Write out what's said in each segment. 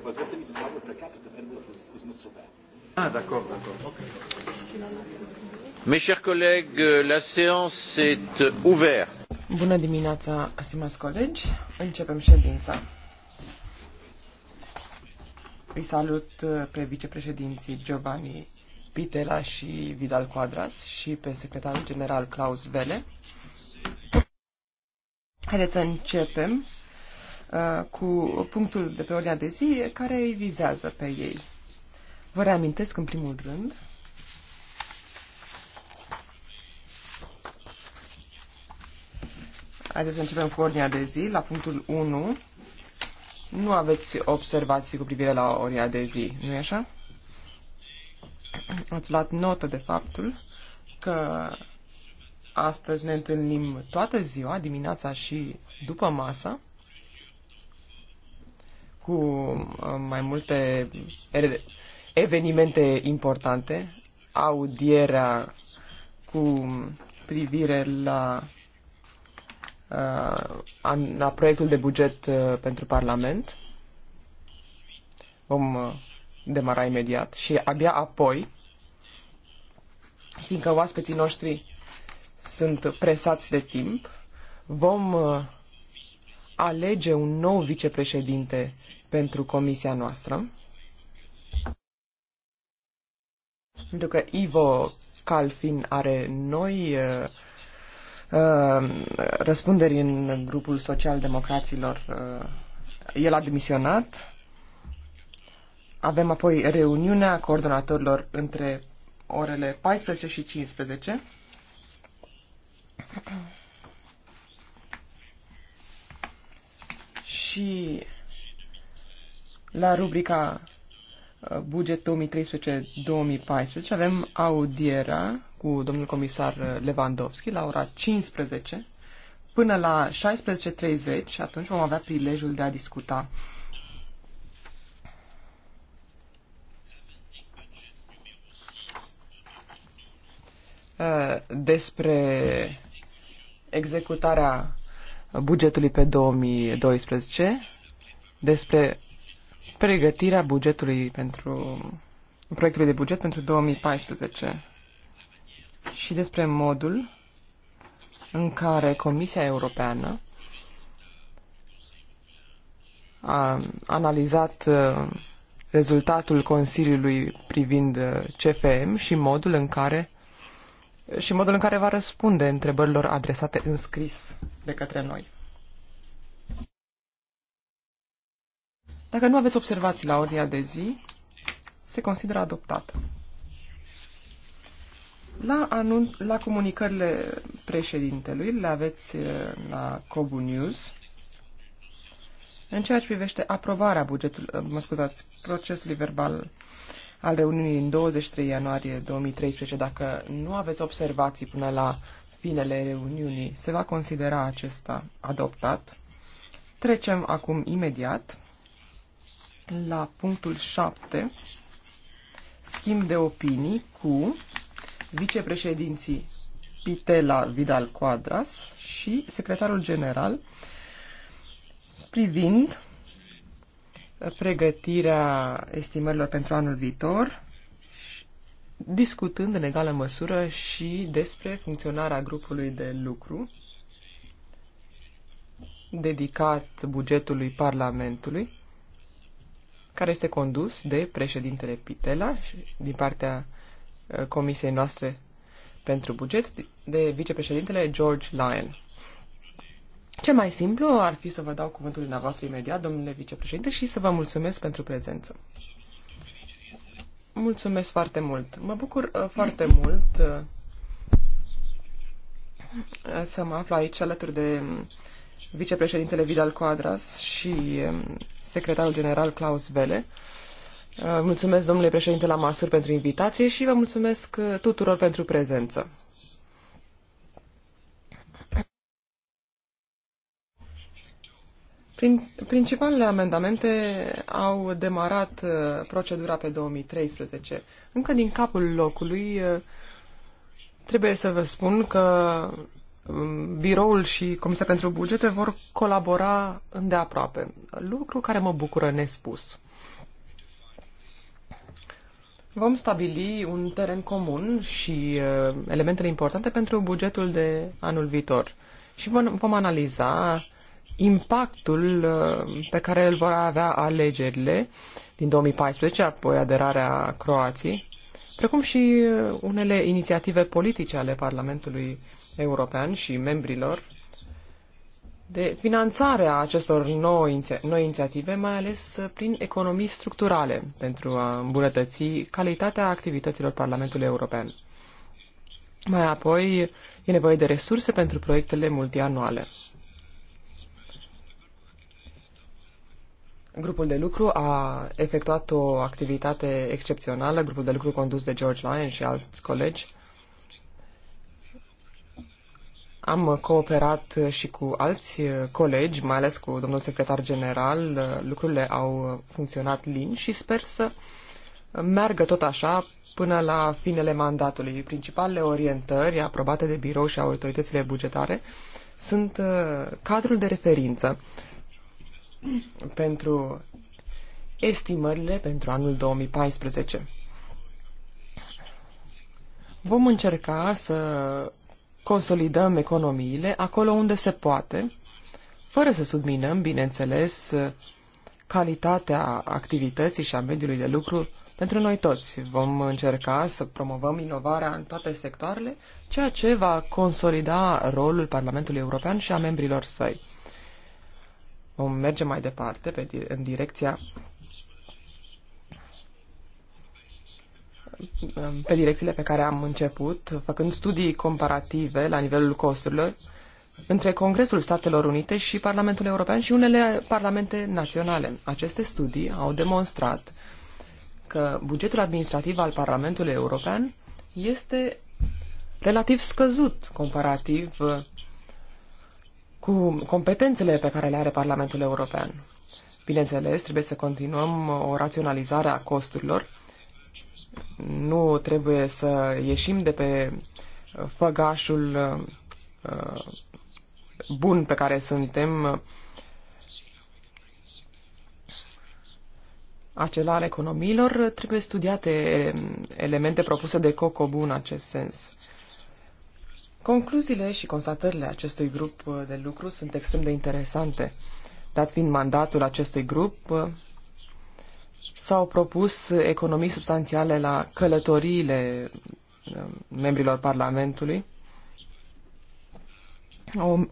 per capita per Ah, d'accord, d'accord. Okay. Mes chers collègues, euh, la séance est euh, ouverte. Bună dimineața, stimați colegi. Începem ședința. Îi salut uh, pe vicepreședinții Giovanni Pitela și Vidal Quadras și pe secretarul general Klaus Vele. Haideți să începem Uh, cu punctul de pe ordinea de zi care îi vizează pe ei. Vă reamintesc în primul rând Haideți să începem cu ordinea de zi. La punctul 1 nu aveți observații cu privire la ordinea de zi, nu e așa? Ați luat notă de faptul că astăzi ne întâlnim toată ziua, dimineața și după masă, cu uh, mai multe evenimente importante, audierea cu privire la, uh, la proiectul de buget uh, pentru Parlament. Vom demara imediat și abia apoi, fiindcă oaspeții noștri sunt presați de timp, vom alege un nou vicepreședinte pentru comisia noastră, pentru că Ivo Calfin are noi uh, uh, răspunderi în grupul social-democraților. Uh, el a demisionat. Avem apoi reuniunea coordonatorilor între orele 14 și 15. și la rubrica uh, buget 2013-2014 avem audiera cu domnul comisar uh, Lewandowski la ora 15 până la 16.30, atunci vom avea prilejul de a discuta uh, despre executarea bugetului pe 2012, despre pregătirea bugetului pentru proiectului de buget pentru 2014 și despre modul în care Comisia Europeană a analizat uh, rezultatul Consiliului privind uh, CFM și modul în care și modul în care va răspunde întrebărilor adresate în scris de către noi. Dacă nu aveți observații la ordinea de zi, se consideră adoptată. La, anun- la comunicările președintelui le aveți eh, la Cobu News. În ceea ce privește aprobarea bugetului, eh, mă scuzați, procesului verbal al reuniunii din 23 ianuarie 2013. Dacă nu aveți observații până la finele reuniunii, se va considera acesta adoptat. Trecem acum imediat la punctul 7, schimb de opinii cu vicepreședinții Pitela Vidal Quadras și secretarul general privind pregătirea estimărilor pentru anul viitor, discutând în egală măsură și despre funcționarea grupului de lucru dedicat bugetului Parlamentului, care este condus de președintele Pitela din partea uh, Comisiei noastre pentru buget, de vicepreședintele George Lyon. Ce mai simplu ar fi să vă dau cuvântul dumneavoastră imediat, domnule vicepreședinte, și să vă mulțumesc pentru prezență. Mulțumesc foarte mult. Mă bucur uh, foarte mult uh, să mă aflu aici alături de um, vicepreședintele Vidal Quadras și uh, secretarul general Klaus Vele. Uh, mulțumesc domnule președinte la masuri pentru invitație și vă mulțumesc uh, tuturor pentru prezență. Prin, principalele amendamente au demarat uh, procedura pe 2013. Încă din capul locului uh, trebuie să vă spun că um, biroul și Comisia pentru Bugete vor colabora îndeaproape, lucru care mă bucură nespus. Vom stabili un teren comun și uh, elementele importante pentru bugetul de anul viitor și vom, vom analiza impactul uh, pe care îl vor avea alegerile din 2014, apoi aderarea Croației, precum și uh, unele inițiative politice ale Parlamentului European și membrilor de finanțare a acestor noi, noi inițiative, mai ales uh, prin economii structurale, pentru a îmbunătăți calitatea activităților Parlamentului European. Mai apoi, e nevoie de resurse pentru proiectele multianuale. Grupul de lucru a efectuat o activitate excepțională, grupul de lucru condus de George Lyon și alți colegi. Am cooperat și cu alți colegi, mai ales cu domnul secretar general. Lucrurile au funcționat lin și sper să meargă tot așa până la finele mandatului. Principalele orientări aprobate de birou și autoritățile bugetare sunt uh, cadrul de referință pentru estimările pentru anul 2014. Vom încerca să consolidăm economiile acolo unde se poate, fără să subminăm, bineînțeles, calitatea activității și a mediului de lucru pentru noi toți. Vom încerca să promovăm inovarea în toate sectoarele, ceea ce va consolida rolul Parlamentului European și a membrilor săi. Vom merge mai departe pe, în direcția pe direcțiile pe care am început, făcând studii comparative la nivelul costurilor între Congresul Statelor Unite și Parlamentul European și unele parlamente naționale. Aceste studii au demonstrat că bugetul administrativ al Parlamentului European este relativ scăzut comparativ cu competențele pe care le are Parlamentul European. Bineînțeles, trebuie să continuăm o raționalizare a costurilor. Nu trebuie să ieșim de pe uh, făgașul uh, bun pe care suntem, acela al economiilor, trebuie studiate um, elemente propuse de COCOBU în acest sens. Concluziile și constatările acestui grup uh, de lucru sunt extrem de interesante. Dat fiind mandatul acestui grup, uh, s-au propus economii substanțiale la călătoriile uh, membrilor Parlamentului.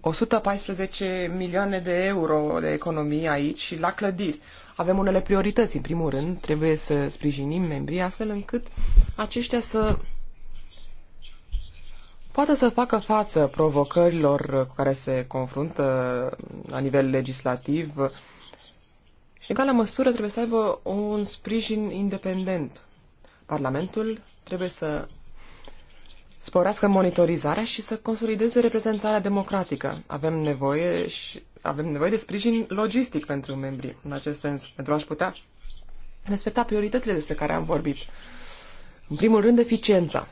114 milioane de euro de economii aici și la clădiri. Avem unele priorități. În primul rând, trebuie să sprijinim membrii astfel încât aceștia să poată să facă față provocărilor cu care se confruntă la nivel legislativ și, în egală măsură, trebuie să aibă un sprijin independent. Parlamentul trebuie să sporească monitorizarea și să consolideze reprezentarea democratică. Avem nevoie și avem nevoie de sprijin logistic pentru membrii, în acest sens, pentru a-și putea respecta prioritățile despre care am vorbit. În primul rând, eficiența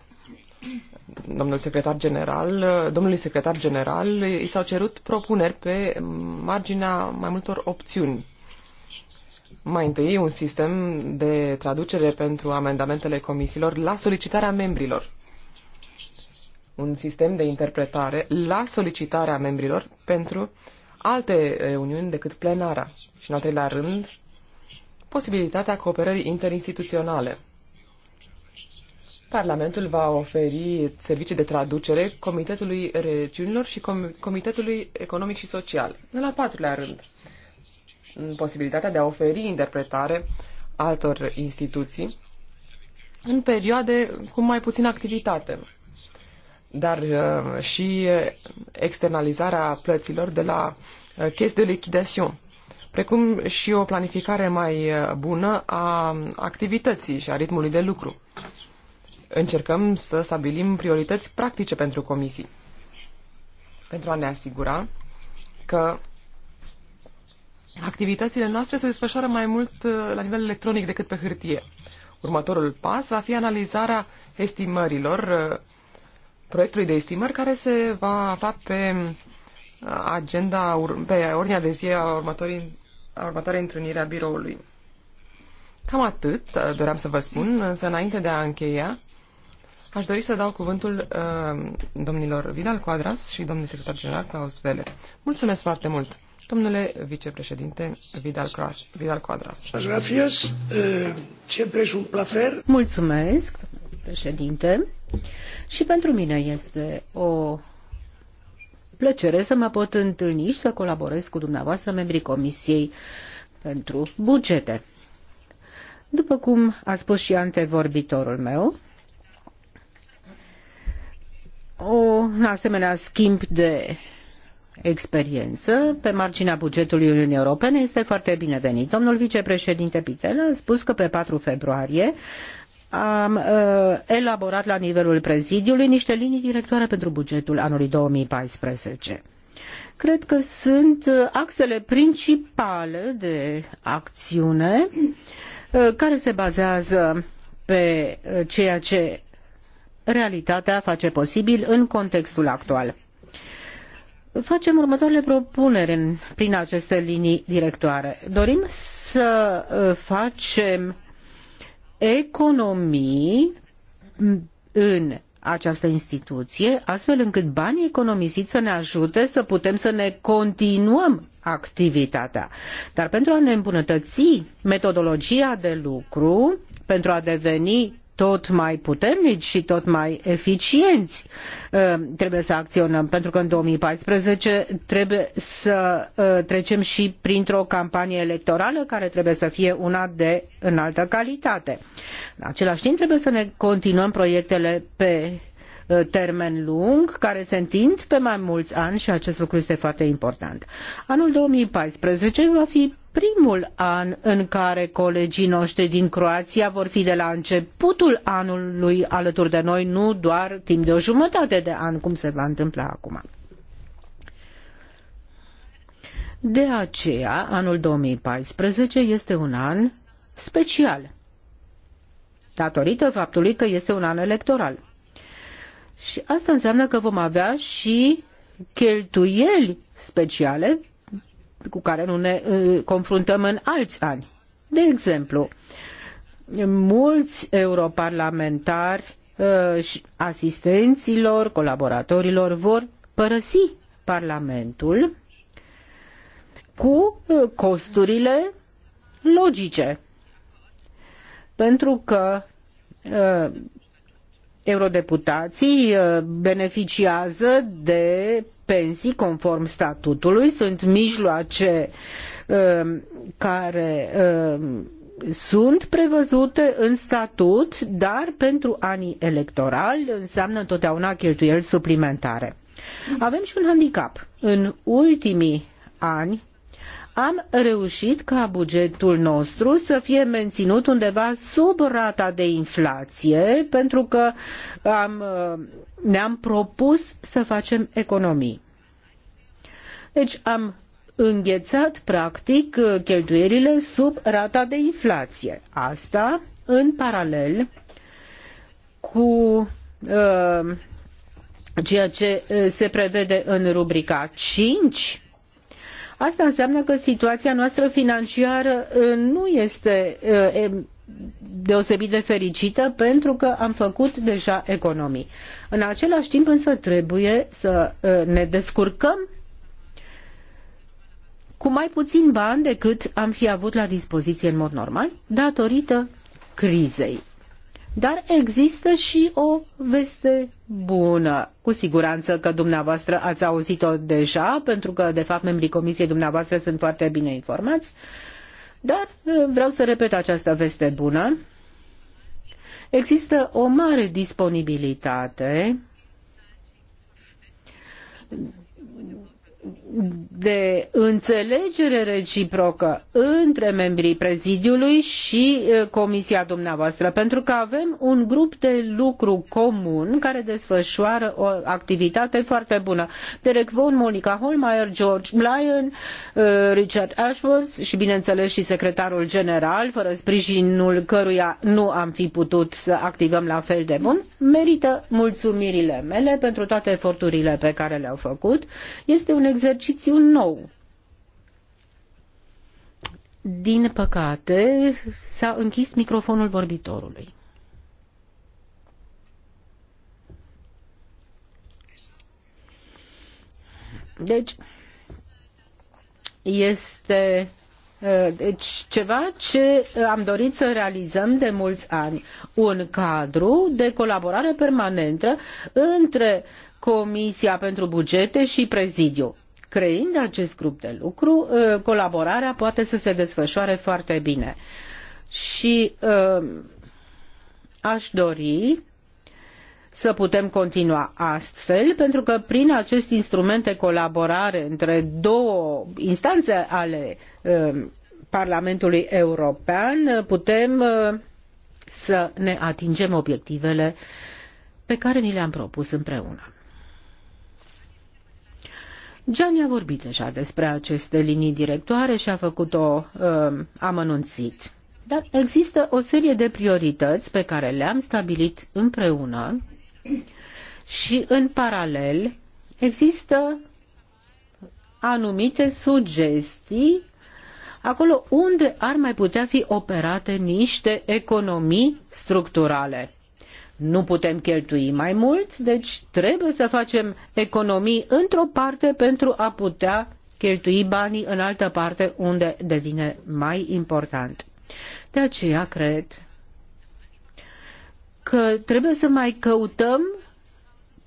domnul secretar general, domnului secretar general i s-au cerut propuneri pe marginea mai multor opțiuni. Mai întâi, un sistem de traducere pentru amendamentele comisiilor la solicitarea membrilor. Un sistem de interpretare la solicitarea membrilor pentru alte reuniuni decât plenara. Și, în al treilea rând, posibilitatea cooperării interinstituționale Parlamentul va oferi servicii de traducere Comitetului Regiunilor și Com- Comitetului Economic și Social. În al patrulea rând, posibilitatea de a oferi interpretare altor instituții în perioade cu mai puțină activitate, dar uh, și externalizarea plăților de la uh, chest de lichidation, precum și o planificare mai uh, bună a activității și a ritmului de lucru încercăm să stabilim priorități practice pentru comisii, pentru a ne asigura că activitățile noastre se desfășoară mai mult uh, la nivel electronic decât pe hârtie. Următorul pas va fi analizarea estimărilor, uh, proiectului de estimări care se va afla pe uh, agenda, pe ordinea de zi a, următorii, a următoarei întrunire a biroului. Cam atât doream să vă spun, însă înainte de a încheia, Aș dori să dau cuvântul uh, domnilor Vidal Quadras și domnul secretar general Klaus Vele. Mulțumesc foarte mult, domnule vicepreședinte Vidal, Cras, Vidal Quadras. Gracias. Eh, siempre es un placer. Mulțumesc, președinte. Și pentru mine este o plăcere să mă pot întâlni și să colaborez cu dumneavoastră, membrii Comisiei pentru Bugete. După cum a spus și antevorbitorul meu, o asemenea schimb de experiență pe marginea bugetului Uniunii Europene este foarte binevenit. Domnul vicepreședinte Pitel a spus că pe 4 februarie am uh, elaborat la nivelul prezidiului niște linii directoare pentru bugetul anului 2014. Cred că sunt uh, axele principale de acțiune uh, care se bazează pe uh, ceea ce realitatea face posibil în contextul actual. Facem următoarele propuneri în, prin aceste linii directoare. Dorim să uh, facem economii în această instituție, astfel încât banii economisiți să ne ajute să putem să ne continuăm activitatea. Dar pentru a ne îmbunătăți metodologia de lucru, pentru a deveni tot mai puternici și tot mai eficienți uh, trebuie să acționăm, pentru că în 2014 trebuie să uh, trecem și printr-o campanie electorală care trebuie să fie una de înaltă calitate. În același timp trebuie să ne continuăm proiectele pe uh, termen lung, care se întind pe mai mulți ani și acest lucru este foarte important. Anul 2014 va fi primul an în care colegii noștri din Croația vor fi de la începutul anului alături de noi, nu doar timp de o jumătate de an, cum se va întâmpla acum. De aceea, anul 2014 este un an special, datorită faptului că este un an electoral. Și asta înseamnă că vom avea și cheltuieli speciale cu care nu ne uh, confruntăm în alți ani. De exemplu, mulți europarlamentari uh, asistenților, colaboratorilor vor părăsi Parlamentul cu uh, costurile logice. Pentru că eurodeputații uh, beneficiază de pensii conform statutului, sunt mijloace uh, care uh, sunt prevăzute în statut, dar pentru anii electorali înseamnă întotdeauna cheltuieli suplimentare. Avem și un handicap. În ultimii ani am reușit ca bugetul nostru să fie menținut undeva sub rata de inflație, pentru că am, ne-am propus să facem economii. Deci am înghețat practic cheltuielile sub rata de inflație. Asta în paralel cu uh, ceea ce uh, se prevede în rubrica 5 Asta înseamnă că situația noastră financiară uh, nu este uh, deosebit de fericită pentru că am făcut deja economii. În același timp însă trebuie să uh, ne descurcăm cu mai puțin bani decât am fi avut la dispoziție în mod normal datorită crizei. Dar există și o veste bună. Cu siguranță că dumneavoastră ați auzit-o deja, pentru că, de fapt, membrii comisiei dumneavoastră sunt foarte bine informați. Dar eh, vreau să repet această veste bună. Există o mare disponibilitate de înțelegere reciprocă între membrii prezidiului și comisia dumneavoastră, pentru că avem un grup de lucru comun care desfășoară o activitate foarte bună. Derek Vaughan, Monica Holmeyer, George Lyon, Richard Ashworth și, bineînțeles, și secretarul general, fără sprijinul căruia nu am fi putut să activăm la fel de bun, merită mulțumirile mele pentru toate eforturile pe care le-au făcut. Este un exercițiu exercițiu nou. Din păcate, s-a închis microfonul vorbitorului. Deci, este ă, deci ceva ce am dorit să realizăm de mulți ani, un cadru de colaborare permanentă între Comisia pentru Bugete și Prezidiu. Creind acest grup de lucru, uh, colaborarea poate să se desfășoare foarte bine. Și uh, aș dori să putem continua astfel, pentru că prin acest instrument de colaborare între două instanțe ale uh, Parlamentului European putem să ne atingem obiectivele pe care ni le-am propus împreună. Gianni a vorbit deja despre aceste linii directoare și a făcut-o uh, um, amănunțit. Dar există o serie de priorități pe care le-am stabilit împreună și în paralel există anumite sugestii acolo unde ar mai putea fi operate niște economii structurale nu putem cheltui mai mult, deci trebuie să facem economii într-o parte pentru a putea cheltui banii în altă parte unde devine mai important. De aceea cred că trebuie să mai căutăm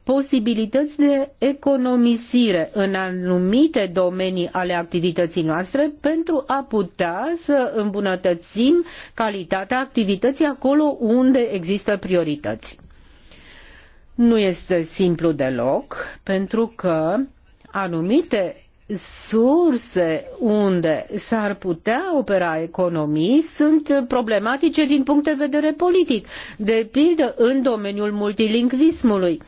posibilități de economisire în anumite domenii ale activității noastre pentru a putea să îmbunătățim calitatea activității acolo unde există priorități. Nu este simplu deloc, pentru că anumite surse unde s-ar putea opera economii sunt problematice din punct de vedere politic, de pildă în domeniul multilingvismului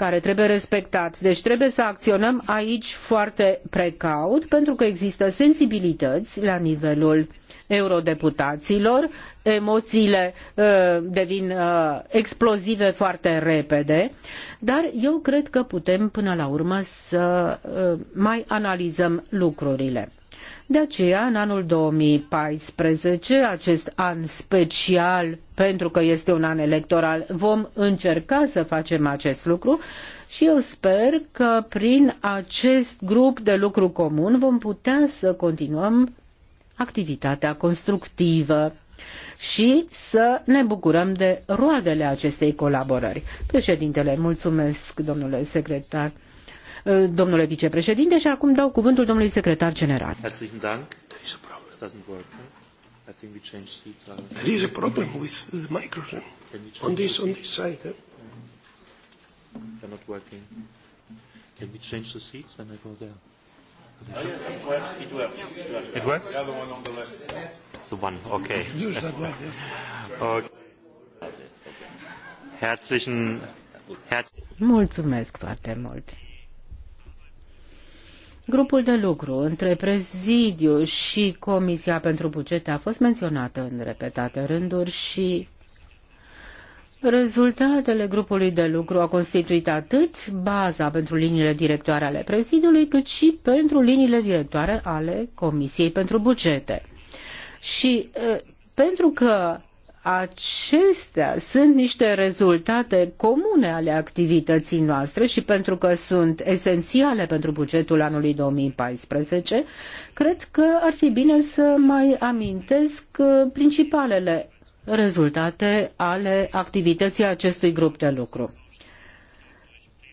care trebuie respectat. Deci trebuie să acționăm aici foarte precaut pentru că există sensibilități la nivelul eurodeputaților, emoțiile uh, devin uh, explozive foarte repede, dar eu cred că putem până la urmă să uh, mai analizăm lucrurile. De aceea, în anul 2014, acest an special, pentru că este un an electoral, vom încerca să facem acest lucru și eu sper că prin acest grup de lucru comun vom putea să continuăm activitatea constructivă și să ne bucurăm de roadele acestei colaborări. Președintele, mulțumesc, domnule secretar domnule vicepreședinte, și acum dau cuvântul domnului secretar general. Mulțumesc foarte mult. Grupul de lucru între prezidiu și Comisia pentru Bugete a fost menționată în repetate rânduri și Rezultatele grupului de lucru au constituit atât baza pentru liniile directoare ale prezidiului, cât și pentru liniile directoare ale Comisiei pentru Bugete. Și pentru că acestea sunt niște rezultate comune ale activității noastre și pentru că sunt esențiale pentru bugetul anului 2014, cred că ar fi bine să mai amintesc uh, principalele rezultate ale activității acestui grup de lucru.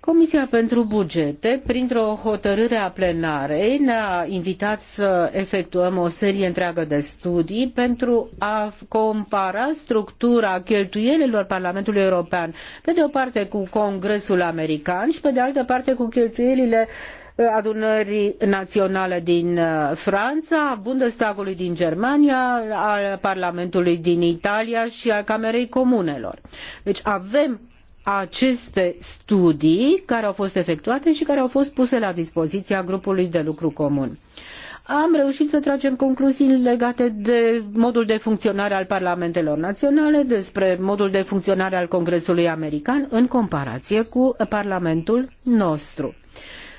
Comisia pentru Bugete, printr-o hotărâre a plenarei, ne-a invitat să efectuăm o serie întreagă de studii pentru a compara structura cheltuielilor Parlamentului European, pe de o parte cu Congresul American și pe de altă parte cu cheltuielile uh, adunării naționale din uh, Franța, a Bundestagului din Germania, al Parlamentului din Italia și al Camerei Comunelor. Deci avem aceste studii care au fost efectuate și care au fost puse la dispoziția grupului de lucru comun. Am reușit să tragem concluzii legate de modul de funcționare al parlamentelor naționale, despre modul de funcționare al Congresului American în comparație cu Parlamentul nostru.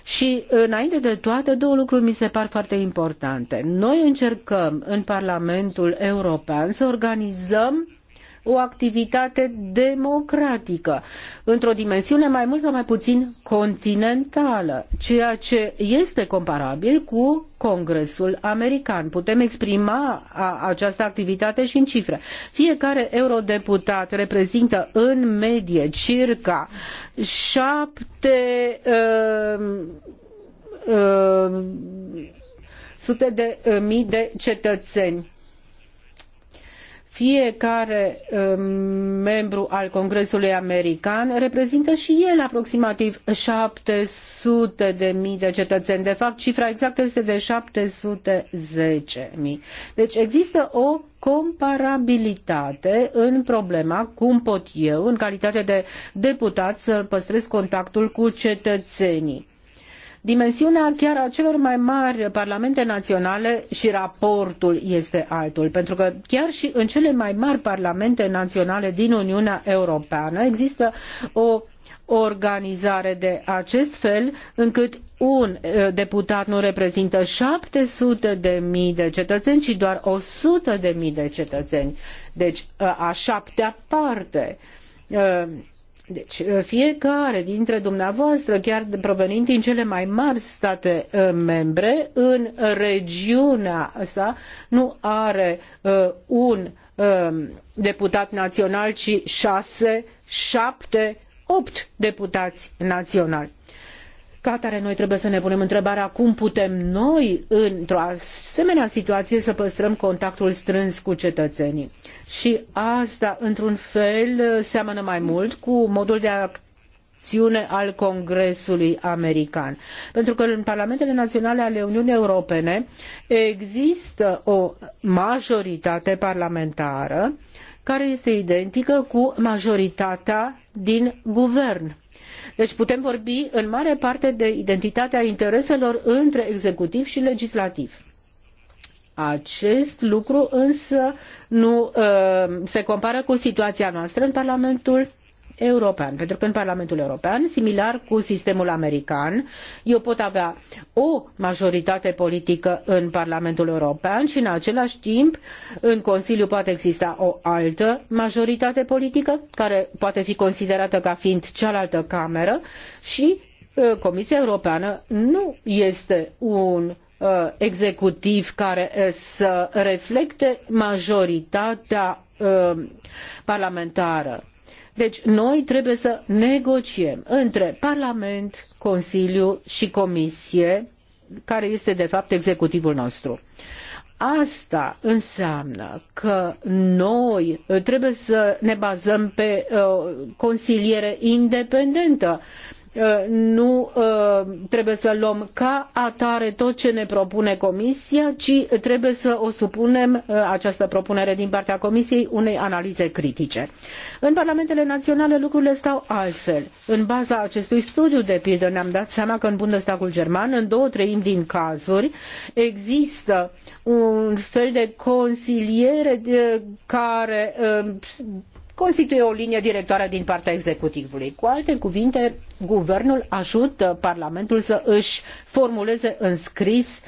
Și înainte de toate, două lucruri mi se par foarte importante. Noi încercăm în Parlamentul European să organizăm o activitate democratică într-o dimensiune mai mult sau mai puțin continentală, ceea ce este comparabil cu Congresul American. Putem exprima această activitate și în cifre. Fiecare eurodeputat reprezintă în medie circa șapte uh, uh, sute de mii de cetățeni fiecare um, membru al Congresului American reprezintă și el aproximativ 700 de mii de cetățeni. De fapt, cifra exactă este de 710 mii. Deci există o comparabilitate în problema cum pot eu, în calitate de deputat, să păstrez contactul cu cetățenii. Dimensiunea chiar a celor mai mari parlamente naționale și raportul este altul, pentru că chiar și în cele mai mari parlamente naționale din Uniunea Europeană există o organizare de acest fel încât un deputat nu reprezintă 700 de mii de cetățeni, ci doar 100 de mii de cetățeni. Deci a șaptea parte deci, uh, fiecare dintre dumneavoastră, chiar provenind din cele mai mari state uh, membre, în regiunea sa nu are uh, un uh, deputat național, ci șase, șapte, opt deputați naționali. Uh, ca atare, noi trebuie să ne punem întrebarea cum putem noi, într-o asemenea situație, să păstrăm contactul strâns cu cetățenii. Și asta, într-un fel, seamănă mai mult cu modul de a acțiune al Congresului American. Pentru că în Parlamentele Naționale ale Uniunii Europene există o majoritate parlamentară care este identică cu majoritatea din guvern. Deci putem vorbi în mare parte de identitatea intereselor între executiv și legislativ. Acest lucru însă nu uh, se compară cu situația noastră în Parlamentul european. Pentru că în Parlamentul European, similar cu sistemul american, eu pot avea o majoritate politică în Parlamentul European și în același timp în Consiliu poate exista o altă majoritate politică care poate fi considerată ca fiind cealaltă cameră și uh, Comisia Europeană nu este un uh, executiv care uh, să reflecte majoritatea parlamentară. Deci noi trebuie să negociem între Parlament, Consiliu și Comisie, care este de fapt executivul nostru. Asta înseamnă că noi uh, trebuie să ne bazăm pe uh, consiliere independentă Uh, nu uh, trebuie să luăm ca atare tot ce ne propune Comisia, ci trebuie să o supunem uh, această propunere din partea Comisiei unei analize critice. În Parlamentele Naționale lucrurile stau altfel. În baza acestui studiu, de pildă, ne-am dat seama că în Bundestagul German, în două treimi din cazuri, există un fel de consiliere care constituie o linie directoare din partea executivului. Cu alte cuvinte, guvernul ajută Parlamentul să își formuleze în scris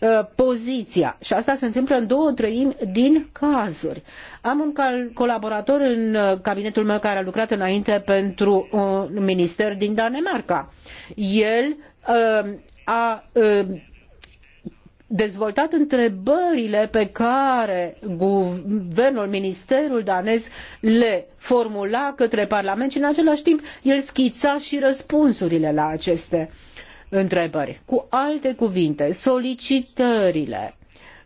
uh, poziția. Și asta se întâmplă în două treimi din cazuri. Am un colaborator în uh, cabinetul meu care a lucrat înainte pentru un minister din Danemarca. El uh, a, a dezvoltat întrebările pe care guvernul, ministerul danez le formula către Parlament și în același timp el schița și răspunsurile la aceste întrebări. Cu alte cuvinte, solicitările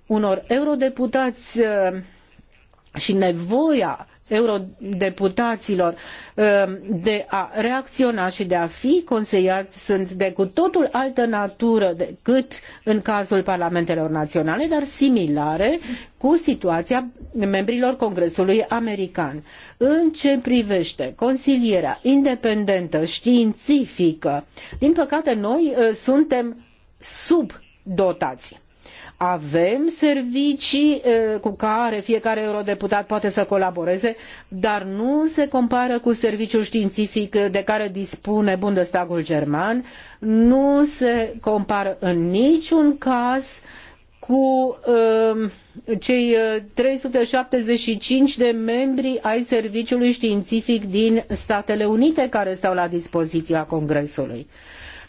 unor eurodeputați și nevoia eurodeputaților um, de a reacționa și de a fi consiliați sunt de cu totul altă natură decât în cazul parlamentelor naționale, dar similare cu situația membrilor Congresului American. În ce privește consilierea independentă, științifică, din păcate noi uh, suntem subdotați avem servicii cu care fiecare eurodeputat poate să colaboreze, dar nu se compară cu serviciul științific de care dispune Bundestagul german, nu se compară în niciun caz cu cei 375 de membri ai Serviciului Științific din Statele Unite care stau la dispoziția Congresului.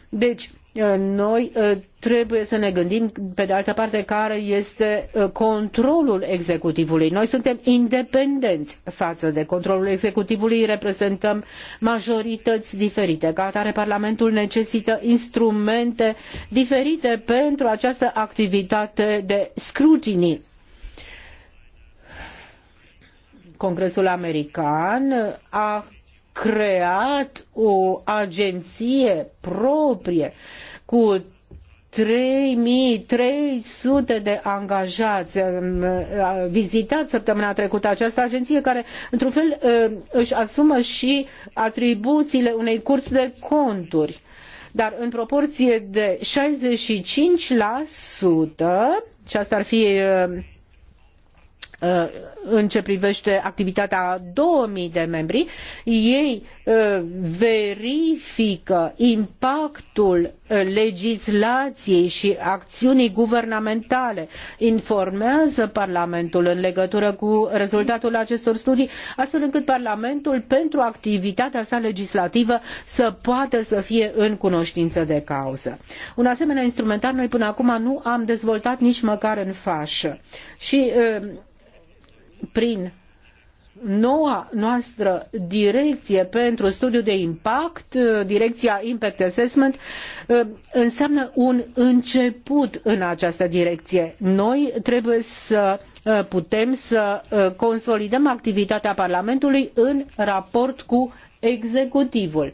Deci, Ă, noi ă, trebuie să ne gândim, pe de altă parte, care este ă, controlul executivului. Noi suntem independenți față de controlul executivului, reprezentăm majorități diferite. Ca atare, Parlamentul necesită instrumente diferite pentru această activitate de scrutinii. Congresul American a creat o agenție proprie cu 3300 de angajați. Am vizitat săptămâna trecută această agenție care, într-un fel, ă, își asumă și atribuțiile unei curți de conturi. Dar în proporție de 65%, și asta ar fi ă, Uh, în ce privește activitatea a 2000 de membri, ei uh, verifică impactul uh, legislației și acțiunii guvernamentale, informează Parlamentul în legătură cu rezultatul acestor studii, astfel încât Parlamentul pentru activitatea sa legislativă să poată să fie în cunoștință de cauză. Un asemenea instrumentar noi până acum nu am dezvoltat nici măcar în fașă. Și prin noua noastră direcție pentru studiu de impact, uh, direcția Impact Assessment, uh, înseamnă un început în această direcție. Noi trebuie să uh, putem să consolidăm activitatea Parlamentului în raport cu executivul.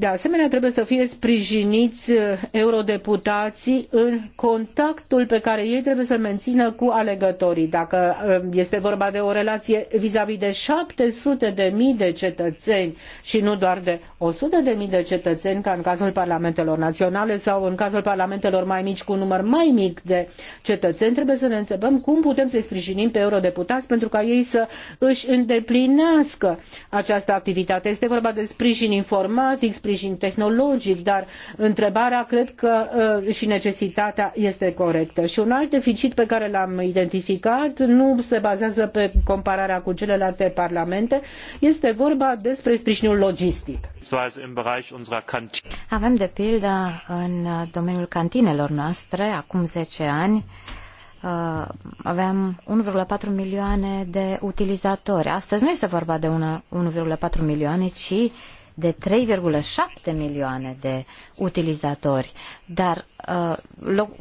De asemenea, trebuie să fie sprijiniți uh, eurodeputații în contactul pe care ei trebuie să-l mențină cu alegătorii. Dacă uh, este vorba de o relație vis-a-vis de 700 de mii de cetățeni și nu doar de 100 de mii de cetățeni, ca în cazul parlamentelor naționale sau în cazul parlamentelor mai mici cu un număr mai mic de cetățeni, trebuie să ne întrebăm cum putem să-i sprijinim pe eurodeputați pentru ca ei să își îndeplinească această activitate. Este vorba de sprijin informatic, sprijin sprijin tehnologic, dar întrebarea cred că uh, și necesitatea este corectă. Și un alt deficit pe care l-am identificat nu se bazează pe compararea cu celelalte parlamente, este vorba despre sprijinul logistic. Avem de pildă în domeniul cantinelor noastre, acum zece ani, uh, aveam 1,4 milioane de utilizatori. Astăzi nu este vorba de 1,4 milioane, ci de 3,7 milioane de utilizatori, dar uh,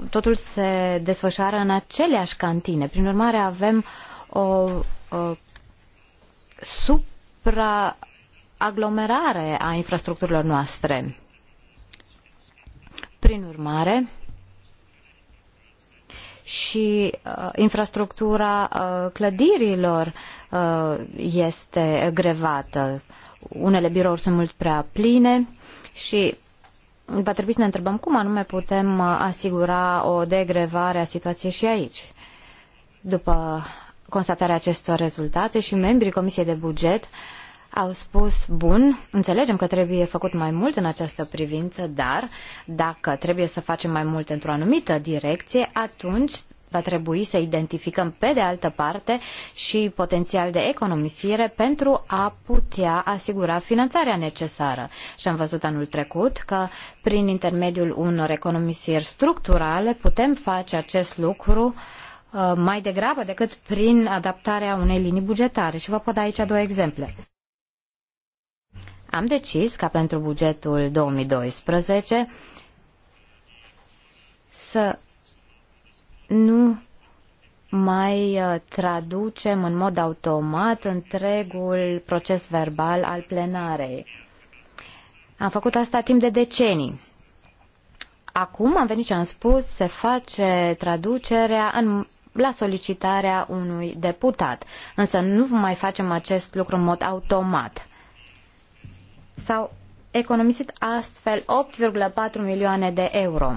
totul se desfășoară în aceleași cantine. Prin urmare, avem o, o supraaglomerare a infrastructurilor noastre. Prin urmare, și uh, infrastructura uh, clădirilor uh, este grevată unele birouri sunt mult prea pline și va trebui să ne întrebăm cum anume putem uh, asigura o degrevare a situației și aici. După constatarea acestor rezultate și membrii Comisiei de Buget au spus, bun, înțelegem că trebuie făcut mai mult în această privință, dar dacă trebuie să facem mai mult într-o anumită direcție, atunci va trebui să identificăm pe de altă parte și potențial de economisire pentru a putea asigura finanțarea necesară. Și am văzut anul trecut că prin intermediul unor economisiri structurale putem face acest lucru uh, mai degrabă decât prin adaptarea unei linii bugetare. Și vă pot da aici două exemple. Am decis ca pentru bugetul 2012 să nu mai uh, traducem în mod automat întregul proces verbal al plenarei. Am făcut asta timp de decenii. Acum am venit și am spus, se face traducerea în, la solicitarea unui deputat. Însă nu mai facem acest lucru în mod automat. S-au economisit astfel 8,4 milioane de euro.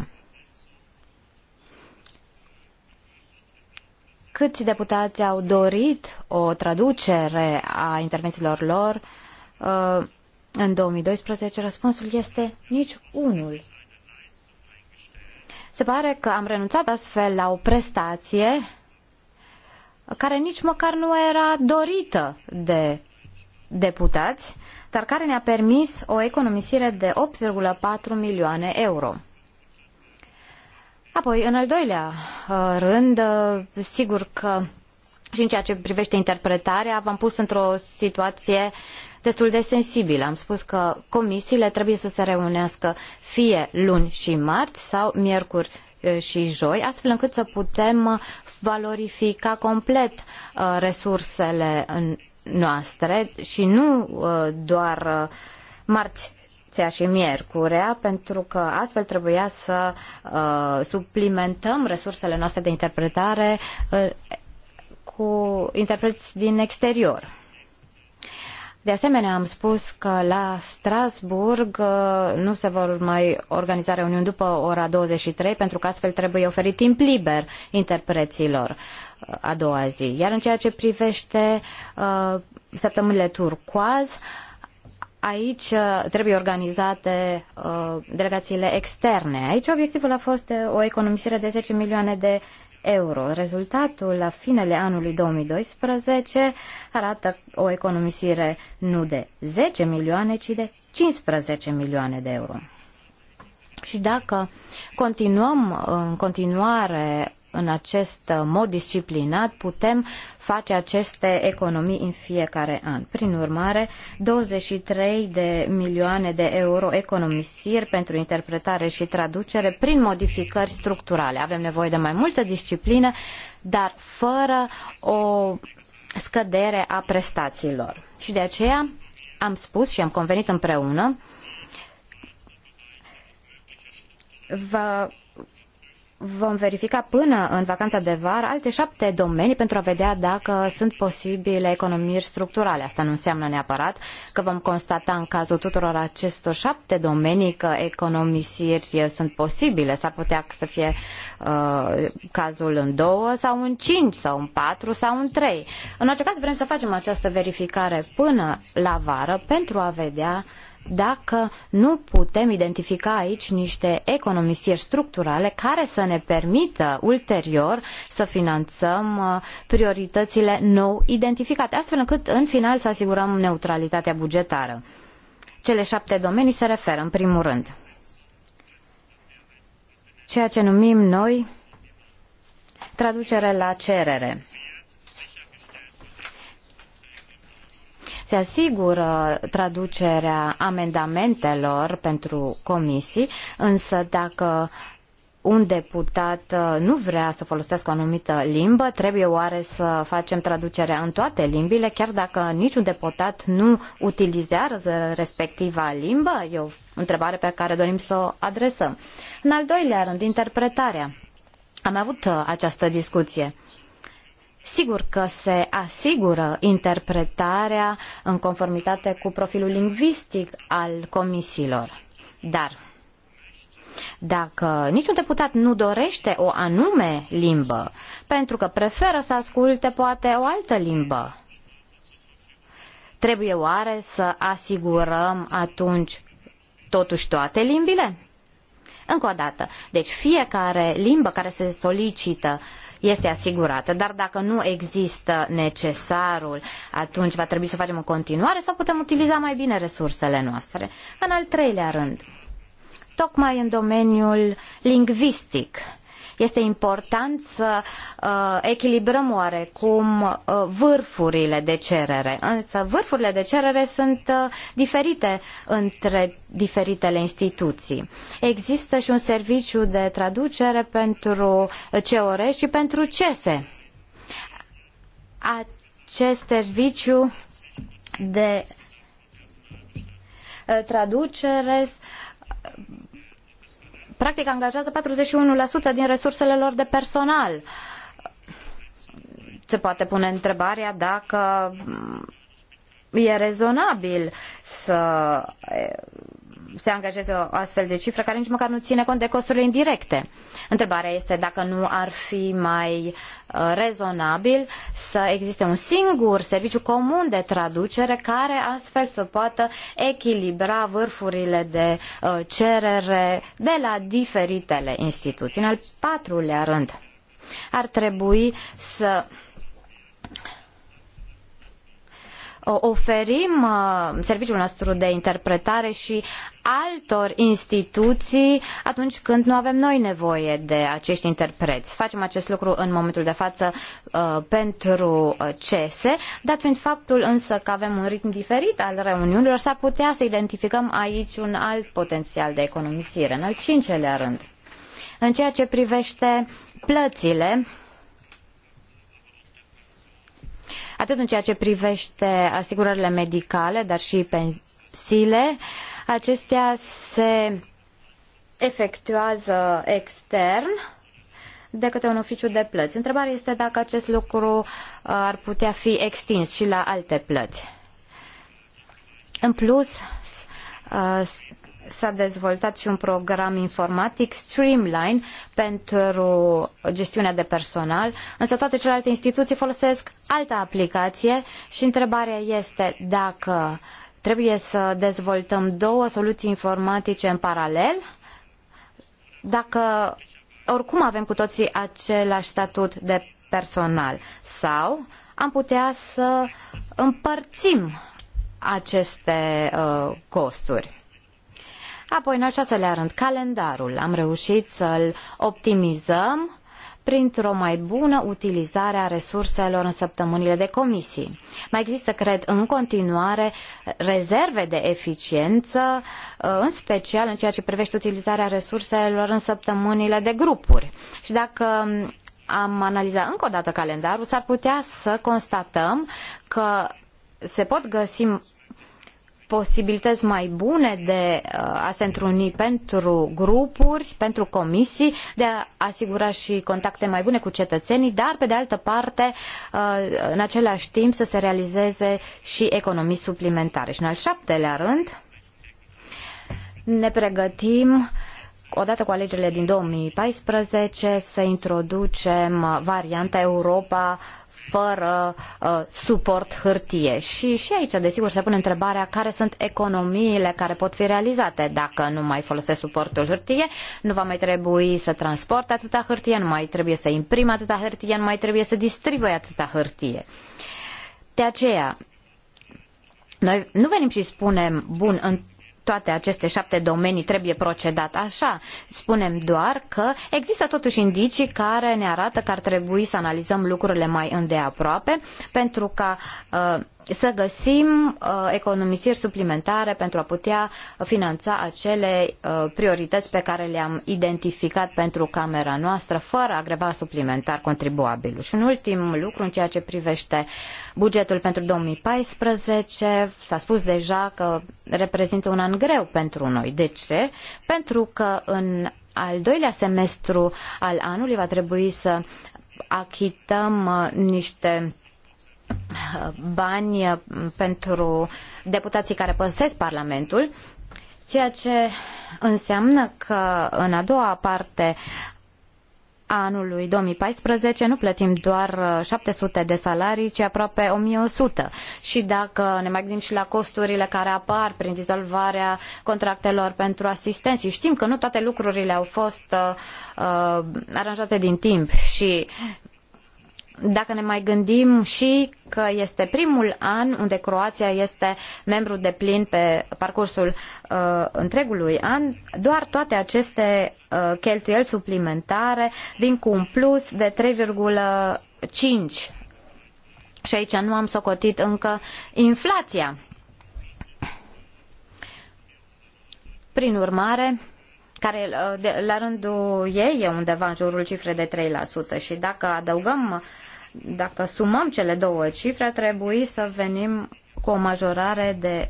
Câți deputați au dorit o traducere a intervențiilor lor uh, în 2012? Răspunsul este nici unul. Se pare că am renunțat astfel la o prestație care nici măcar nu era dorită de deputați, dar care ne-a permis o economisire de 8,4 milioane euro. Apoi, în al doilea uh, rând, uh, sigur că și în ceea ce privește interpretarea, v-am pus într-o situație destul de sensibilă. Am spus că comisiile trebuie să se reunească fie luni și marți sau miercuri uh, și joi, astfel încât să putem valorifica complet resursele noastre și nu doar marți marțea și miercurea, pentru că astfel trebuia să uh, suplimentăm resursele noastre de interpretare uh, cu interpreți din exterior. De asemenea, am spus că la Strasburg uh, nu se vor mai organiza reuniuni după ora 23, pentru că astfel trebuie oferit timp liber interpreților uh, a doua zi. Iar în ceea ce privește uh, săptămânile turcoaz, uh, aici uh, trebuie organizate uh, delegațiile externe. Aici obiectivul a fost uh, o economisire de 10 milioane de euro. Rezultatul la finele anului 2012 arată o economisire nu de 10 milioane, ci de 15 milioane de euro. Și dacă continuăm în continuare în acest uh, mod disciplinat putem face aceste economii în fiecare an. Prin urmare, 23 de milioane de euro economisiri pentru interpretare și traducere prin modificări structurale. Avem nevoie de mai multă disciplină, dar fără o scădere a prestațiilor. Și de aceea am spus și am convenit împreună va vom verifica până în vacanța de vară alte șapte domenii pentru a vedea dacă sunt posibile economii structurale. Asta nu înseamnă neapărat că vom constata în cazul tuturor acestor șapte domenii că economisiri sunt posibile. S-ar putea să fie uh, cazul în două sau în cinci sau în patru sau în trei. În orice caz vrem să facem această verificare până la vară pentru a vedea uh, dacă nu putem identifica aici niște economisiri structurale care să ne permită ulterior să finanțăm uh, prioritățile nou identificate, astfel încât în final să asigurăm neutralitatea bugetară. Cele șapte domenii se referă, în primul rând, ceea ce numim noi traducere la cerere. se asigură traducerea amendamentelor pentru comisii, însă dacă un deputat uh, nu vrea să folosească o anumită limbă, trebuie oare să facem traducerea în toate limbile, chiar dacă niciun deputat nu utilizează respectiva limbă? E o întrebare pe care dorim să o adresăm. În al doilea rând, interpretarea. Am avut uh, această discuție. Sigur că se asigură interpretarea în conformitate cu profilul lingvistic al comisiilor, dar dacă niciun deputat nu dorește o anume limbă, pentru că preferă să asculte poate o altă limbă, trebuie oare să asigurăm atunci totuși toate limbile? Încă o dată, deci fiecare limbă care se solicită este asigurată, dar dacă nu există necesarul, atunci va trebui să facem în continuare sau putem utiliza mai bine resursele noastre. În al treilea rând, tocmai în domeniul lingvistic, este important să uh, echilibrăm oarecum uh, vârfurile de cerere. Însă vârfurile de cerere sunt uh, diferite între diferitele instituții. Există și un serviciu de traducere pentru COR și pentru CESE. Acest serviciu de uh, traducere uh, practic angajează 41% din resursele lor de personal. Se poate pune întrebarea dacă e rezonabil să se angajeze o astfel de cifră care nici măcar nu ține cont de costurile indirecte. Întrebarea este dacă nu ar fi mai uh, rezonabil să existe un singur serviciu comun de traducere care astfel să poată echilibra vârfurile de uh, cerere de la diferitele instituții. În al patrulea rând, ar trebui să oferim uh, serviciul nostru de interpretare și altor instituții atunci când nu avem noi nevoie de acești interpreți. Facem acest lucru în momentul de față uh, pentru uh, CESE, dat fiind faptul însă că avem un ritm diferit al reuniunilor, s-ar putea să identificăm aici un alt potențial de economisire. În al cincelea rând, în ceea ce privește plățile, atât în ceea ce privește asigurările medicale, dar și pensiile. Acestea se efectuează extern de către un oficiu de plăți. Întrebarea este dacă acest lucru uh, ar putea fi extins și la alte plăți. În plus, uh, s-a dezvoltat și un program informatic Streamline pentru gestiunea de personal, însă toate celelalte instituții folosesc alta aplicație și întrebarea este dacă trebuie să dezvoltăm două soluții informatice în paralel, dacă oricum avem cu toții același statut de personal sau am putea să împărțim aceste uh, costuri. Apoi, în al șaselea rând, calendarul. Am reușit să-l optimizăm printr-o mai bună utilizare a resurselor în săptămânile de comisii. Mai există, cred, în continuare rezerve de eficiență, uh, în special în ceea ce privește utilizarea resurselor în săptămânile de grupuri. Și dacă um, am analizat încă o dată calendarul, s-ar putea să constatăm că se pot găsi posibilități mai bune de uh, a se întruni pentru grupuri, pentru comisii, de a asigura și contacte mai bune cu cetățenii, dar pe de altă parte uh, în același timp să se realizeze și economii suplimentare. Și în al șaptelea rând ne pregătim odată cu alegerile din 2014 să introducem varianta Europa fără uh, suport hârtie. Și și aici, desigur, se pune întrebarea care sunt economiile care pot fi realizate. Dacă nu mai folosesc suportul hârtie, nu va mai trebui să transport atâta hârtie, nu mai trebuie să imprim atâta hârtie, nu mai trebuie să distribuie atâta hârtie. De aceea, noi nu venim și spunem, bun, toate aceste șapte domenii trebuie procedat așa. Spunem doar că există totuși indicii care ne arată că ar trebui să analizăm lucrurile mai îndeaproape pentru ca uh, să găsim uh, economisiri suplimentare pentru a putea finanța acele uh, priorități pe care le-am identificat pentru camera noastră, fără a greva suplimentar contribuabilul. Și un ultim lucru în ceea ce privește bugetul pentru 2014, s-a spus deja că reprezintă un an greu pentru noi. De ce? Pentru că în al doilea semestru al anului va trebui să achităm uh, niște bani uh, pentru deputații care păsesc Parlamentul, ceea ce înseamnă că în a doua parte a anului 2014 nu plătim doar 700 uh, de salarii, ci aproape 1100. Și dacă ne mai gândim și la costurile care apar prin dizolvarea contractelor pentru asistenți, știm că nu toate lucrurile au fost uh, uh aranjate din timp și dacă ne mai gândim și că este primul an unde Croația este membru de plin pe parcursul uh, întregului an, doar toate aceste uh, cheltuieli suplimentare vin cu un plus de 3,5. Și aici nu am socotit încă inflația. Prin urmare, care uh, la rândul ei e undeva în jurul cifrei de 3%. Și dacă adăugăm, dacă sumăm cele două cifre, ar trebui să venim cu o majorare de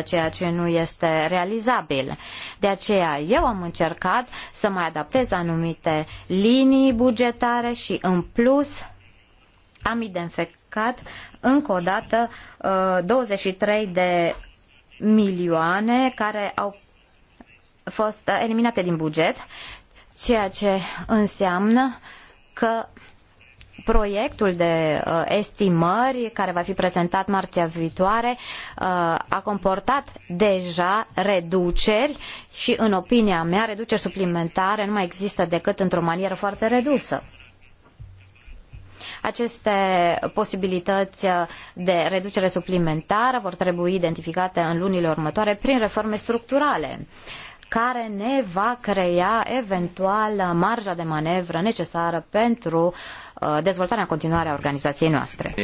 7%, ceea ce nu este realizabil. De aceea eu am încercat să mai adaptez anumite linii bugetare și în plus am identificat încă o dată 23 uh, de milioane care au fost eliminate din buget, ceea ce înseamnă că proiectul de uh, estimări care va fi prezentat marțea viitoare uh, a comportat deja reduceri și, în opinia mea, reduceri suplimentare nu mai există decât într-o manieră foarte redusă. Aceste posibilități uh, de reducere suplimentară vor trebui identificate în lunile următoare prin reforme structurale. Uh, care ne va crea eventual marja de manevră necesară pentru uh, dezvoltarea în continuare a organizației noastre.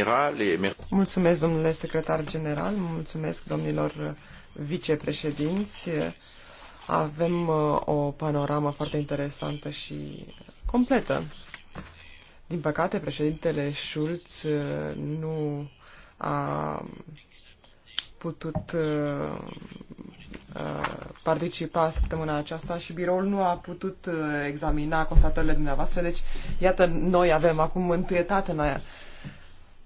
Mulțumesc, domnule secretar general, mulțumesc domnilor uh, vicepreședinți. Avem uh, o panoramă foarte interesantă și completă. Din păcate, președintele Schulz nu a putut Uh, participa săptămâna aceasta și biroul nu a putut uh, examina constatările dumneavoastră, deci iată, noi avem acum întâietate în,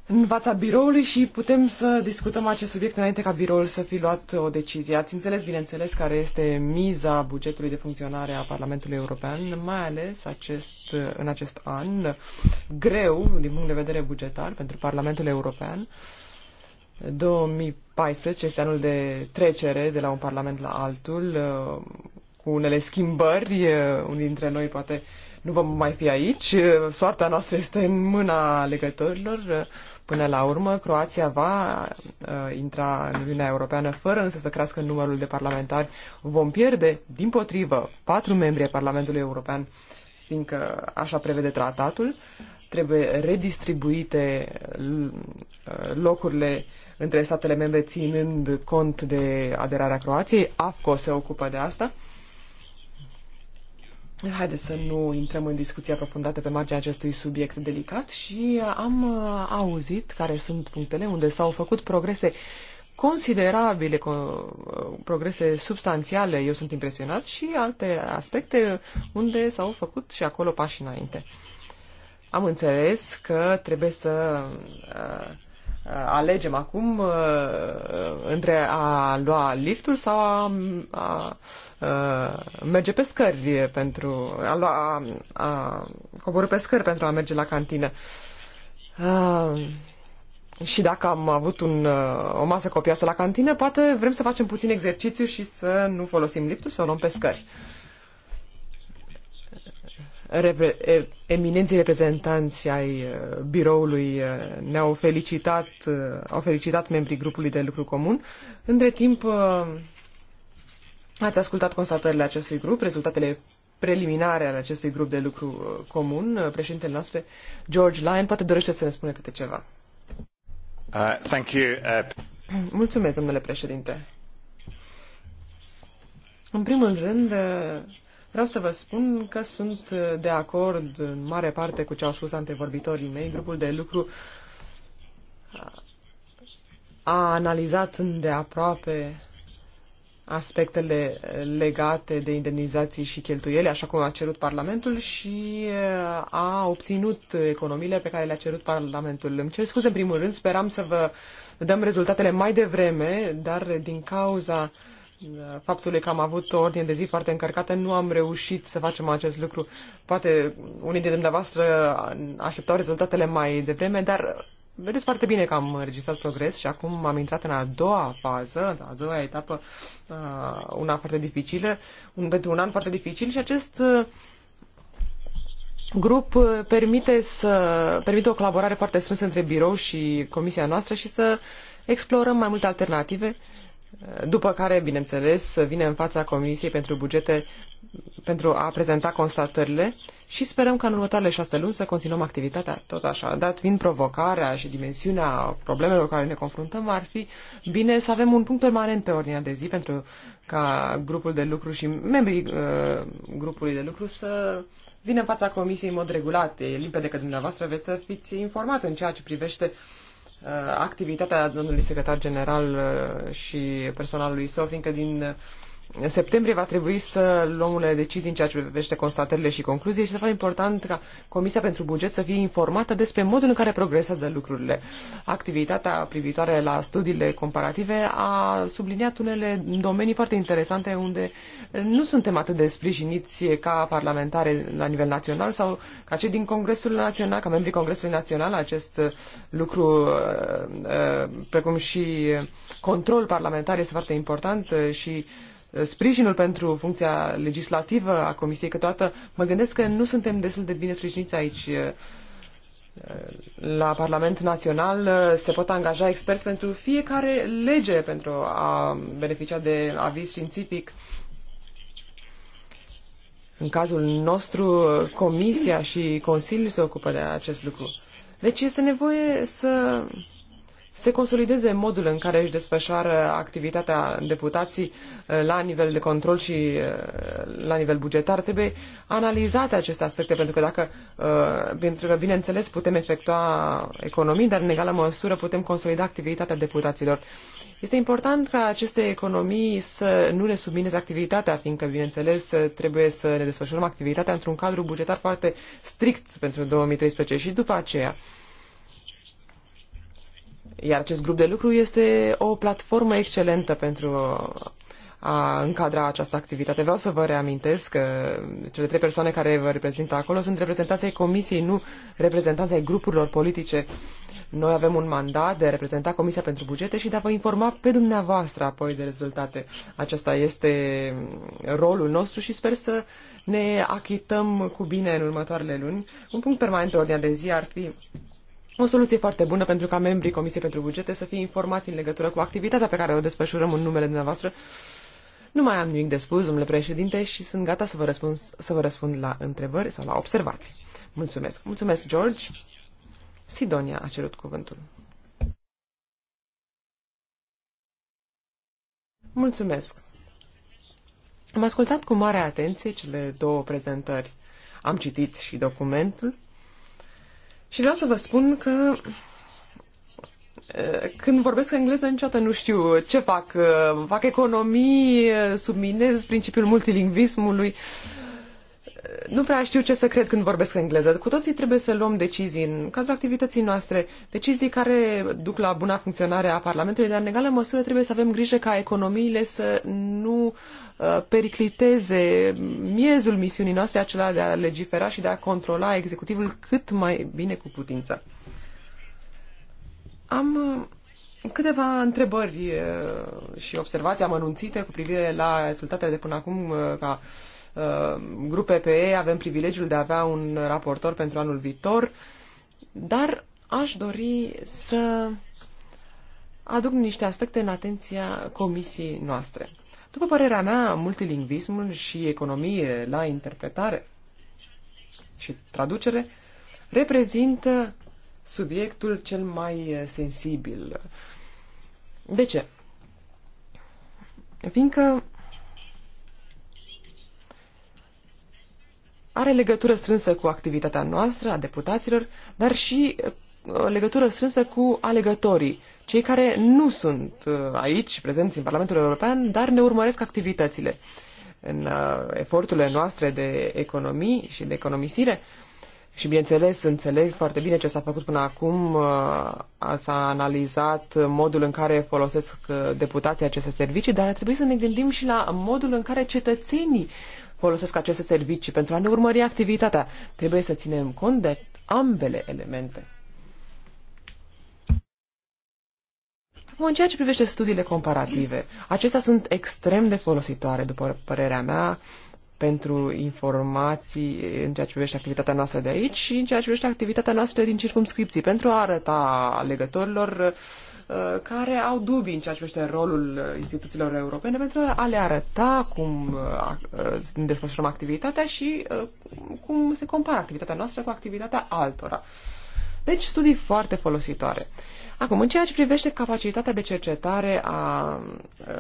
în fața biroului și putem să discutăm acest subiect înainte ca biroul să fi luat o decizie. Ați înțeles, bineînțeles, care este miza bugetului de funcționare a Parlamentului European, mai ales acest, în acest an greu din punct de vedere bugetar pentru Parlamentul European. Uh, 2014 este anul de trecere de la un parlament la altul, uh, cu unele schimbări. Uh, unii dintre noi poate nu vom mai fi aici. Uh, soarta noastră este în mâna legătorilor. Până la urmă, Croația va intra în Uniunea Europeană fără însă să crească numărul de parlamentari. Vom pierde, din potrivă, patru membri ai Parlamentului European, fiindcă așa prevede tratatul trebuie redistribuite uh, locurile între statele membre ținând cont de aderarea Croației. AFCO se ocupă de asta. Haideți să nu intrăm în discuții aprofundate pe marginea acestui subiect delicat și am uh, auzit care sunt punctele unde s-au făcut progrese considerabile, uh, progrese substanțiale, eu sunt impresionat, și alte aspecte unde s-au făcut și acolo pași înainte. Am înțeles că trebuie să uh, uh, alegem acum uh, între a lua liftul sau a, a, uh, merge pe scări pentru a lua a, a coborâ pe scări pentru a merge la cantină. Uh, și dacă am avut un, uh, o masă copioasă la cantină, poate vrem să facem puțin exercițiu și să nu folosim liftul, să o luăm pe scări. Uh, repre, eminenții reprezentanți ai biroului ne-au felicitat, au felicitat membrii grupului de lucru comun. Între timp, ați ascultat constatările acestui grup, rezultatele preliminare ale acestui grup de lucru comun. Președintele noastre, George Lyon, poate dorește să ne spune câte ceva. Uh, thank you. Uh... Mulțumesc, domnule președinte. În primul rând, Vreau să vă spun că sunt de acord în mare parte cu ce au spus antevorbitorii mei. Grupul de lucru a analizat îndeaproape aspectele legate de indemnizații și cheltuieli, așa cum a cerut Parlamentul și uh, a obținut economiile pe care le-a cerut Parlamentul. Îmi cer scuze în primul rând, speram să vă dăm rezultatele mai devreme, dar din cauza uh, faptului că am avut o ordine de zi foarte încărcată, nu am reușit să facem acest lucru. Poate unii dintre dumneavoastră așteptau rezultatele mai devreme, dar vedeți foarte bine că am înregistrat progres și acum am intrat în a doua fază, a doua etapă, uh, una foarte dificilă, un, pentru un an foarte dificil și acest uh, grup uh, permite, să, permite o colaborare foarte strânsă între birou și comisia noastră și să explorăm mai multe alternative după care, bineînțeles, vine în fața Comisiei pentru Bugete pentru a prezenta constatările și sperăm că în următoarele șase luni să continuăm activitatea tot așa. Dat fiind provocarea și dimensiunea problemelor care ne confruntăm, ar fi bine să avem un punct permanent pe ordinea de zi pentru ca grupul de lucru și membrii uh, grupului de lucru să vină în fața Comisiei în mod regulat. E limpede că dumneavoastră veți să fiți informat în ceea ce privește uh, Uh, activitatea domnului secretar general uh, și personalului său, fiindcă din în septembrie va trebui să luăm unele decizii în ceea ce privește constatările și concluzii și să fie important ca Comisia pentru Buget să fie informată despre modul în care progresează lucrurile. Activitatea privitoare la studiile comparative a subliniat unele domenii foarte interesante unde nu suntem atât de sprijiniți ca parlamentare la nivel național sau ca cei din Congresul Național, ca membrii Congresului Național, acest lucru, uh, uh, precum și control parlamentar este foarte important și sprijinul pentru funcția legislativă a Comisiei, că toată mă gândesc că nu suntem destul de bine sprijiniți aici. La Parlament Național se pot angaja experți pentru fiecare lege pentru a beneficia de aviz științific. În cazul nostru, Comisia și Consiliul se ocupă de acest lucru. Deci este nevoie să se consolideze modul în care își desfășoară activitatea deputații uh, la nivel de control și uh, la nivel bugetar. Trebuie analizate aceste aspecte, pentru că dacă, uh, pentru că, bineînțeles, putem efectua economii, dar în egală măsură putem consolida activitatea deputaților. Este important ca aceste economii să nu ne submineze activitatea, fiindcă, bineînțeles, trebuie să ne desfășurăm activitatea într-un cadru bugetar foarte strict pentru 2013 și după aceea. Iar acest grup de lucru este o platformă excelentă pentru a încadra această activitate. Vreau să vă reamintesc că cele trei persoane care vă reprezintă acolo sunt reprezentanții Comisiei, nu reprezentanții grupurilor politice. Noi avem un mandat de a reprezenta Comisia pentru Bugete și de a vă informa pe dumneavoastră apoi de rezultate. Acesta este rolul nostru și sper să ne achităm cu bine în următoarele luni. Un punct permanent pe ordinea de zi ar fi o soluție foarte bună pentru ca membrii Comisiei pentru Bugete să fie informați în legătură cu activitatea pe care o desfășurăm în numele dumneavoastră. Nu mai am nimic de spus, domnule președinte, și sunt gata să vă, răspund, să vă răspund la întrebări sau la observații. Mulțumesc. Mulțumesc, George. Sidonia a cerut cuvântul. Mulțumesc. Am ascultat cu mare atenție cele două prezentări. Am citit și documentul și vreau să vă spun că când vorbesc engleză niciodată nu știu ce fac. Fac economii, subminez principiul multilingvismului. Uh, nu prea știu ce să cred când vorbesc în engleză. Cu toții trebuie să luăm decizii în cadrul activității noastre, decizii care duc la buna funcționare a Parlamentului, dar în egală măsură trebuie să avem grijă ca economiile să nu uh, pericliteze miezul misiunii noastre, acela de a legifera și de a controla executivul cât mai bine cu putință. Am uh, Câteva întrebări uh, și observații amănunțite cu privire la rezultatele de până acum ca uh, Uh, grupe PE avem privilegiul de a avea un raportor pentru anul viitor, dar aș dori să aduc niște aspecte în atenția comisiei noastre. După părerea mea, multilingvismul și economie la interpretare și traducere reprezintă subiectul cel mai sensibil. De ce? Fiindcă are legătură strânsă cu activitatea noastră, a deputaților, dar și uh, legătură strânsă cu alegătorii, cei care nu sunt uh, aici, prezenți în Parlamentul European, dar ne urmăresc activitățile. În uh, eforturile noastre de economii și de economisire, și bineînțeles, înțeleg foarte bine ce s-a făcut până acum, s-a analizat modul în care folosesc deputații aceste servicii, dar ar trebui să ne gândim și la modul în care cetățenii folosesc aceste servicii pentru a ne urmări activitatea. Trebuie să ținem cont de ambele elemente. Acum, în ceea ce privește studiile comparative, acestea sunt extrem de folositoare, după părerea mea, pentru informații în ceea ce privește activitatea noastră de aici și în ceea ce privește activitatea noastră din circumscripții, pentru a arăta legătorilor uh, Uh, care au dubii în ceea ce privește rolul uh, instituțiilor europene pentru a le arăta cum uh, desfășurăm activitatea și cum se compară activitatea noastră cu activitatea altora. Deci studii foarte folositoare. Acum, în ceea ce privește capacitatea de cercetare a,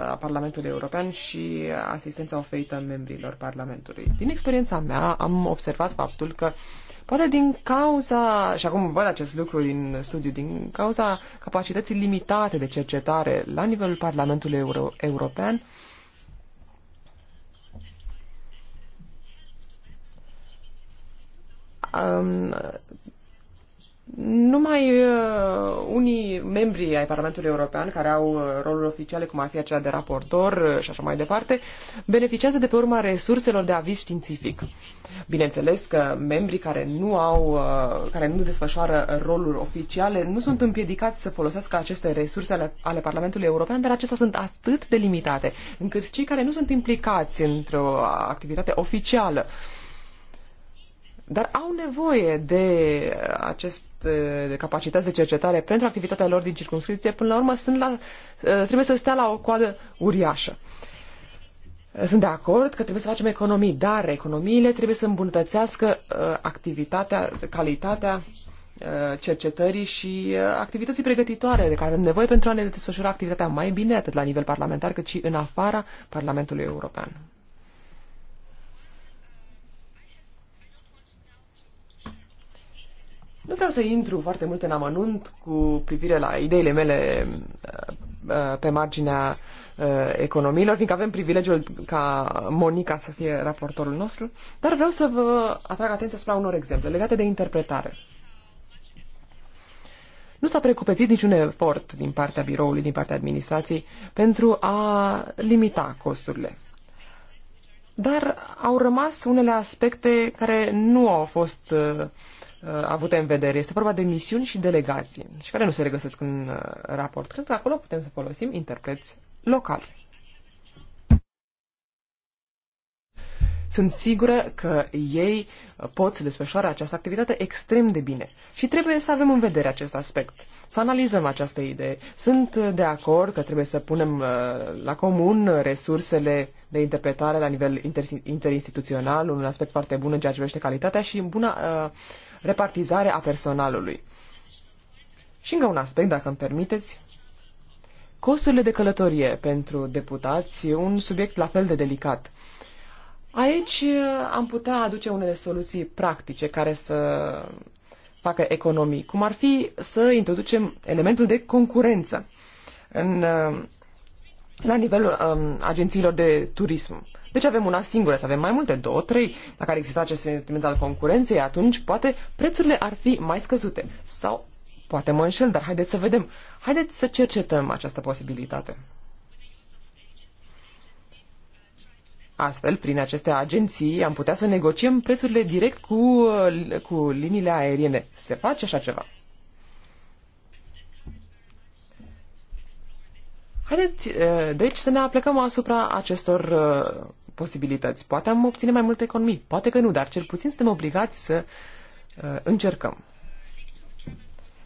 a Parlamentului European și asistența oferită membrilor Parlamentului, din experiența mea am observat faptul că uh, Poate din cauza, și acum văd acest lucru din studiu, din cauza capacității limitate de cercetare la nivelul Parlamentului Euro- European, numai uh, unii membri ai Parlamentului European care au uh, roluri oficiale, cum ar fi acela de raportor uh, și așa mai departe, beneficiază de pe urma resurselor de aviz științific. Bineînțeles că membrii care nu au, uh, care nu desfășoară roluri oficiale nu sunt împiedicați să folosească aceste resurse ale, ale Parlamentului European, dar acestea sunt atât de limitate, încât cei care nu sunt implicați într-o activitate oficială uh, dar au nevoie de acest de capacități de cercetare pentru activitatea lor din circunscripție, până la urmă sunt la, ă, trebuie să stea la o coadă uriașă. Sunt de acord că trebuie să facem economii, dar economiile trebuie să îmbunătățească ă, activitatea, calitatea ă, cercetării și activității pregătitoare de care avem nevoie pentru a ne desfășura activitatea mai bine, atât la nivel parlamentar, cât și în afara Parlamentului European. Nu vreau să intru foarte mult în amănunt cu privire la ideile mele uh, uh, pe marginea uh, economiilor, fiindcă avem privilegiul ca Monica să fie raportorul nostru, dar vreau să vă atrag atenția asupra unor exemple legate de interpretare. Nu s-a precupețit niciun efort din partea biroului, din partea administrației, pentru a limita costurile. Dar au rămas unele aspecte care nu au fost uh, Uh, avute în vedere. Este vorba de misiuni și delegații, și care nu se regăsesc în uh, raport. Cred că acolo putem să folosim interpreți locali. Sunt sigură că ei pot să desfășoare această activitate extrem de bine și trebuie să avem în vedere acest aspect, să analizăm această idee. Sunt de acord că trebuie să punem uh, la comun resursele de interpretare la nivel interinstituțional, un aspect foarte bun în ceea ce privește calitatea și bună uh, repartizare a personalului. Și încă un aspect, dacă îmi permiteți. Costurile de călătorie pentru deputați e un subiect la fel de delicat. Aici uh, am putea aduce unele soluții practice care să facă economii, cum ar fi să introducem elementul de concurență în, uh, la nivelul um, agențiilor de turism. Deci avem una singură, să avem mai multe, două, trei. Dacă ar exista acest sentiment al concurenței, atunci poate prețurile ar fi mai scăzute. Sau poate mă înșel, dar haideți să vedem. Haideți să cercetăm această posibilitate. Astfel, prin aceste agenții, am putea să negociem prețurile direct cu, cu liniile aeriene. Se face așa ceva. Haideți, eh, deci, să ne aplicăm asupra acestor eh, posibilități. Poate am obține mai multe economii, poate că nu, dar cel puțin suntem obligați să uh, încercăm.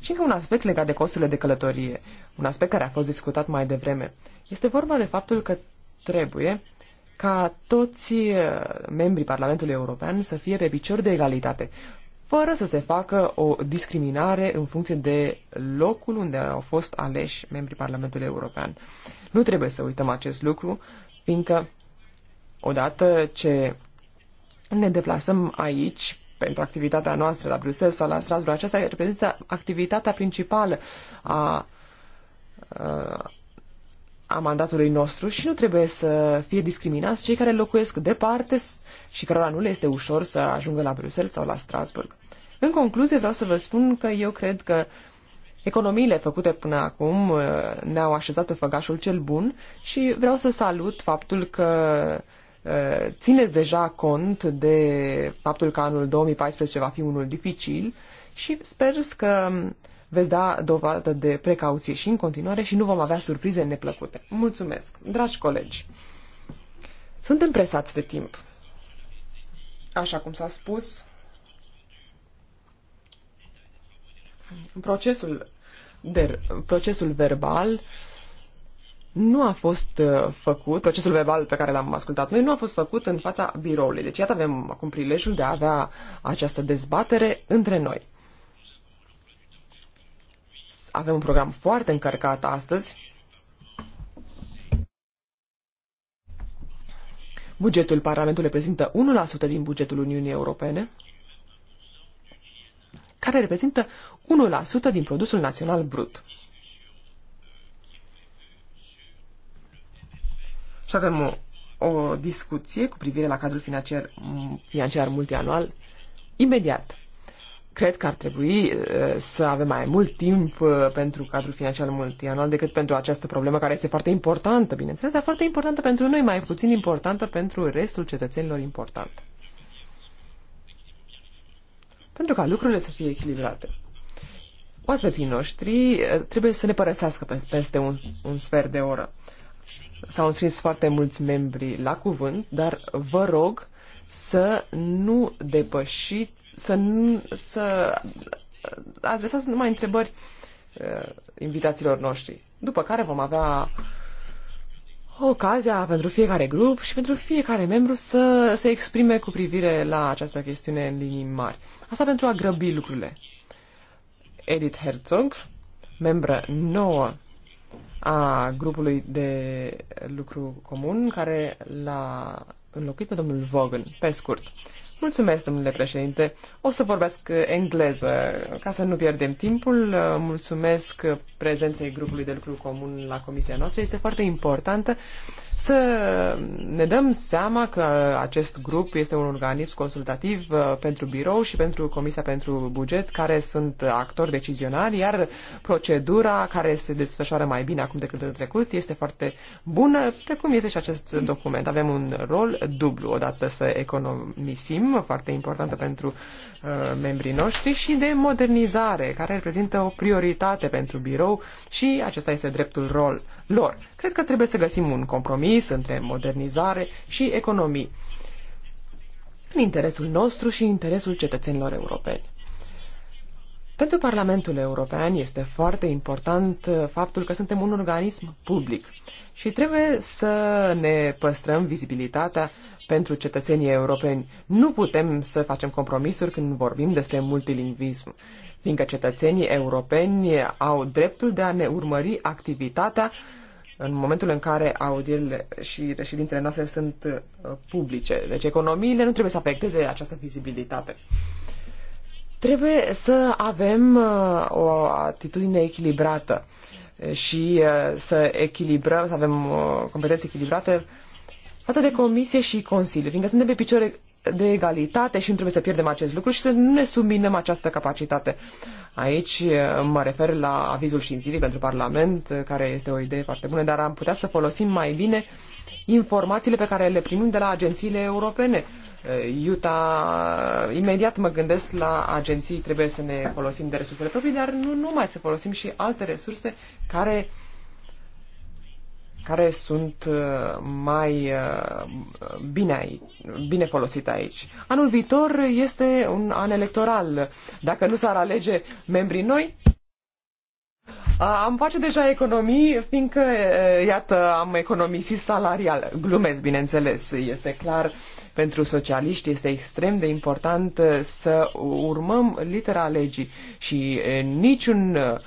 Și încă un aspect legat de costurile de călătorie, un aspect care a fost discutat mai devreme. Este vorba de faptul că trebuie ca toți uh, membrii Parlamentului European să fie pe picior de egalitate, fără să se facă o discriminare în funcție de locul unde au fost aleși membrii Parlamentului European. Nu trebuie să uităm acest lucru, fiindcă Odată ce ne deplasăm aici pentru activitatea noastră la Bruxelles sau la Strasbourg, aceasta reprezintă activitatea principală a, a mandatului nostru și nu trebuie să fie discriminați cei care locuiesc departe și cărora nu le este ușor să ajungă la Bruxelles sau la Strasbourg. În concluzie, vreau să vă spun că eu cred că economiile făcute până acum uh, ne-au așezat pe făgașul cel bun și vreau să salut faptul că Eh, țineți deja cont de faptul că anul 2014 va fi unul dificil și sper că veți da dovadă de precauție și în continuare și nu vom avea surprize neplăcute. Mulțumesc, dragi colegi! Suntem presați de timp. Așa cum s-a spus, procesul, de, procesul verbal nu a fost uh, făcut, procesul verbal pe care l-am ascultat noi nu a fost făcut în fața biroului. Deci iată avem acum prilejul de a avea această dezbatere între noi. Avem un program foarte încărcat astăzi. Bugetul Parlamentului reprezintă 1% din bugetul Uniunii Europene, care reprezintă 1% din produsul național brut. și avem o, o discuție cu privire la cadrul financiar, financiar multianual imediat. Cred că ar trebui uh, să avem mai mult timp uh, pentru cadrul financiar multianual decât pentru această problemă care este foarte importantă, bineînțeles, dar foarte importantă pentru noi, mai puțin importantă pentru restul cetățenilor important Pentru ca lucrurile să fie echilibrate. Oaspeții noștri uh, trebuie să ne părăsească peste un, un sfert de oră s-au înscris foarte mulți membri la cuvânt, dar vă rog să nu depășiți, să, nu, să adresați numai întrebări uh, invitațiilor noștri. După care vom avea ocazia pentru fiecare grup și pentru fiecare membru să se exprime cu privire la această chestiune în linii mari. Asta pentru a grăbi lucrurile. Edith Herzog, membră nouă a grupului de lucru comun care l-a înlocuit pe domnul Vogel, pe scurt. Mulțumesc, domnule președinte. O să vorbesc engleză, ca să nu pierdem timpul. Mulțumesc prezenței grupului de lucru comun la comisia noastră. Este foarte importantă să ne dăm seama că acest grup este un organism consultativ uh, pentru birou și pentru Comisia pentru Buget, care sunt actori decizionari, iar procedura care se desfășoară mai bine acum decât în trecut este foarte bună, precum este și acest document. Avem un rol dublu, odată să economisim temă foarte importantă pentru uh, membrii noștri și de modernizare, care reprezintă o prioritate pentru birou și acesta este dreptul rol lor. Cred că trebuie să găsim un compromis între modernizare și economii în interesul nostru și în interesul cetățenilor europeni. Pentru Parlamentul European este foarte important uh, faptul că suntem un organism public și trebuie să ne păstrăm vizibilitatea pentru cetățenii europeni. Nu putem să facem compromisuri când vorbim despre multilingvism, fiindcă cetățenii europeni au dreptul de a ne urmări activitatea în momentul în care audierile și reședințele noastre sunt uh, publice. Deci economiile nu trebuie să afecteze această vizibilitate. Trebuie să avem uh, o atitudine echilibrată și uh, să echilibrăm, să avem uh, competențe echilibrate față de Comisie și Consiliu, fiindcă suntem pe picioare de egalitate și nu trebuie să pierdem acest lucru și să nu ne subminăm această capacitate. Aici uh, mă refer la avizul științific pentru Parlament, care este o idee foarte bună, dar am putea să folosim mai bine informațiile pe care le primim de la agențiile europene. Eh, Iuta imediat mă gândesc la agenții, trebuie să ne folosim de resursele proprii, dar nu numai, să folosim și alte resurse care care sunt eh, mai eh, bine, bine folosite aici. Anul viitor este un an electoral. Dacă nu s-ar alege membrii noi, am face deja economii, fiindcă, iată, am economisit salarial. Glumesc, bineînțeles, este clar pentru socialiști este extrem de important uh, să urmăm litera legii și uh, niciun uh,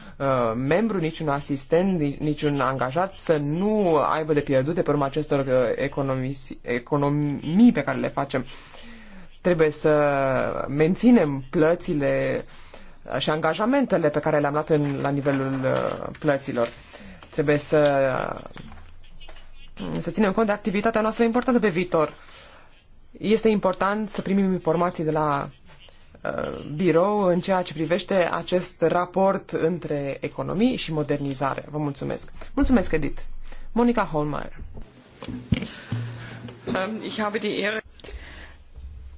membru, niciun asistent, niciun angajat să nu aibă de pierdut de pe urma acestor economii, economii pe care le facem. Trebuie să menținem plățile și angajamentele pe care le-am luat în, la nivelul plăților. Trebuie să, să ținem cont de activitatea noastră importantă pe viitor. Este important să primim informații de la uh, birou în ceea ce privește acest raport între economii și modernizare. Vă mulțumesc. Mulțumesc, Edith. Monica Holmeier. Um,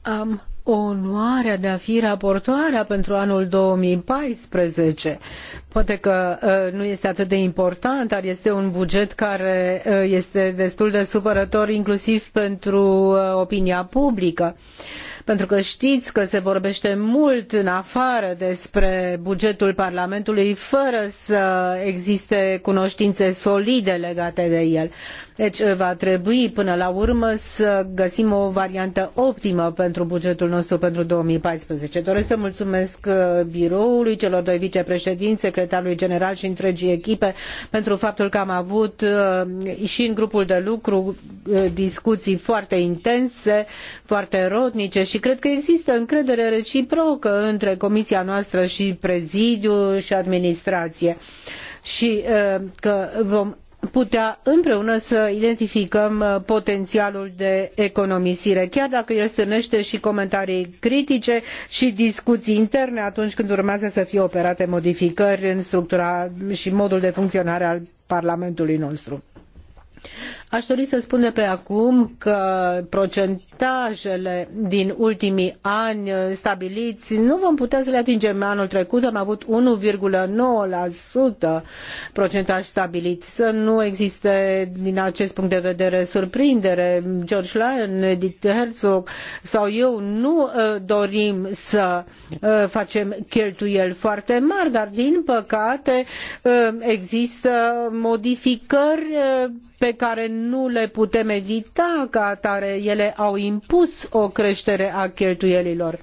am onoarea de a fi raportoarea pentru anul 2014. Poate că uh, nu este atât de important, dar este un buget care uh, este destul de supărător inclusiv pentru uh, opinia publică. Uh, pentru că știți că se vorbește mult în afară despre bugetul Parlamentului fără să existe cunoștințe solide legate de el. Deci eh, va trebui până la urmă să găsim o variantă optimă pentru bugetul nostru pentru 2014. Doresc să mulțumesc eh, biroului, celor doi vicepreședinți, secretarului general și întregii echipe pentru faptul că am avut eh, și în grupul de lucru discuții foarte intense, foarte rodnice și cred că există încredere reciprocă între comisia noastră și prezidiu și administrație și uh, că vom putea împreună să identificăm uh, potențialul de economisire, chiar dacă el stârnește și comentarii critice și discuții interne atunci când urmează să fie operate modificări în structura și modul de funcționare al Parlamentului nostru. A dori să spun de pe acum că procentajele din ultimii ani stabiliți nu vom putea să le atingem. Anul trecut am avut 1,9% procentaj stabilit. Să nu existe din acest punct de vedere surprindere. George Lyon, Edith Herzog sau eu nu uh, dorim să uh, facem cheltuieli foarte mari, dar din păcate uh, există modificări pe care nu le putem evita ca atare, ele au impus o creștere a cheltuielilor.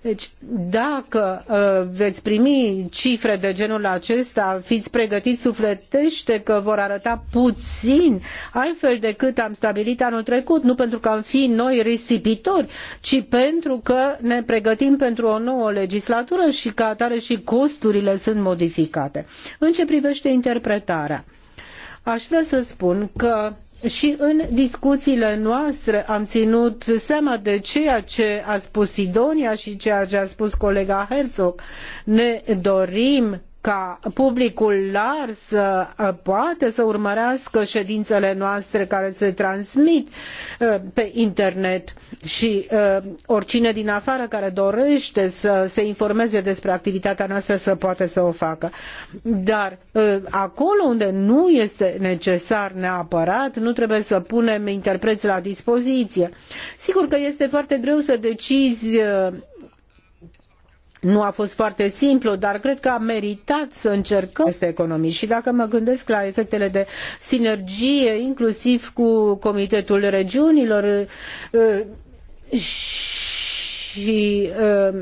Deci, dacă uh, veți primi cifre de genul acesta, fiți pregătiți sufletește că vor arăta puțin altfel decât am stabilit anul trecut, nu pentru că am fi noi risipitori, ci pentru că ne pregătim pentru o nouă legislatură și ca atare și costurile sunt modificate. În ce privește interpretarea? Aș vrea să spun că și în discuțiile noastre am ținut seama de ceea ce a spus Sidonia și ceea ce a spus colega Herzog. Ne dorim ca publicul larg să uh, poată să urmărească ședințele noastre care se transmit uh, pe internet și uh, oricine din afară care dorește să se informeze despre activitatea noastră să poată să o facă. Dar acolo unde nu este necesar neapărat, nu trebuie să punem interpreți la dispoziție. Sigur că este foarte greu să decizi nu a fost foarte simplu, dar cred că a meritat să încercăm aceste economii. Și dacă mă gândesc la efectele de sinergie, inclusiv cu Comitetul Regiunilor uh, și uh,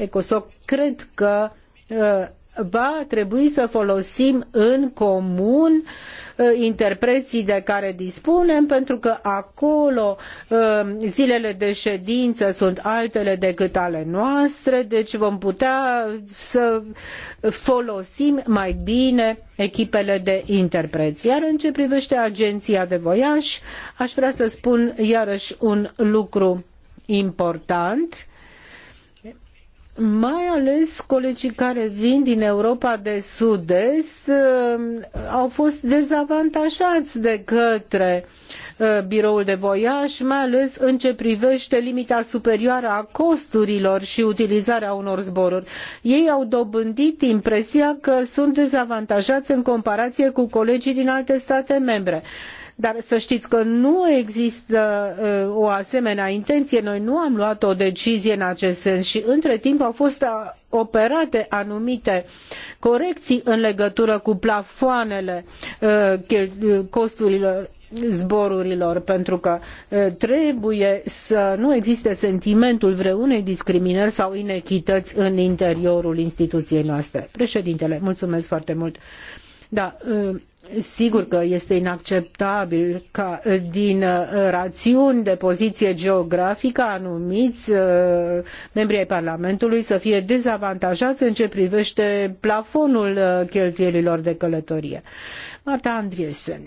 ECOSOC, cred că uh, va trebui să folosim în comun uh, Uh, interpreții de care dispunem, pentru că acolo uh, zilele de ședință sunt altele decât ale noastre, deci vom putea să folosim mai bine echipele de interpreți. Iar în ce privește agenția de voiaj, aș vrea să spun iarăși un lucru important mai ales colegii care vin din Europa de Sud-Est uh, au fost dezavantajați de către uh, biroul de voiaj, mai ales în ce privește limita superioară a costurilor și utilizarea unor zboruri. Ei au dobândit impresia că sunt dezavantajați în comparație cu colegii din alte state membre. Dar să știți că nu există uh, o asemenea intenție. Noi nu am luat o decizie în acest sens și între timp au fost uh, operate anumite corecții în legătură cu plafoanele uh, costurilor zborurilor, pentru că trebuie să nu existe sentimentul vreunei discriminări sau inechități în interiorul instituției noastre. Președintele, mulțumesc foarte mult. Da, Sigur că este inacceptabil ca eh, din eh, rațiuni de poziție geografică anumiți eh, membri ai Parlamentului să fie dezavantajați în ce privește plafonul cheltuielilor de călătorie. Marta Andriesen.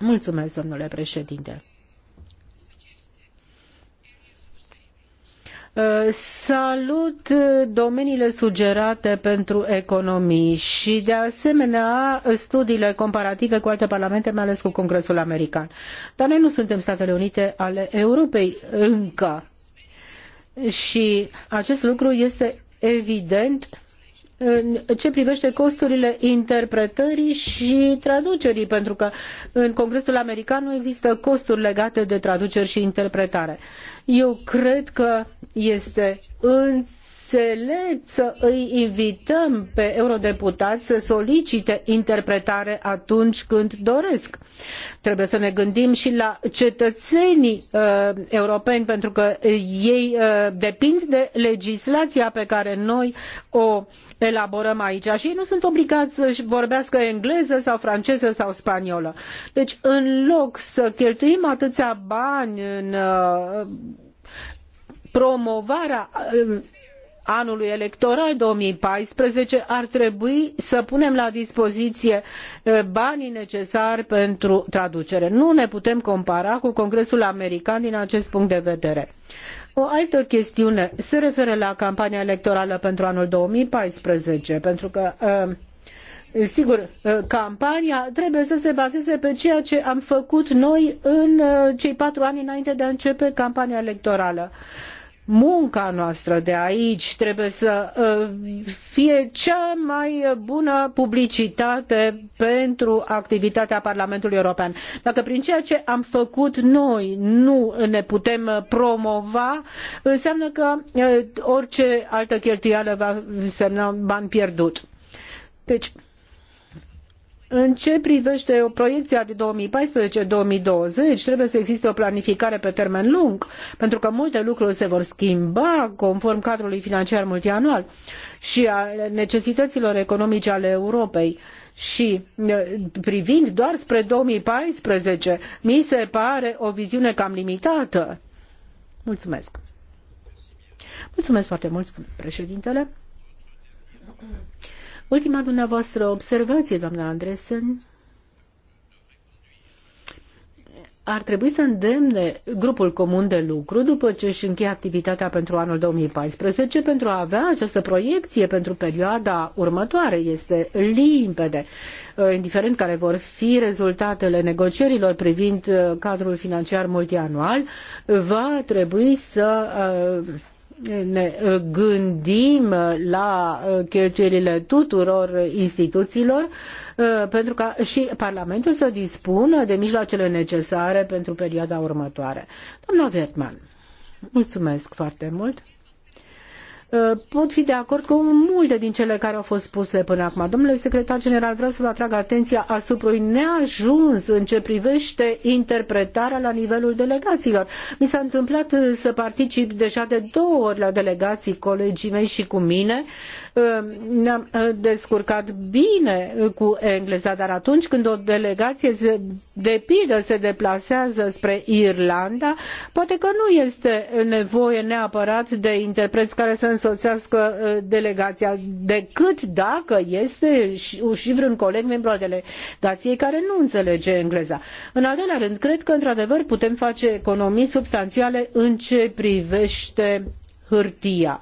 Mulțumesc, domnule președinte. Uh, salut uh, domeniile sugerate pentru economii și, de asemenea, studiile comparative cu alte parlamente, mai ales cu Congresul American. Dar noi nu suntem Statele Unite ale Europei încă. Și acest lucru este evident în ce privește costurile interpretării și traducerii, pentru că în Congresul American nu există costuri legate de traduceri și interpretare. Eu cred că este înțelept să îi invităm pe eurodeputați să solicite interpretare atunci când doresc. Trebuie să ne gândim și la cetățenii uh, europeni, pentru că ei uh, depind de legislația pe care noi o elaborăm aici și ei nu sunt obligați să vorbească engleză sau franceză sau spaniolă. Deci, în loc să cheltuim atâția bani în uh, promovarea uh, anului electoral 2014 ar trebui să punem la dispoziție uh, banii necesari pentru traducere. Nu ne putem compara cu Congresul American din acest punct de vedere. O altă chestiune se referă la campania electorală pentru anul 2014, pentru că uh, Sigur, campania trebuie să se bazeze pe ceea ce am făcut noi în cei patru ani înainte de a începe campania electorală munca noastră de aici trebuie să uh, fie cea mai bună publicitate pentru activitatea Parlamentului European. Dacă prin ceea ce am făcut noi nu ne putem promova, înseamnă că uh, orice altă cheltuială va însemna bani pierdut. Deci, în ce privește proiecție de 2014-2020, trebuie să existe o planificare pe termen lung, pentru că multe lucruri se vor schimba conform cadrului financiar multianual și a necesităților economice ale Europei. Și privind doar spre 2014, mi se pare o viziune cam limitată. Mulțumesc. Mulțumesc foarte mult, spune președintele. Ultima dumneavoastră observație, doamna Andresen, ar trebui să îndemne grupul comun de lucru după ce își încheie activitatea pentru anul 2014 pentru a avea această proiecție pentru perioada următoare. Este limpede, uh, indiferent care vor fi rezultatele negocierilor privind uh, cadrul financiar multianual, va trebui să uh, ne uh, gândim uh, la uh, cheltuielile tuturor instituțiilor pentru ca și Parlamentul să dispună de mijloacele necesare pentru perioada următoare. Doamna Vertman, mulțumesc foarte mult. Uh, pot fi de acord cu multe din cele care au fost spuse până acum. Domnule secretar general, vreau să vă atrag atenția asupra unui neajuns în ce privește interpretarea la nivelul delegațiilor. Mi s-a întâmplat uh, să particip deja de două ori la delegații colegii mei și cu mine. Uh, ne-am descurcat bine cu engleza, dar atunci când o delegație de pildă se deplasează spre Irlanda, poate că nu este nevoie neapărat de interpreți care să însoțească uh, delegația, decât dacă este și vreun coleg membru al delegației care nu înțelege engleza. În al doilea rând, cred că într-adevăr putem face economii substanțiale în ce privește hârtia.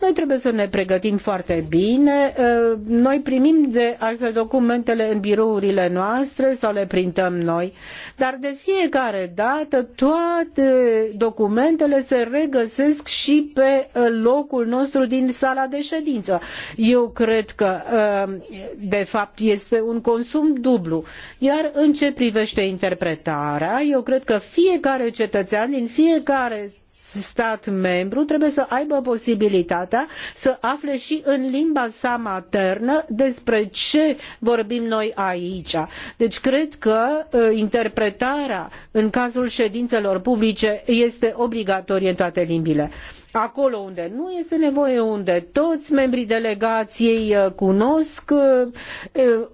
Noi trebuie să ne pregătim foarte bine. Uh, noi primim de altfel documentele în birourile noastre sau le printăm noi, dar de fiecare dată toate documentele se regăsesc și pe uh, locul nostru din sala de ședință. Eu cred că uh, de fapt este un consum dublu. Iar în ce privește interpretarea, eu cred că fiecare cetățean din fiecare stat membru trebuie să aibă posibilitatea să afle și în limba sa maternă despre ce vorbim noi aici. Deci cred că ă, interpretarea în cazul ședințelor publice este obligatorie în toate limbile. Acolo unde nu este nevoie, unde toți membrii delegației ă, cunosc ă,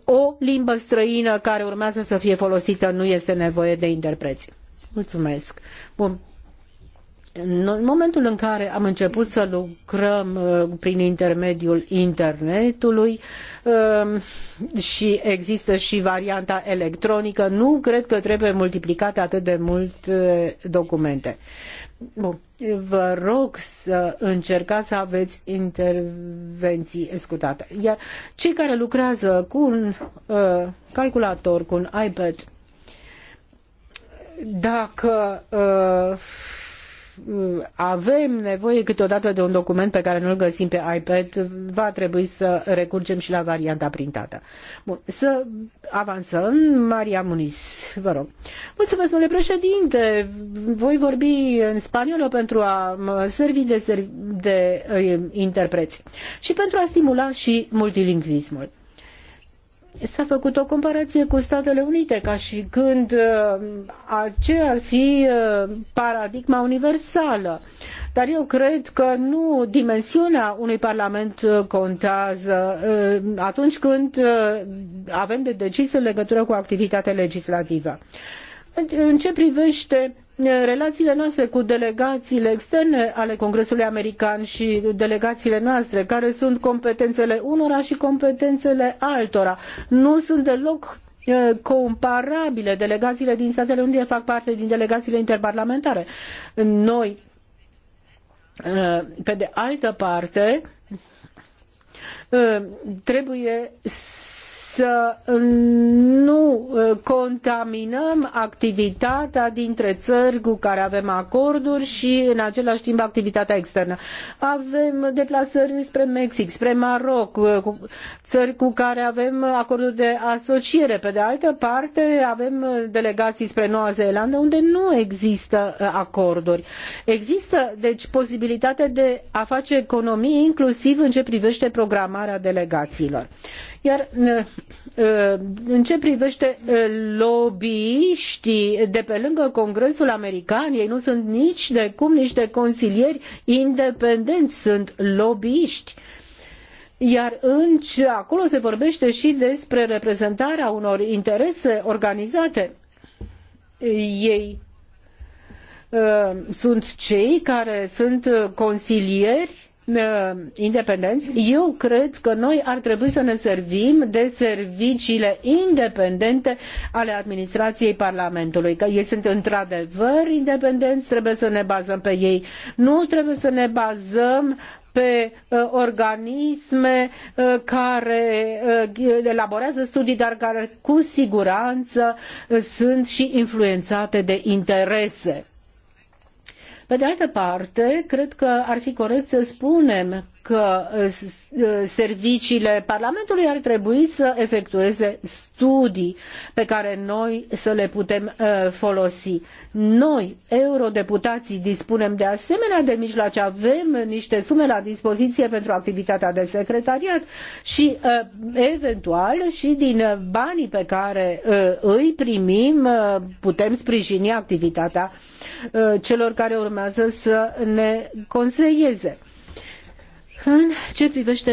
o limbă străină care urmează să fie folosită, nu este nevoie de interpreți. Mulțumesc. Bun în momentul în care am început să lucrăm uh, prin intermediul internetului um, și există și varianta electronică, nu cred că trebuie multiplicate atât de mult uh, documente. Bun. Vă rog să încercați să aveți intervenții escutate. Iar cei care lucrează cu un uh, calculator, cu un iPad, dacă uh, avem nevoie câteodată de un document pe care nu-l găsim pe iPad, va trebui să recurgem și la varianta printată. Bun, să avansăm. Maria Muniz, vă rog. Mulțumesc, domnule președinte. Voi vorbi în spaniolă pentru a mă servi de, de eh, interpreți și pentru a stimula și multilingvismul. S-a făcut o comparație cu Statele Unite, ca și când uh, aceea ar fi uh, paradigma universală. Dar eu cred că nu dimensiunea unui parlament uh, contează atunci când avem de decis în legătură cu activitatea legislativă. În ce privește relațiile noastre cu delegațiile externe ale Congresului American și delegațiile noastre, care sunt competențele unora și competențele altora. Nu sunt deloc comparabile. Delegațiile din Statele Unite fac parte din delegațiile interparlamentare. Noi, pe de altă parte, trebuie să să nu ă, contaminăm activitatea dintre țări cu care avem acorduri și în același timp activitatea externă. Avem deplasări spre Mexic, spre Maroc, ă, cu țări cu care avem acorduri de asociere. Pe de altă parte, avem delegații spre Noua Zeelandă unde nu există ă, acorduri. Există, deci, posibilitatea de a face economii inclusiv în ce privește programarea delegațiilor. Iar în ce privește uh, lobbyiștii de pe lângă Congresul American, ei nu sunt nici de cum niște consilieri independenți, sunt lobbyiști. Iar în ce, acolo se vorbește și despre reprezentarea unor interese organizate. Ei uh, sunt cei care sunt consilieri Uh, independenți, eu cred că noi ar trebui să ne servim de serviciile independente ale administrației Parlamentului. Că ei sunt într-adevăr independenți, trebuie să ne bazăm pe ei. Nu trebuie să ne bazăm pe uh, organisme uh, care elaborează studii, dar care cu siguranță sunt și influențate de interese pe de altă parte, cred că ar fi corect să spunem că uh, uh, serviciile Parlamentului ar trebui să efectueze studii pe care noi să le putem uh, folosi. Noi, eurodeputații, dispunem de asemenea de mijloace, avem niște sume la dispoziție pentru activitatea de secretariat și eventual și din banii pe care îi primim putem sprijini activitatea celor care urmează să ne conseieze. În ce privește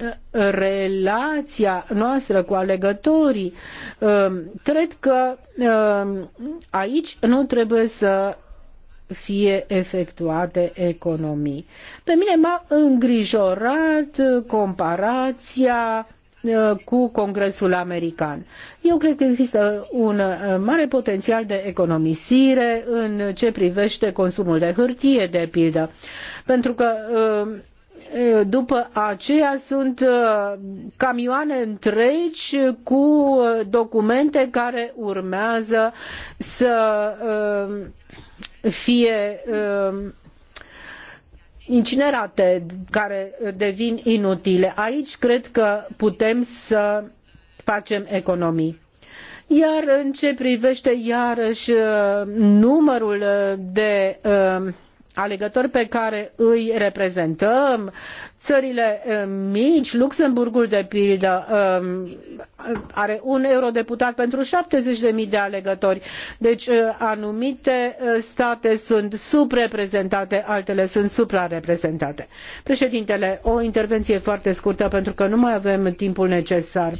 uh, relația noastră cu alegătorii, uh, cred că uh, aici nu trebuie să fie efectuate economii. Pe mine m-a îngrijorat comparația Uh, cu Congresul American. Eu cred că există un uh, mare potențial de economisire în ce privește consumul de hârtie, de pildă, pentru că uh, după aceea sunt camioane întregi cu documente care urmează să fie incinerate, care devin inutile. Aici cred că putem să facem economii. Iar în ce privește iarăși numărul de uh, alegători pe care îi reprezentăm, țările eh, mici, Luxemburgul de pildă eh, are un eurodeputat pentru 70.000 de alegători. Deci eh, anumite state sunt subreprezentate, altele sunt suprareprezentate. preedintele o intervenție foarte scurtă pentru că nu mai avem timpul necesar.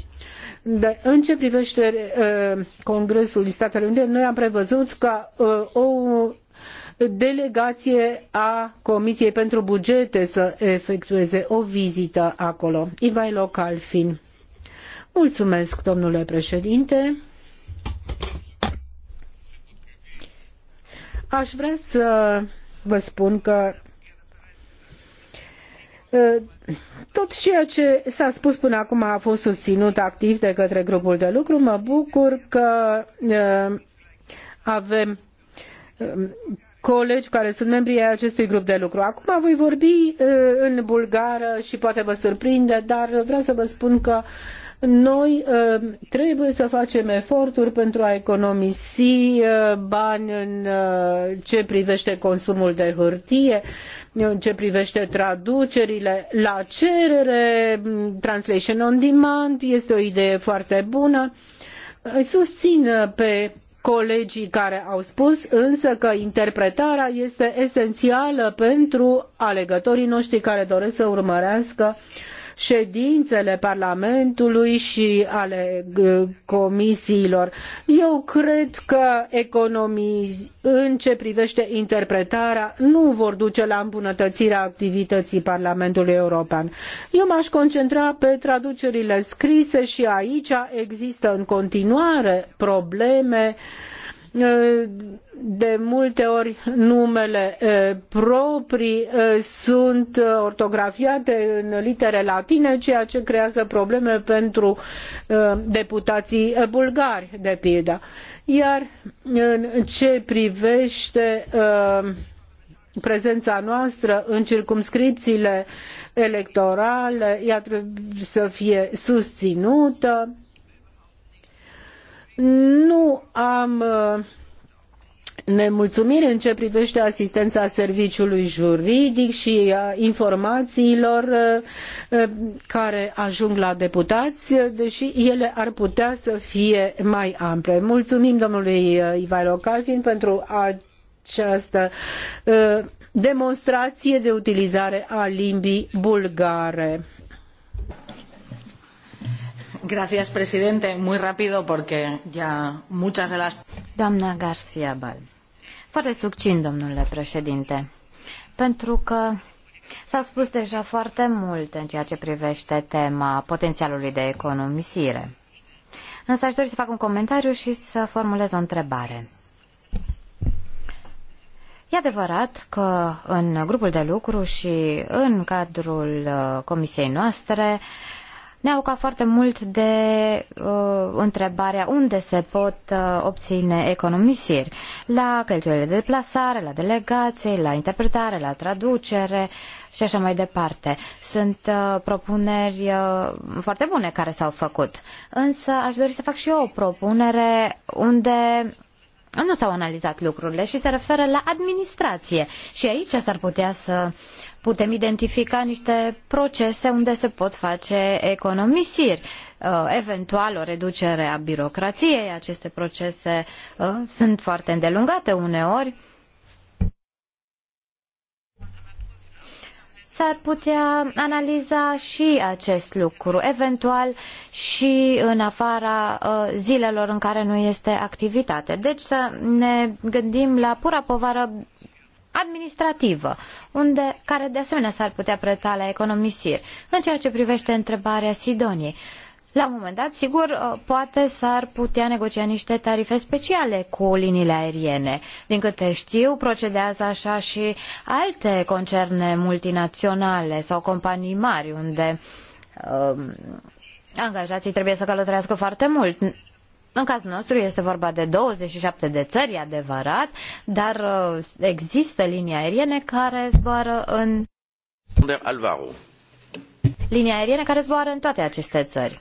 De, în ce privește Congresul Statelor Unite, noi am prevăzut ca o delegație a Comisiei pentru Bugete să efectueze o vizită acolo. Ivailo Calfin. Mulțumesc, domnule președinte. Aș vrea să vă spun că tot ceea ce s-a spus până acum a fost susținut activ de către grupul de lucru. Mă bucur că avem colegi care sunt membri ai acestui grup de lucru. Acum voi vorbi uh, în bulgară și poate vă surprinde, dar vreau să vă spun că noi uh, trebuie să facem eforturi pentru a economisi uh, bani în ce privește consumul de hârtie, în ce privește traducerile la cerere, translation on demand este o idee foarte bună. Susțin pe colegii care au spus însă că interpretarea este esențială pentru alegătorii noștri care doresc să urmărească uh, ședințele Parlamentului și ale uh, comisiilor. Eu cred că economii în ce privește interpretarea nu vor duce la îmbunătățirea activității Parlamentului European. Eu m-aș concentra pe traducerile scrise și aici există în continuare probleme uh, Eh, de multe ori numele eh, proprii eh, sunt ortografiate în litere latine, ceea ce creează probleme pentru deputații bulgari, de pildă. Iar în ce privete prezența noastră în circumscripțiile electorale, ea trebuie să fie susținută nu am uh, nemulțumiri în ce privește asistența serviciului juridic și a informațiilor uh, uh, care ajung la deputați, deși ele ar putea să fie mai ample. Mulțumim domnului Ivailo Calvin pentru această demonstrație de utilizare a limbii bulgare. Gracias, presidente. Muy rápido, porque ya muchas de las... Doamna Garcia Bal. Foarte succint, domnule președinte, pentru că s a spus deja foarte mult în ceea ce privește tema potențialului de economisire. Însă aș dori să fac un comentariu și să formulez o întrebare. E adevărat că în grupul de lucru și în cadrul uh, comisiei noastre uh, ne-au ca foarte mult de uh, întrebarea unde se pot uh, obține economisiri la cheltuielile de deplasare, la delegații, la interpretare, la traducere și așa mai departe. Sunt uh, propuneri uh, foarte bune care s-au făcut, însă aș dori să fac și eu o propunere unde nu s-au analizat lucrurile și se referă la administrație. Și aici s-ar putea să putem identifica niște procese unde se pot face economisiri, uh, eventual o reducere a birocrației. Aceste procese uh, sunt foarte îndelungate uneori. s-ar putea analiza și acest lucru, eventual și în afara uh, zilelor în care nu este activitate. Deci să ne gândim la pura povară administrativă, unde, care de asemenea s-ar putea preta la economisiri. În ceea ce privește întrebarea Sidoniei, la un moment dat, sigur, uh, poate s-ar putea negocia niște tarife speciale cu liniile aeriene. Din câte știu, procedează așa și alte concerne multinaționale sau companii mari, unde um, angajații trebuie să călătorească foarte mult. În cazul nostru este vorba de 27 de țări, adevărat, dar uh, există linii aeriene care zboară în... Alvaro. Linii aeriene care zboară în toate aceste țări.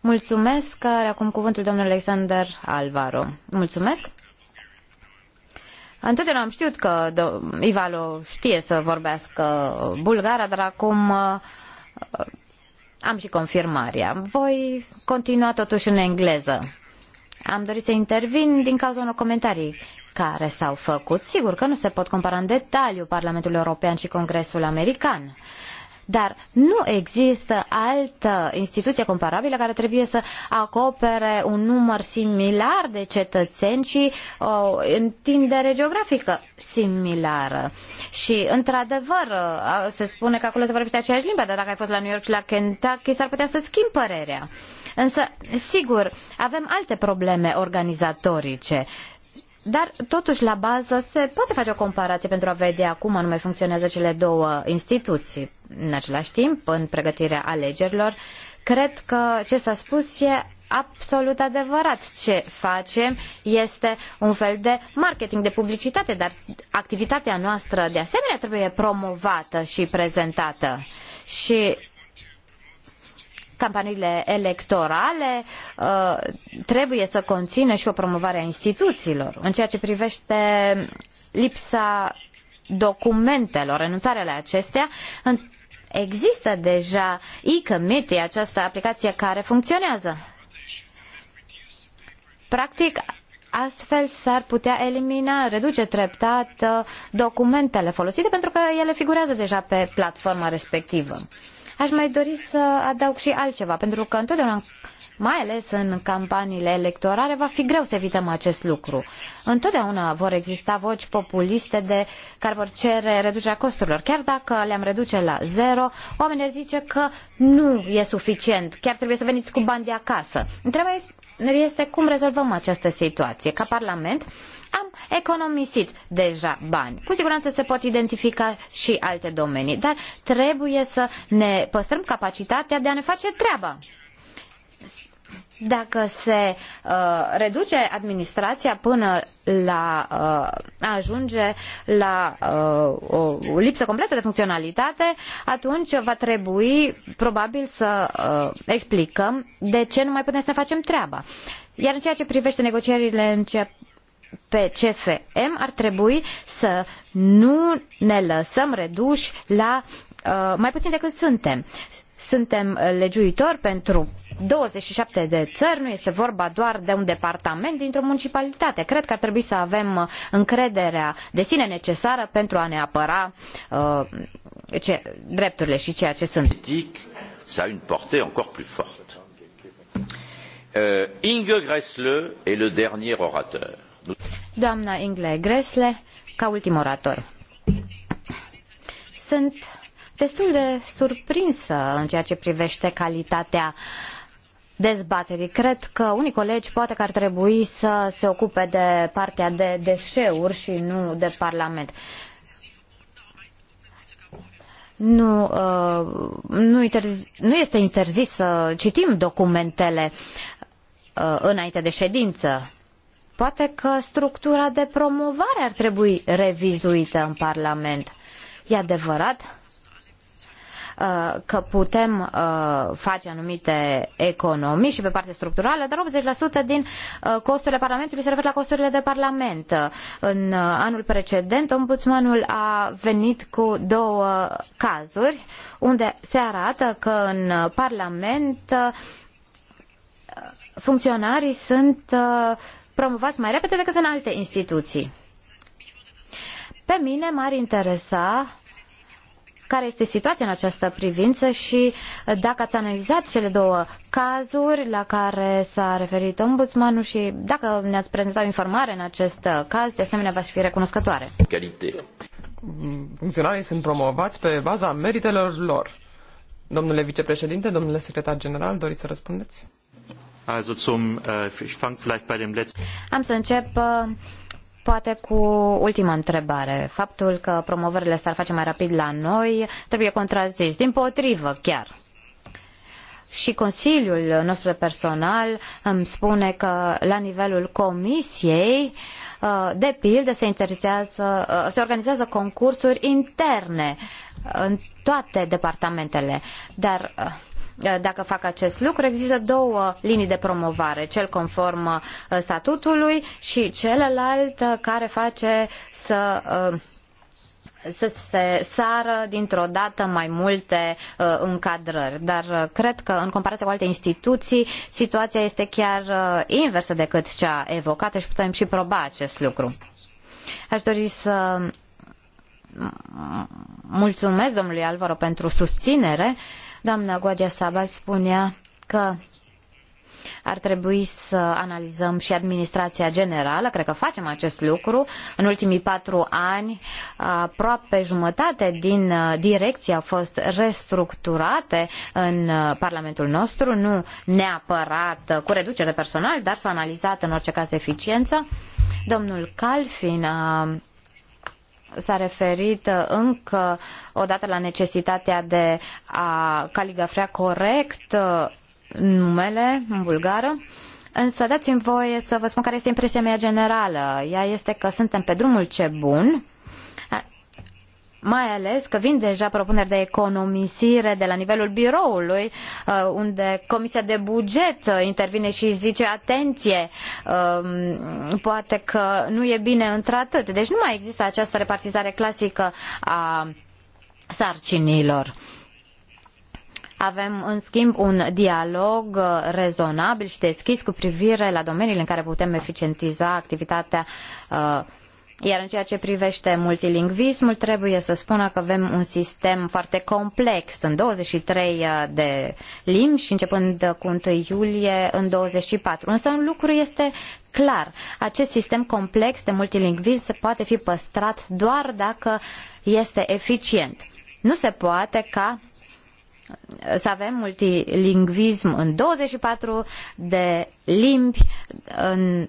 Mulțumesc, are acum cuvântul domnul Alexander Alvaro. Mulțumesc. Întotdeauna am știut că Ivalo știe să vorbească bulgara, dar acum uh, am și confirmarea. Voi continua totuși în engleză. Am dorit să intervin din cauza unor comentarii care s-au făcut. Sigur că nu se pot compara în detaliu Parlamentul European și Congresul American. Dar nu există altă instituție comparabilă care trebuie să acopere un număr similar de cetățeni și o întindere geografică similară. Și, într-adevăr, se spune că acolo se vorbește aceeași limbă, dar dacă ai fost la New York și la Kentucky, s-ar putea să schimbi părerea. Însă, sigur, avem alte probleme organizatorice dar, totuși, la bază se poate face o comparație pentru a vedea cum anume funcționează cele două instituții. În același timp, în pregătirea alegerilor, cred că ce s-a spus e absolut adevărat. Ce facem este un fel de marketing, de publicitate, dar activitatea noastră de asemenea trebuie promovată și prezentată. Și campaniile electorale uh, trebuie să conțină și o promovare a instituțiilor. În ceea ce privește lipsa documentelor, renunțarea la acestea, există deja e-committee, această aplicație care funcționează. Practic, astfel s-ar putea elimina, reduce treptat uh, documentele folosite pentru că ele figurează deja pe platforma respectivă. Aș mai dori să adaug și altceva, pentru că întotdeauna, mai ales în campaniile electorale, va fi greu să evităm acest lucru. Întotdeauna vor exista voci populiste de, care vor cere reducerea costurilor. Chiar dacă le-am reduce la zero, oamenii ar zice că nu e suficient, chiar trebuie să veniți cu bani de acasă. Întrebarea este cum rezolvăm această situație. Ca Parlament am economisit deja bani. Cu siguranță se pot identifica și alte domenii, dar trebuie să ne păstrăm capacitatea de a ne face treaba dacă se uh, reduce administrația până la uh, ajunge la uh, o, lipsă completă de funcționalitate, atunci va trebui probabil să uh, explicăm de ce nu mai putem să facem treaba. Iar în ceea ce privește negocierile în pe CFM, ar trebui să nu ne lăsăm reduși la uh, mai puțin decât suntem. Suntem legiuitori pentru 27 de țări, nu este vorba doar de un departament dintr-o municipalitate. Cred că ar trebui să avem încrederea de sine necesară pentru a ne apăra uh, ce, drepturile și ceea ce sunt. Ça a une portée encore plus forte. Euh, Inge Gressle est le dernier orateur. Doamna Ingle Gresle, ca ultim orator. Sunt destul de surprinsă în ceea ce privește calitatea dezbaterii. Cred că unii colegi poate că ar trebui să se ocupe de partea de deșeuri și nu de Parlament. Nu, uh, nu, interzi, nu este interzis să citim documentele uh, înainte de ședință. Poate că structura de promovare ar trebui revizuită în Parlament. E adevărat uh, că putem uh, face anumite economii și pe parte structurală, dar 80% din uh, costurile Parlamentului se referă la costurile de Parlament. În anul precedent, ombudsmanul a venit cu două cazuri unde se arată că în Parlament funcționarii sunt promovați mai repede decât în alte instituții. Pe mine m-ar interesa care este situația în această privință și dacă ați analizat cele două cazuri la care s-a referit ombudsmanul și dacă ne-ați prezentat o informare în acest caz, de asemenea v-aș fi recunoscătoare. Calite. Funcționarii sunt promovați pe baza meritelor lor. Domnule vicepreședinte, domnule secretar general, doriți să răspundeți? Also zum, äh, ich fang vielleicht bei dem letzten. Am să încep uh, poate cu ultima întrebare. Faptul că promovările s-ar face mai rapid la noi trebuie contrazis. Din potrivă, chiar. Și Consiliul nostru personal îmi spune că la nivelul Comisiei, uh, de pildă, se, uh, se organizează concursuri interne în toate departamentele. Dar Eh, dacă fac acest lucru. Există două linii de promovare, cel conform eh, statutului și celălalt eh, care face să să se sară dintr-o dată mai multe uh, încadrări. Dar uh, cred că, în comparație cu alte instituții, situația este chiar uh, inversă decât cea evocată și putem și proba acest lucru. Aș dori să mulțumesc domnului Alvaro pentru susținere uh, Doamna Guadia Sabai spunea că ar trebui să analizăm și administrația generală. Cred că facem acest lucru. În ultimii patru ani, aproape jumătate din uh, direcții au fost restructurate în uh, Parlamentul nostru, nu neapărat uh, cu reducere de personal, dar s-a analizat în orice caz eficiența. Domnul Calfin a s-a referit uh, încă o dată la necesitatea de a caligrafia corect uh, numele în bulgară. Însă dați-mi voie să vă spun care este impresia mea generală. Ea este că suntem pe drumul ce bun, mai ales că vin deja propuneri de economisire de la nivelul biroului, uh, unde Comisia de Buget uh, intervine și zice atenție, um, poate că nu e bine într-atât. Deci nu mai există această repartizare clasică a sarcinilor. Avem, în schimb, un dialog uh, rezonabil și deschis cu privire la domeniile în care putem eficientiza activitatea uh, iar în ceea ce privește multilingvismul, trebuie să spună că avem un sistem foarte complex. în 23 uh, de limbi și începând cu 1 iulie în 24. Însă un lucru este clar. Acest sistem complex de multilingvism se poate fi păstrat doar dacă este eficient. Nu se poate ca să avem multilingvism în 24 de limbi în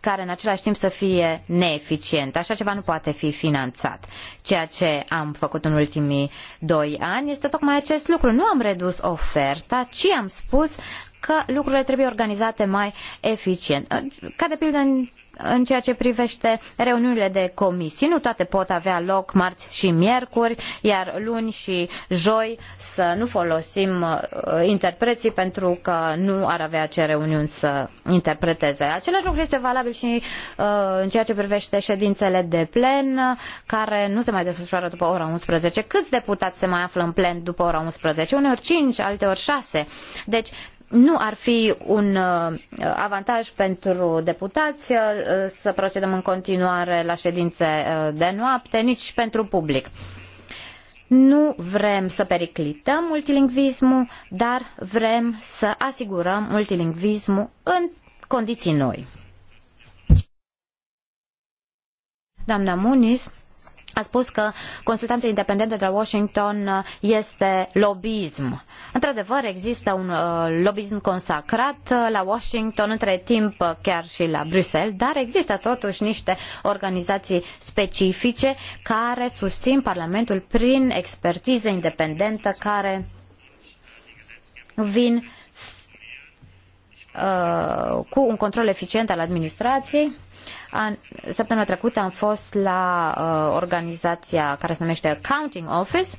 care în același timp să fie neeficient. Așa ceva nu poate fi finanțat. Ceea ce am făcut în ultimii doi ani este tocmai acest lucru. Nu am redus oferta, ci am spus că lucrurile trebuie organizate mai eficient. Ca de pildă în în ceea ce privește reuniunile de comisii, nu toate pot avea loc marți și miercuri, iar luni și joi să nu folosim uh, interpreții pentru că nu ar avea ce reuniuni să interpreteze. Același lucru este valabil și uh, în ceea ce privește ședințele de plen, care nu se mai desfășoară după ora 11. Câți deputați se mai află în plen după ora 11? Uneori 5, alteori 6. Deci nu ar fi un uh, avantaj pentru deputați uh, să procedăm în continuare la ședințe uh, de noapte, nici pentru public. Nu vrem să periclităm multilingvismul, dar vrem să asigurăm multilingvismul în condiții noi. Doamna Muniz a spus că consultanța independentă de la Washington uh, este lobism. Într-adevăr, există un uh, lobism consacrat uh, la Washington, între timp chiar și la Bruxelles, dar există totuși niște organizații specifice care susțin Parlamentul prin expertiză independentă care vin Uh, cu un control eficient al administrației. An, săptămâna trecută am fost la uh, organizația care se numește Accounting Office.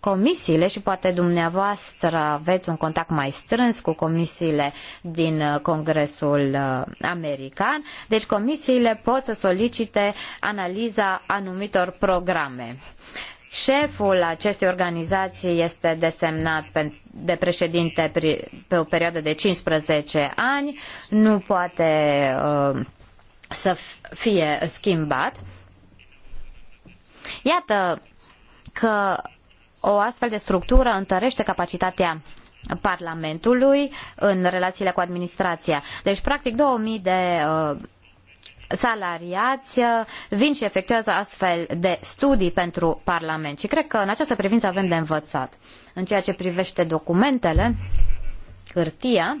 Comisiile și poate dumneavoastră aveți un contact mai strâns cu comisiile din uh, Congresul uh, American. Deci comisiile pot să solicite analiza anumitor programe. Șeful acestei organizații este desemnat de președinte pe o perioadă de 15 ani, nu poate uh, să fie schimbat. Iată că o astfel de structură întărește capacitatea Parlamentului în relațiile cu administrația. Deci, practic, 2000 de uh, salariați uh, vin și efectuează astfel de studii pentru Parlament. Și cred că în această privință avem de învățat. În ceea ce privește documentele, hârtia,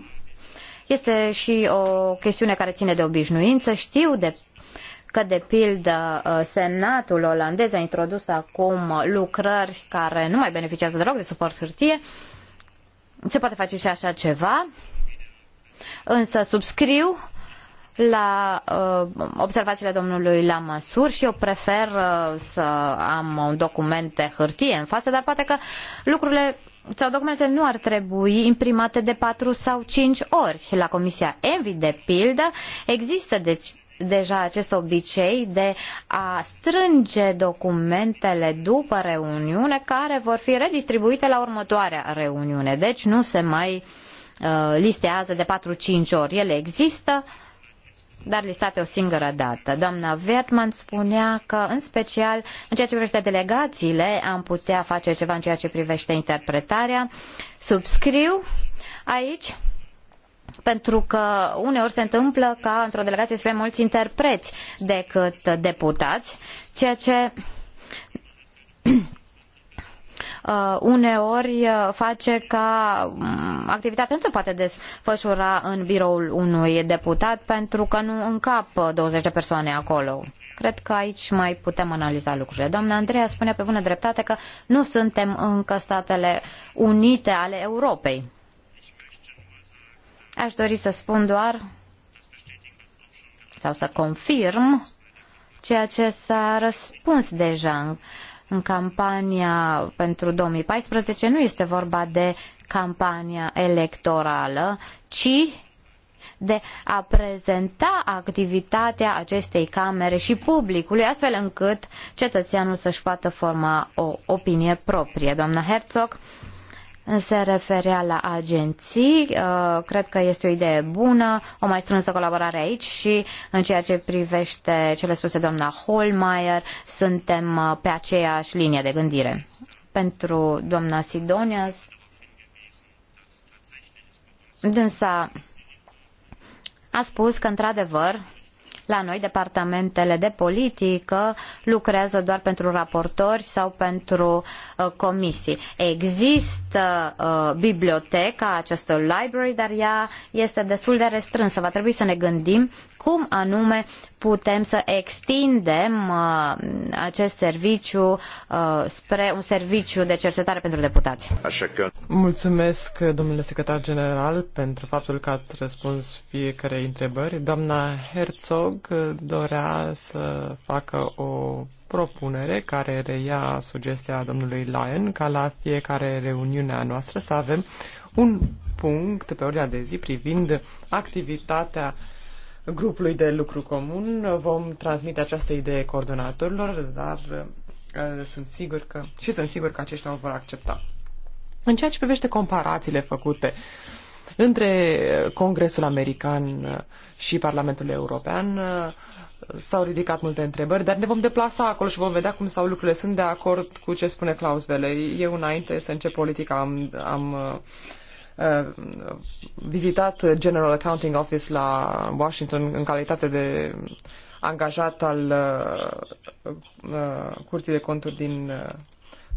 este și o chestiune care ține de obișnuință. Știu de că, de pildă, uh, Senatul olandez a introdus acum lucrări care nu mai beneficiază deloc de suport hârtie. Se poate face și așa ceva, însă subscriu la uh, observațiile domnului la măsuri și eu prefer uh, să am un document de hârtie în față, dar poate că lucrurile sau documentele nu ar trebui imprimate de patru sau cinci ori. La Comisia Envi, de pildă, există deci deja acest obicei de a strânge documentele după reuniune care vor fi redistribuite la următoarea reuniune. Deci nu se mai uh, listează de patru-cinci ori. Ele există, uh, dar listate o singură dată. Doamna Vietman spunea că, în special, în ceea ce privește delegațiile, am putea face ceva în ceea ce privește interpretarea. Subscriu aici pentru că uneori se întâmplă ca într-o delegație să fie mulți interpreți decât deputați, ceea ce Uh, uneori uh, face ca mm, activitatea nu se poate desfășura în biroul unui deputat pentru că nu încap 20 de persoane acolo. Cred că aici mai putem analiza lucrurile. Doamna Andreea spune pe bună dreptate că nu suntem încă Statele Unite ale Europei. Aș dori să spun doar sau să confirm ceea ce s-a răspuns deja în campania pentru 2014 nu este vorba de campania electorală, ci de a prezenta activitatea acestei camere și publicului, astfel încât cetățeanul să-și poată forma o opinie proprie. Doamna Herzog se referea la agenții. Uh, cred că este o idee bună, o mai strânsă colaborare aici și în ceea ce privește cele spuse doamna Holmeier, suntem uh, pe aceeași linie de gândire. Pentru doamna Sidonia, dânsa a spus că, într-adevăr, la noi, departamentele de politică lucrează doar pentru raportori sau pentru uh, comisii. Există uh, biblioteca acestor library, dar ea este destul de restrânsă. Va trebui să ne gândim cum anume putem să extindem uh, acest serviciu uh, spre un serviciu de cercetare pentru deputați. Așa că... Mulțumesc, domnule secretar general, pentru faptul că ați răspuns fiecare întrebări. Doamna Herzog dorea să facă o propunere care reia sugestia domnului Lyon ca la fiecare reuniune a noastră să avem un punct pe ordinea de zi privind activitatea grupului de lucru comun. Vom transmite această idee coordonatorilor, dar uh, sunt sigur că, și sunt sigur că aceștia o vor accepta. În ceea ce privește comparațiile făcute între uh, Congresul American uh, și Parlamentul European, s-au ridicat multe întrebări, dar ne vom deplasa acolo și vom vedea cum stau lucrurile. Sunt de acord cu ce spune Klaus Vele. Eu, înainte să încep politica, am, am uh, Uh, vizitat General Accounting Office la Washington în calitate de angajat al uh, uh, Curții de Conturi din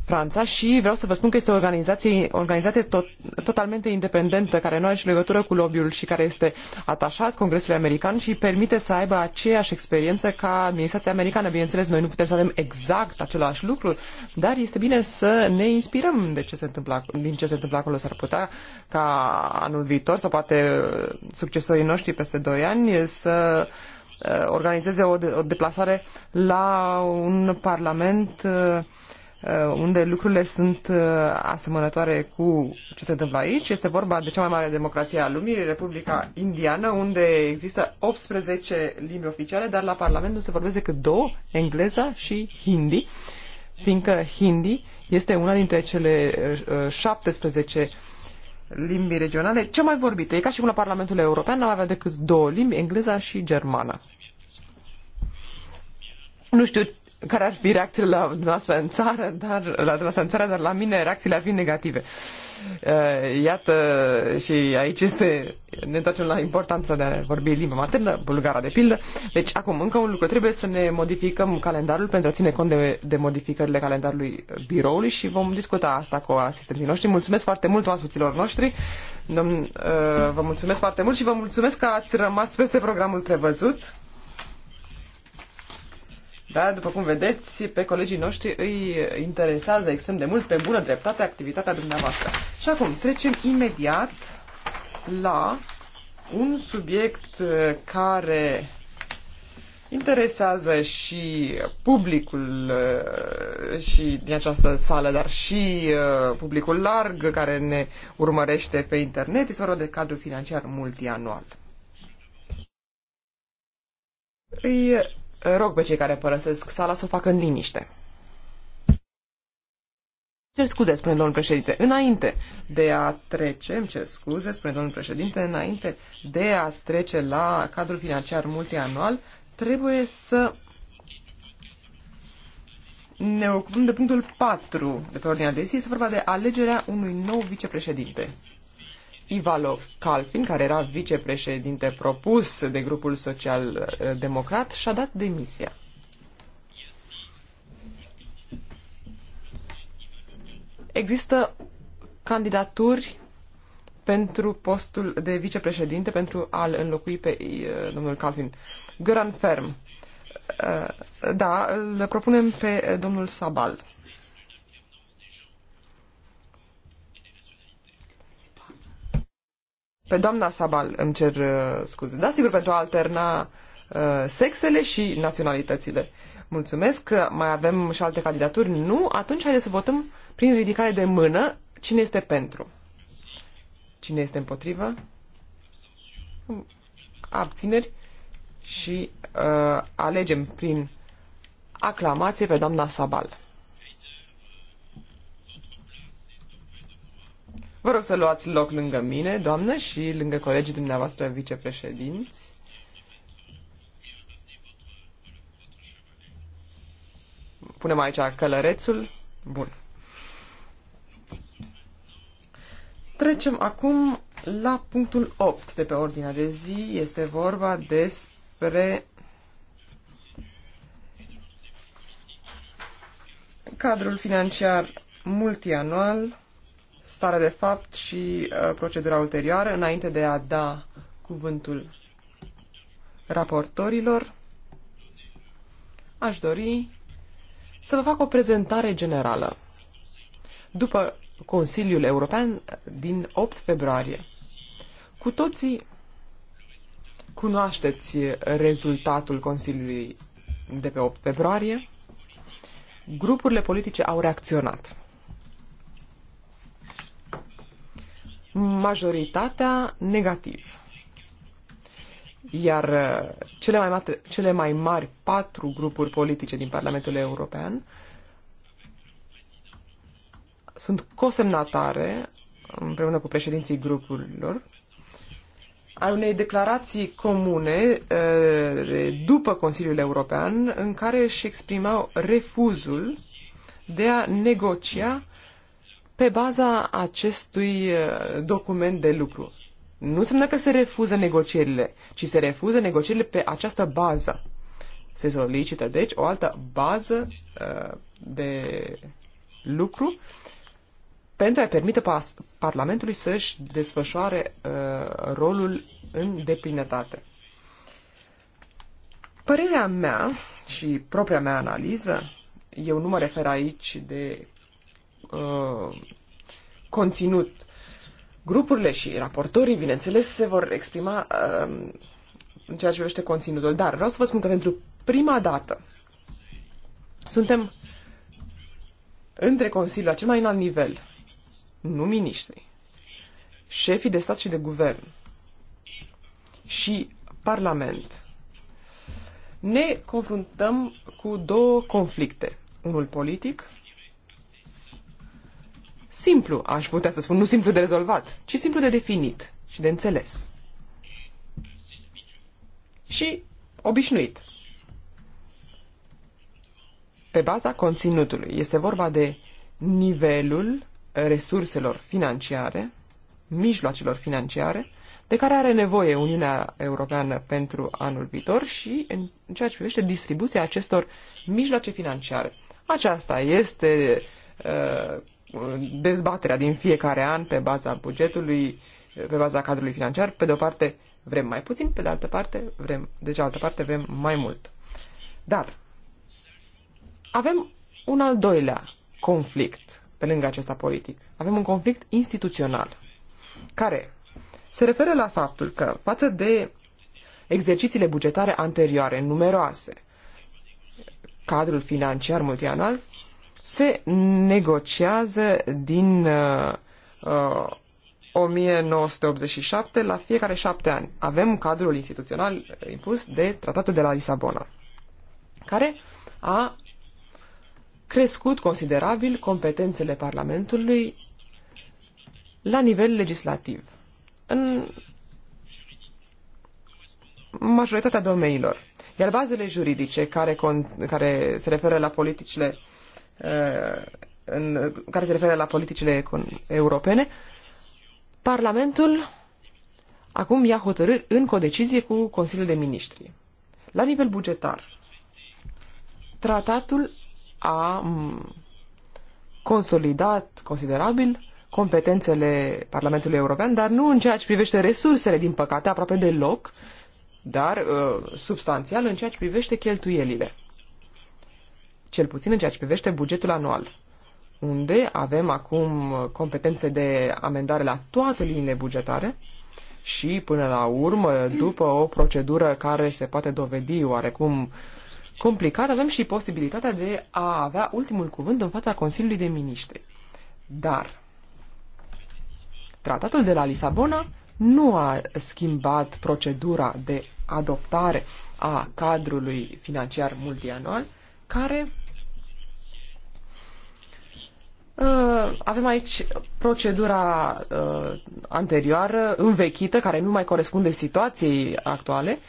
Franța și vreau să vă spun că este o organizație, organizație tot, totalmente independentă, care nu are nicio legătură cu lobby-ul și care este atașat Congresului American și permite să aibă aceeași experiență ca administrația americană. Bineînțeles, noi nu putem să avem exact același lucru, dar este bine să ne inspirăm de ce se întâmplă, din ce se întâmplă acolo. S-ar putea ca anul viitor sau poate succesorii noștri peste doi ani să uh, organizeze o, de, o deplasare la un parlament uh, Uh, unde lucrurile sunt uh, asemănătoare cu ce se întâmplă aici. Este vorba de cea mai mare democrație a lumii, Republica Indiană, unde există 18 limbi oficiale, dar la Parlament nu se vorbește decât două, engleza și hindi, fiindcă hindi este una dintre cele 17 uh, limbi regionale Ce mai vorbite. E ca și cum la Parlamentul European n-am avea decât două limbi, engleza și germana. Nu știu care ar fi reacțiile la dumneavoastră în țară, dar la dumneavoastră în țară, dar la mine reacțiile ar fi negative. Uh, iată, și aici este, ne întoarcem la importanța de a vorbi limba maternă, bulgara de pildă. Deci, acum, încă un lucru, trebuie să ne modificăm calendarul pentru a ține cont de, de modificările calendarului biroului și vom discuta asta cu asistenții noștri. Mulțumesc foarte mult oaspeților noștri. Domn, uh, vă mulțumesc foarte mult și vă mulțumesc că ați rămas peste programul prevăzut. Da, după cum vedeți, pe colegii noștri îi interesează extrem de mult, pe bună dreptate, activitatea dumneavoastră. Și acum trecem imediat la un subiect uh, care interesează și publicul uh, și din această sală, dar și uh, publicul larg care ne urmărește pe internet. Este vorba de cadrul financiar multianual. Îi rog pe cei care părăsesc sala să o facă în liniște. Cer scuze, spune domnul președinte, înainte de a trece, îmi cer scuze, spune domnul președinte, înainte de a trece la cadrul financiar multianual, trebuie să ne ocupăm de punctul 4 de pe ordinea de zi. Este vorba de alegerea unui nou vicepreședinte. Ivalo Calfin, care era vicepreședinte propus de grupul social-democrat, uh, și-a dat demisia. Există candidaturi pentru postul de vicepreședinte pentru a-l înlocui pe uh, domnul Calvin. Göran Ferm. Uh, da, îl propunem pe domnul Sabal. Pe doamna Sabal îmi cer uh, scuze. Da, sigur, pentru a alterna uh, sexele și naționalitățile. Mulțumesc că mai avem și alte candidaturi. Nu? Atunci haideți să votăm prin ridicare de mână cine este pentru. Cine este împotrivă? Abțineri și uh, alegem prin aclamație pe doamna Sabal. Vă rog să luați loc lângă mine, doamnă, și lângă colegii dumneavoastră vicepreședinți. Punem aici călărețul. Bun. Trecem acum la punctul 8 de pe ordinea de zi. Este vorba despre cadrul financiar multianual starea de fapt și uh, procedura ulterioară înainte de a da cuvântul raportorilor. Aș dori să vă fac o prezentare generală. După Consiliul European din 8 februarie, cu toții cunoașteți rezultatul Consiliului de pe 8 februarie. Grupurile politice au reacționat. majoritatea negativ. Iar uh, cele mai, mate, cele mai mari patru grupuri politice din Parlamentul European sunt cosemnatare, împreună cu președinții grupurilor, a unei declarații comune uh, după Consiliul European în care își exprimau refuzul de a negocia pe baza acestui uh, document de lucru. Nu înseamnă că se refuză negocierile, ci se refuză negocierile pe această bază. Se solicită, deci, o altă bază uh, de lucru pentru a permite Parlamentului să-și desfășoare uh, rolul în deplinătate. Părerea mea și propria mea analiză, eu nu mă refer aici de Uh, conținut. Grupurile și raportorii, bineînțeles, se vor exprima uh, în ceea ce privește conținutul. Dar vreau să vă spun că pentru prima dată suntem între Consiliul la cel mai înalt nivel, nu miniștri, șefii de stat și de guvern și Parlament, ne confruntăm cu două conflicte. Unul politic simplu, aș putea să spun, nu simplu de rezolvat, ci simplu de definit și de înțeles. Și obișnuit. Pe baza conținutului este vorba de nivelul resurselor financiare, mijloacelor financiare, de care are nevoie Uniunea Europeană pentru anul viitor și în ceea ce privește distribuția acestor mijloace financiare. Aceasta este uh, dezbaterea din fiecare an pe baza bugetului, pe baza cadrului financiar. Pe de o parte vrem mai puțin, pe de altă parte vrem, deci, de cealaltă parte vrem mai mult. Dar avem un al doilea conflict pe lângă acesta politic. Avem un conflict instituțional care se referă la faptul că față de exercițiile bugetare anterioare, numeroase, cadrul financiar multianual se negociază din uh, uh, 1987 la fiecare șapte ani. Avem cadrul instituțional impus de Tratatul de la Lisabona, care a crescut considerabil competențele Parlamentului la nivel legislativ. În majoritatea domeniilor. Iar bazele juridice care, con, care se referă la politicile uh, Uh, în, care se referă la politicile europene, Parlamentul acum ia hotărâri în decizie cu Consiliul de Ministri. La nivel bugetar, tratatul a consolidat considerabil competențele Parlamentului European, dar nu în ceea ce privește resursele, din păcate, aproape deloc, dar uh, substanțial în ceea ce privește cheltuielile cel puțin în ceea ce privește bugetul anual, unde avem acum competențe de amendare la toate liniile bugetare și, până la urmă, după o procedură care se poate dovedi oarecum complicată, avem și posibilitatea de a avea ultimul cuvânt în fața Consiliului de Miniștri. Dar tratatul de la Lisabona nu a schimbat procedura de adoptare a cadrului financiar multianual, care Uh, avem aici procedura uh, anterioară, învechită, care nu mai corespunde situației actuale.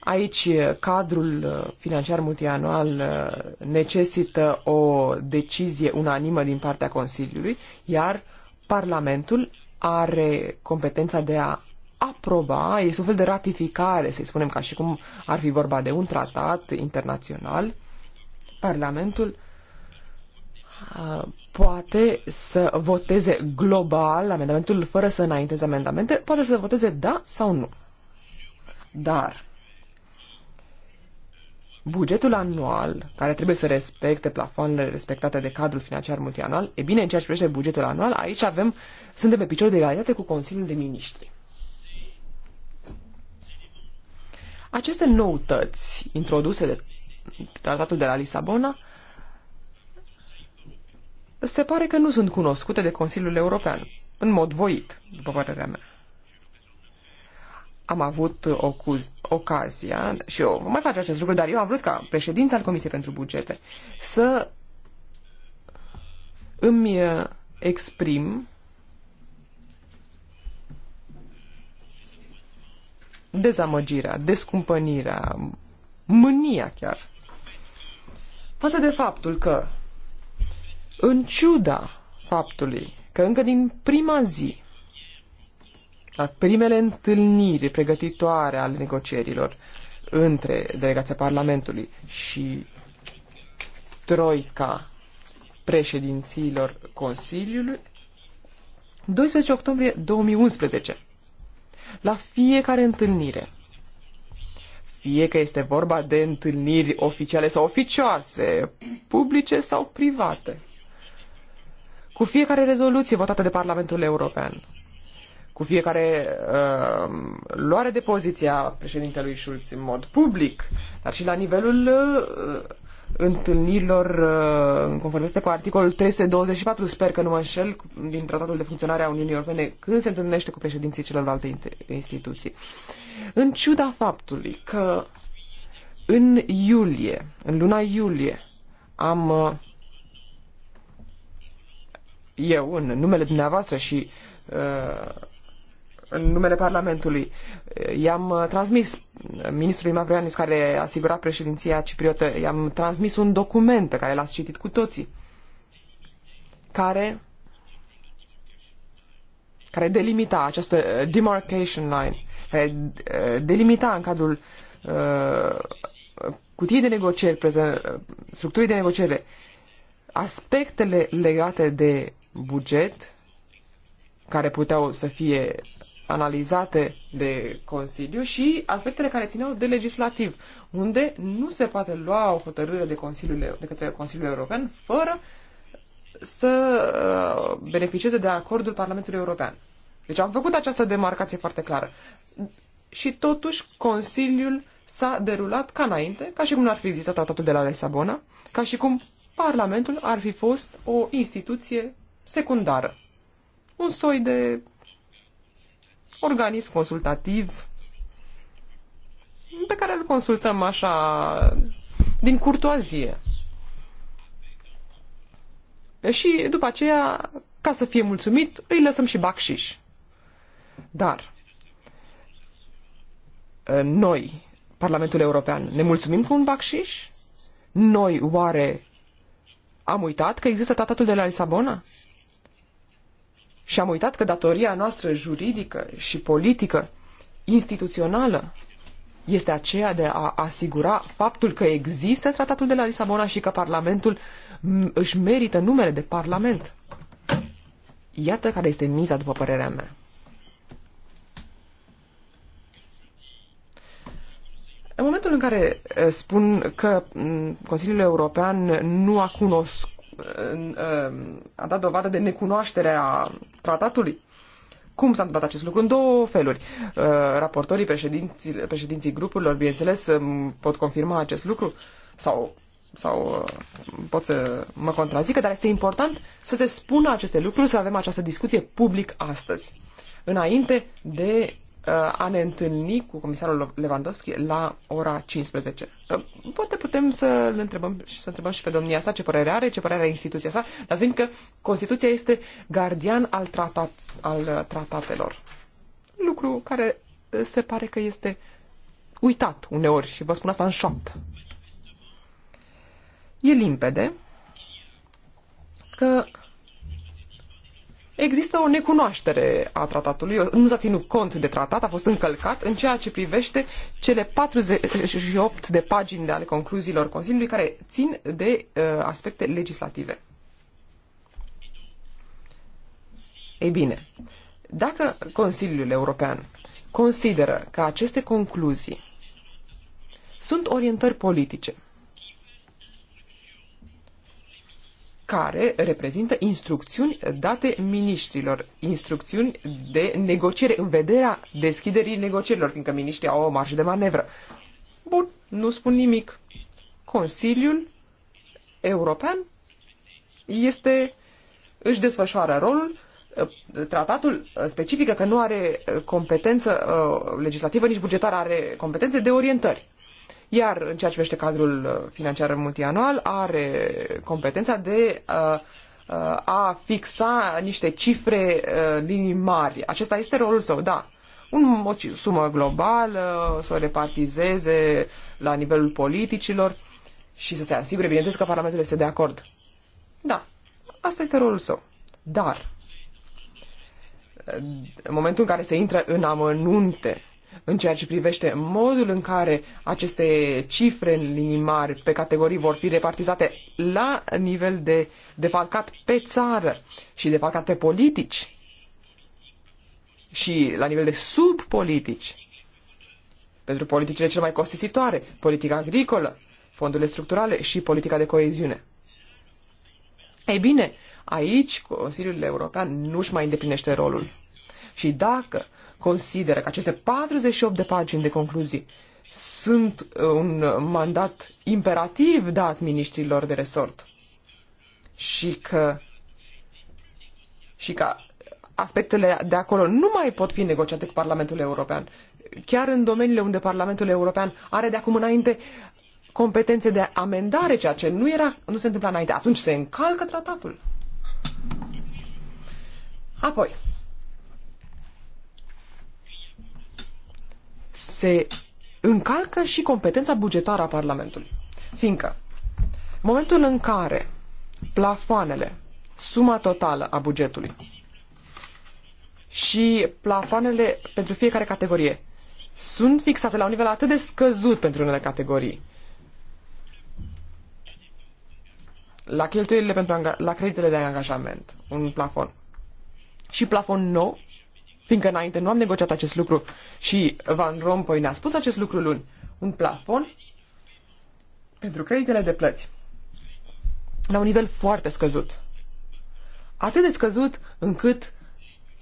Aici uh, cadrul uh, financiar multianual uh, necesită o decizie unanimă din partea Consiliului, iar Parlamentul are competența de a aproba, este un fel de ratificare, să spunem, ca și cum ar fi vorba de un tratat internațional Parlamentul poate să voteze global amendamentul fără să înainteze amendamente, poate să voteze da sau nu. Dar bugetul anual, care trebuie să respecte plafoanele respectate de cadrul financiar multianual, e bine, în ceea ce privește bugetul anual, aici avem, suntem pe picior de egalitate cu Consiliul de Ministri. Aceste noutăți introduse de tratatul de la Lisabona, se pare că nu sunt cunoscute de Consiliul European, în mod voit, după părerea mea. Am avut ocuz, ocazia, și eu mai face acest lucru, dar eu am vrut ca președinte al Comisiei pentru Bugete să îmi uh, exprim dezamăgirea, descumpănirea, mânia chiar față de faptul că, în ciuda faptului că încă din prima zi, la primele întâlniri pregătitoare ale negocierilor între delegația Parlamentului și Troica președinților Consiliului, 12 octombrie 2011. La fiecare întâlnire fie că este vorba de întâlniri oficiale sau oficioase, publice sau private. Cu fiecare rezoluție votată de Parlamentul European, cu fiecare uh, luare de poziție a președintelui Schulz în mod public, dar și la nivelul uh, întâlnirilor uh, în conformitate cu articolul 324, sper că nu mă înșel, din Tratatul de Funcționare a Uniunii Europene, când se întâlnește cu președinții celorlalte instituții. În ciuda faptului că în iulie, în luna iulie, am uh, eu, în numele dumneavoastră și uh, în numele Parlamentului, i-am transmis ministrului Mavroianis care asigura președinția cipriotă, i-am transmis un document pe care l-ați citit cu toții, care, care delimita această uh, demarcation line, care uh, delimita în cadrul uh, cutiei de negocieri, uh, structurii de negociere, aspectele legate de buget, care puteau să fie analizate de Consiliu și aspectele care țineau de legislativ, unde nu se poate lua o hotărâre de, Consiliul, de către Consiliul European fără să uh, beneficieze de acordul Parlamentului European. Deci am făcut această demarcație foarte clară. Și totuși Consiliul s-a derulat ca înainte, ca și cum ar fi existat tratatul de la Lisabona, ca și cum Parlamentul ar fi fost o instituție secundară. Un soi de organism consultativ pe care îl consultăm așa din curtoazie. Și după aceea, ca să fie mulțumit, îi lăsăm și bacșiș. Dar noi, Parlamentul European, ne mulțumim cu un bacșiș? Noi oare am uitat că există tratatul de la Lisabona? Și am uitat că datoria noastră juridică și politică, instituțională, este aceea de a asigura faptul că există tratatul de la Lisabona și că Parlamentul își merită numele de Parlament. Iată care este miza, după părerea mea. În momentul în care eh, spun că mm, Consiliul European nu a cunoscut Um, a dat dovadă de necunoașterea tratatului. Cum s-a întâmplat acest lucru? În două feluri. Uh, raportorii, președinții, președinții grupurilor, bineînțeles, pot confirma acest lucru sau, sau uh, pot să mă contrazică, dar este important să se spună aceste lucruri, să avem această discuție public astăzi, înainte de Uh, a ne întâlni cu comisarul Lewandowski la ora 15. Uh, poate putem să-l întrebăm și să întrebăm și pe domnia sa ce părere are, ce părere are instituția sa, dar zic că Constituția este gardian al, tratat, al uh, tratatelor. Lucru care se pare că este uitat uneori și vă spun asta în șoaptă. E limpede că există o necunoaștere a tratatului, nu s-a ținut cont de tratat, a fost încălcat în ceea ce privește cele 48 de pagini de ale concluziilor Consiliului care țin de uh, aspecte legislative. Ei bine, dacă Consiliul European consideră că aceste concluzii sunt orientări politice care reprezintă instrucțiuni date miniștrilor, instrucțiuni de negociere în vederea deschiderii negocierilor, fiindcă miniștrii au o marjă de manevră. Bun, nu spun nimic. Consiliul European este, își desfășoară rolul, tratatul specifică că nu are competență uh, legislativă, nici bugetară are competențe de orientări. Iar în ceea ce privește cadrul uh, financiar multianual, are competența de uh, uh, a fixa niște cifre, uh, linii mari. Acesta este rolul său, da. Un, o sumă globală, să o repartizeze la nivelul politicilor și să se asigure, bineînțeles, că Parlamentul este de acord. Da, asta este rolul său. Dar, în momentul în care se intră în amănunte în ceea ce privește modul în care aceste cifre în linii mari pe categorii vor fi repartizate la nivel de defalcat pe țară și defalcat pe politici și la nivel de subpolitici pentru politicile cele mai costisitoare, politica agricolă, fondurile structurale și politica de coeziune. Ei bine, aici Consiliul European nu-și mai îndeplinește rolul. Și dacă consideră că aceste 48 de pagini de concluzii sunt uh, un mandat imperativ dat miniștrilor de resort și că, și că aspectele de acolo nu mai pot fi negociate cu Parlamentul European. Chiar în domeniile unde Parlamentul European are de acum înainte competențe de amendare, ceea ce nu, era, nu se întâmpla înainte, atunci se încalcă tratatul. Apoi, se încalcă și competența bugetară a Parlamentului. Fiindcă, în momentul în care plafoanele, suma totală a bugetului și plafoanele pentru fiecare categorie sunt fixate la un nivel atât de scăzut pentru unele categorii, la cheltuielile pentru la creditele de angajament, un plafon. Și plafon nou fiindcă înainte nu am negociat acest lucru și Van Rompuy ne-a spus acest lucru luni, un plafon pentru creditele de plăți la un nivel foarte scăzut. Atât de scăzut încât,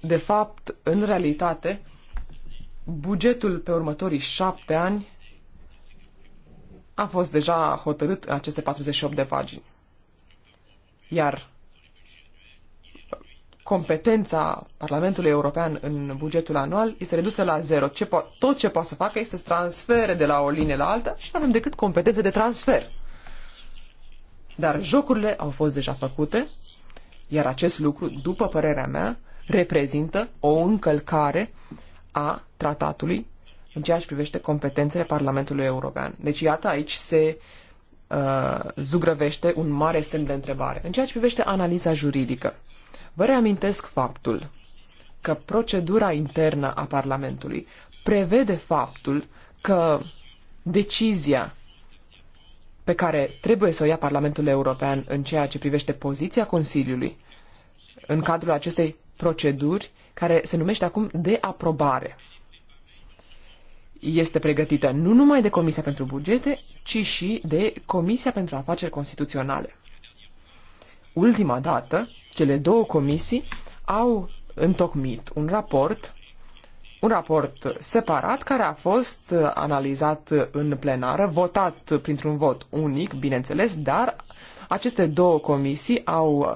de fapt, în realitate, bugetul pe următorii șapte ani a fost deja hotărât în aceste 48 de pagini. Iar competența Parlamentului European în bugetul anual este redusă la zero. Ce tot ce poate să facă este să transfere de la o linie la alta și nu avem decât competențe de transfer. Dar jocurile au fost deja făcute, iar acest lucru, după părerea mea, reprezintă o încălcare a tratatului în ceea ce privește competențele Parlamentului European. Deci, iată, aici se uh, zugrăvește un mare semn de întrebare. În ceea ce privește analiza juridică, Vă reamintesc faptul că procedura internă a Parlamentului prevede faptul că decizia pe care trebuie să o ia Parlamentul European în ceea ce privește poziția Consiliului în cadrul acestei proceduri care se numește acum de aprobare. Este pregătită nu numai de Comisia pentru Bugete, ci și de Comisia pentru Afaceri Constituționale ultima dată, cele două comisii au întocmit un raport, un raport separat care a fost analizat în plenară, votat printr-un vot unic, bineînțeles, dar aceste două comisii au uh,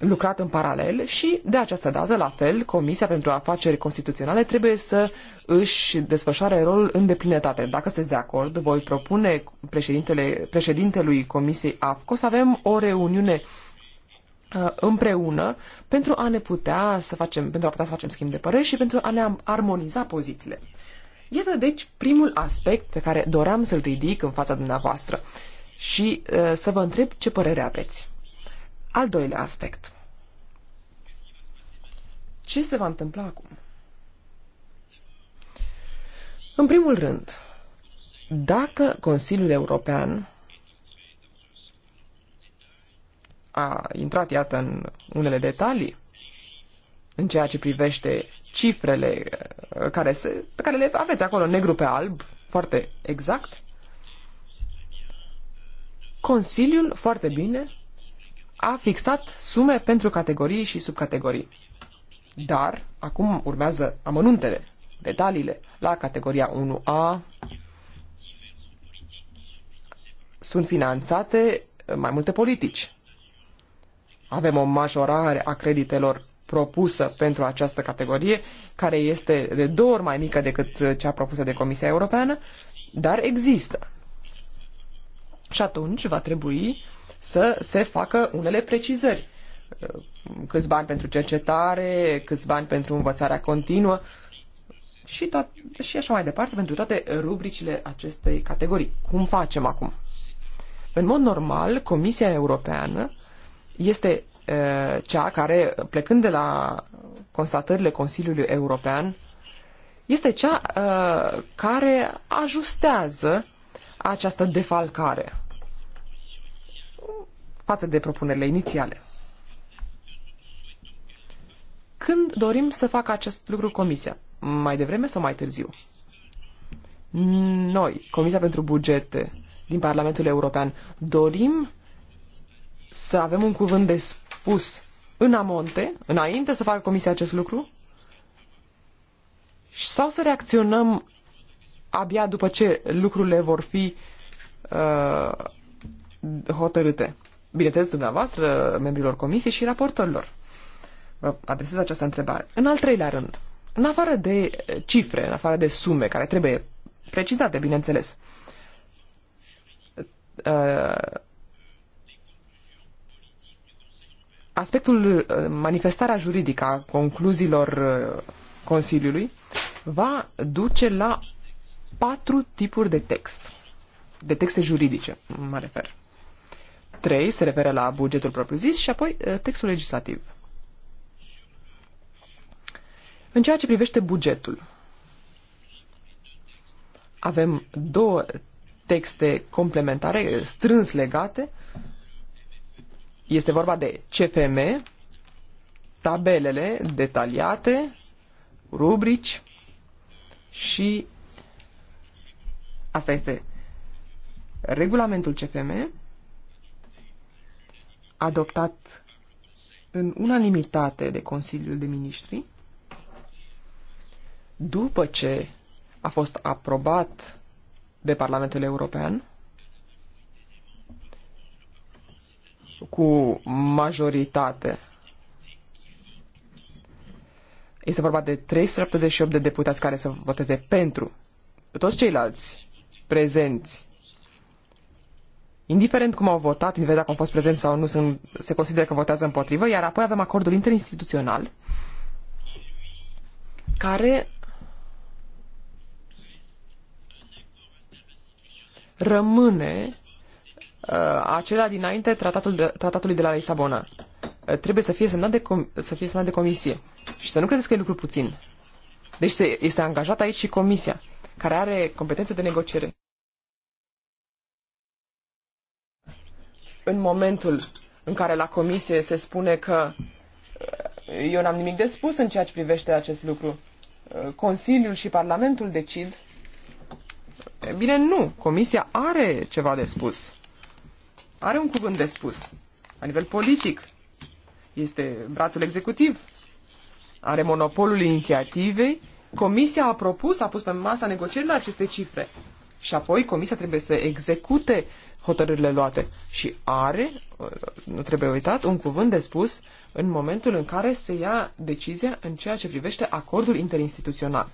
lucrat în paralel și, de această dată, la fel, Comisia pentru Afaceri Constituționale trebuie să își desfășoare rolul în deplinătate. Dacă sunteți de acord, voi propune președintele, președintelui Comisiei AFCO să avem o reuniune uh, împreună pentru a ne putea să facem, pentru a putea să facem schimb de păreri și pentru a ne armoniza pozițiile. Iată, deci, primul aspect pe care doream să-l ridic în fața dumneavoastră și uh, să vă întreb ce părere aveți. Al doilea aspect. Ce se va întâmpla acum? În primul rând, dacă Consiliul European a intrat, iată, în unele detalii în ceea ce privește cifrele uh, care se, pe care le aveți acolo, negru pe alb, foarte exact, Consiliul foarte bine a fixat sume pentru categorii și subcategorii. Dar acum urmează amănuntele, detaliile. La categoria 1A sunt finanțate mai multe politici. Avem o majorare a creditelor propusă pentru această categorie, care este de două ori mai mică decât cea propusă de Comisia Europeană, dar există. Și atunci va trebui să se facă unele precizări. Uh, câți bani pentru cercetare, câți bani pentru învățarea continuă și, tot, și așa mai departe pentru toate rubricile acestei categorii. Cum facem acum? În mod normal, Comisia Europeană este uh, cea care, plecând de la constatările Consiliului European, este cea uh, care ajustează această defalcare față de propunerile inițiale. Când dorim să facă acest lucru Comisia? Mai devreme sau mai târziu? Noi, Comisia pentru Bugete din Parlamentul European, dorim să avem un cuvânt de spus în amonte, înainte să facă Comisia acest lucru? Sau să reacționăm abia după ce lucrurile vor fi uh, hotărâte? bineînțeles dumneavoastră, membrilor comisiei și raportorilor. Vă adresez această întrebare. În al treilea rând, în afară de cifre, în afară de sume care trebuie precizate, bineînțeles, ă, aspectul ă, manifestarea juridică a concluziilor ă, Consiliului va duce la patru tipuri de text, de texte juridice, mă refer. 3 se referă la bugetul propriu-zis și apoi uh, textul legislativ. În ceea ce privește bugetul, avem două texte complementare, uh, strâns legate. Este vorba de CFM, tabelele detaliate, rubrici și asta este regulamentul CFM adoptat în unanimitate de Consiliul de Ministri, după ce a fost aprobat de Parlamentul European, cu majoritate. Este vorba de 378 de deputați care să voteze pentru. Toți ceilalți prezenți indiferent cum au votat, indiferent dacă au fost prezenți sau nu, sunt, se consideră că votează împotrivă, iar apoi avem acordul interinstituțional care rămâne uh, acela dinainte tratatul de, tratatului de la Lisabona. Uh, trebuie să fie, semnat de com- să fie semnat de comisie. Și să nu credeți că e lucru puțin. Deci se, este angajat aici și comisia, care are competențe de negociere. în momentul în care la comisie se spune că uh, eu n-am nimic de spus în ceea ce privește acest lucru. Uh, Consiliul și Parlamentul decid. E bine, nu. Comisia are ceva de spus. Are un cuvânt de spus. La nivel politic. Este brațul executiv. Are monopolul inițiativei. Comisia a propus, a pus pe masa negocierilor aceste cifre. Și apoi Comisia trebuie să execute hotărârile luate. Și are, nu trebuie uitat, un cuvânt de spus în momentul în care se ia decizia în ceea ce privește acordul interinstituțional.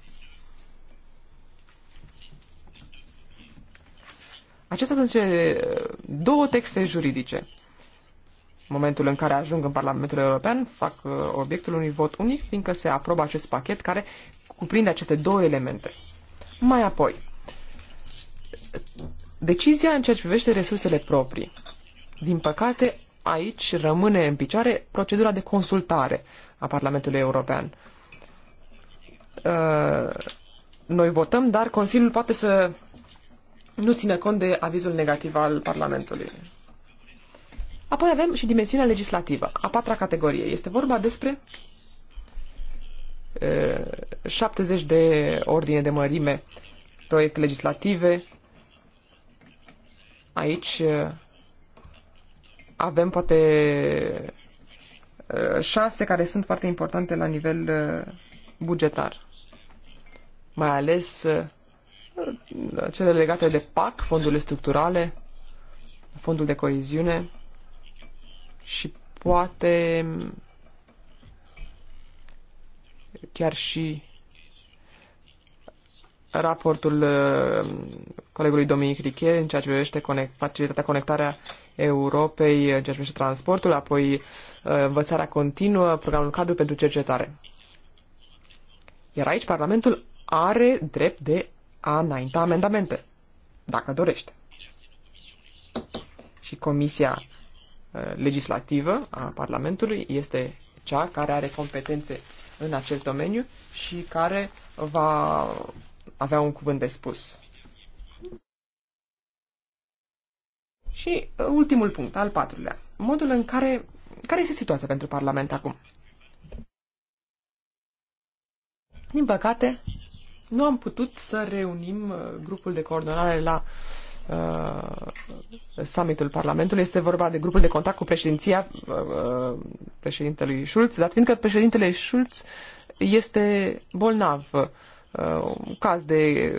Acestea sunt cele uh, două texte juridice. În momentul în care ajung în Parlamentul European, fac uh, obiectul unui vot unic, fiindcă se aprobă acest pachet care cuprinde aceste două elemente. Mai apoi, Decizia în ceea ce privește resursele proprii. Din păcate, aici rămâne în picioare procedura de consultare a Parlamentului European. Uh, noi votăm, dar Consiliul poate să nu țină cont de avizul negativ al Parlamentului. Apoi avem și dimensiunea legislativă, a patra categorie. Este vorba despre 70 uh, de ordine de mărime, proiecte legislative, Aici uh, avem poate uh, șase care sunt foarte importante la nivel uh, bugetar. Mai ales cele legate de PAC, fondurile structurale, fondul de coeziune și poate mm, chiar și raportul uh, colegului Dominic Riche în ceea ce privește facilitatea conectarea Europei, în ceea ce privește transportul, apoi uh, învățarea continuă, programul cadru pentru cercetare. Iar aici Parlamentul are drept de a înainta amendamente, dacă dorește. Și Comisia uh, Legislativă a Parlamentului este cea care are competențe în acest domeniu și care va avea un cuvânt de spus. Și uh, ultimul punct, al patrulea. Modul în care... Care este situația pentru Parlament acum? Din păcate, nu am putut să reunim uh, grupul de coordonare la uh, summitul Parlamentului. Este vorba de grupul de contact cu președinția uh, uh președintelui Schulz, dar fiindcă președintele Schulz este bolnav, Uh, un caz de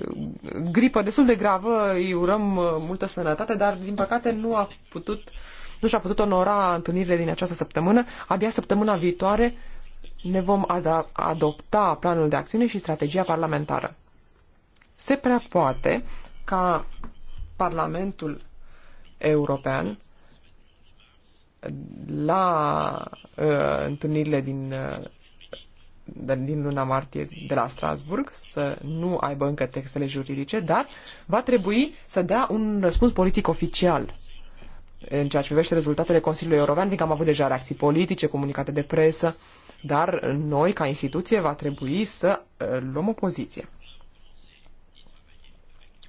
gripă destul de gravă, îi urăm uh, multă sănătate, dar din păcate nu a putut nu și-a putut onora întâlnirile din această săptămână. Abia săptămâna viitoare ne vom ad- adopta planul de acțiune și strategia parlamentară. Se prea poate ca Parlamentul European la uh, întâlnirile din uh, din luna martie de la Strasburg să nu aibă încă textele juridice, dar va trebui să dea un răspuns politic oficial în ceea ce privește rezultatele Consiliului European, fiindcă am avut deja reacții politice, comunicate de presă, dar noi, ca instituție, va trebui să uh, luăm o poziție.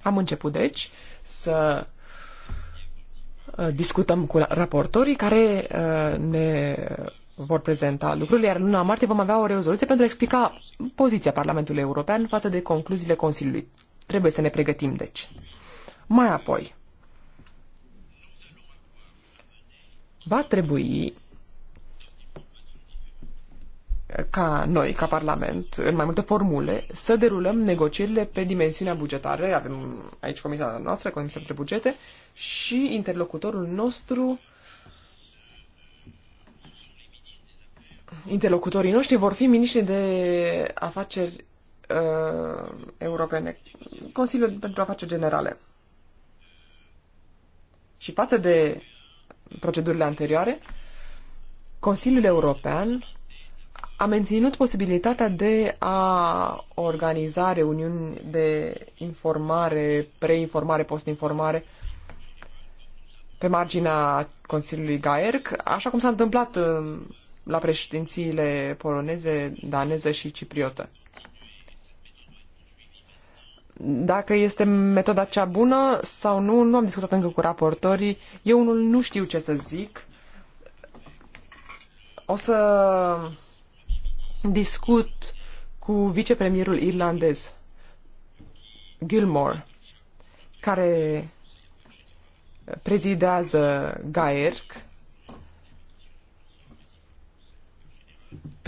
Am început, deci, să uh, discutăm cu raportorii care uh, ne vor prezenta lucrurile, iar luna martie vom avea o rezoluție pentru a explica poziția Parlamentului European față de concluziile Consiliului. Trebuie să ne pregătim, deci. Mai apoi, va trebui ca noi, ca Parlament, în mai multe formule, să derulăm negocierile pe dimensiunea bugetară. Avem aici comisia noastră, comisia pentru bugete, și interlocutorul nostru interlocutorii noștri vor fi miniștri de afaceri uh, europene, Consiliul pentru Afaceri Generale. Și față de procedurile anterioare, Consiliul European a menținut posibilitatea de a organiza reuniuni de informare, preinformare, postinformare pe marginea Consiliului GAERC, așa cum s-a întâmplat la președințiile poloneze, daneză și cipriotă. Dacă este metoda cea bună sau nu, nu am discutat încă cu raportorii. Eu unul nu știu ce să zic. O să discut cu vicepremierul irlandez, Gilmore, care prezidează GAERC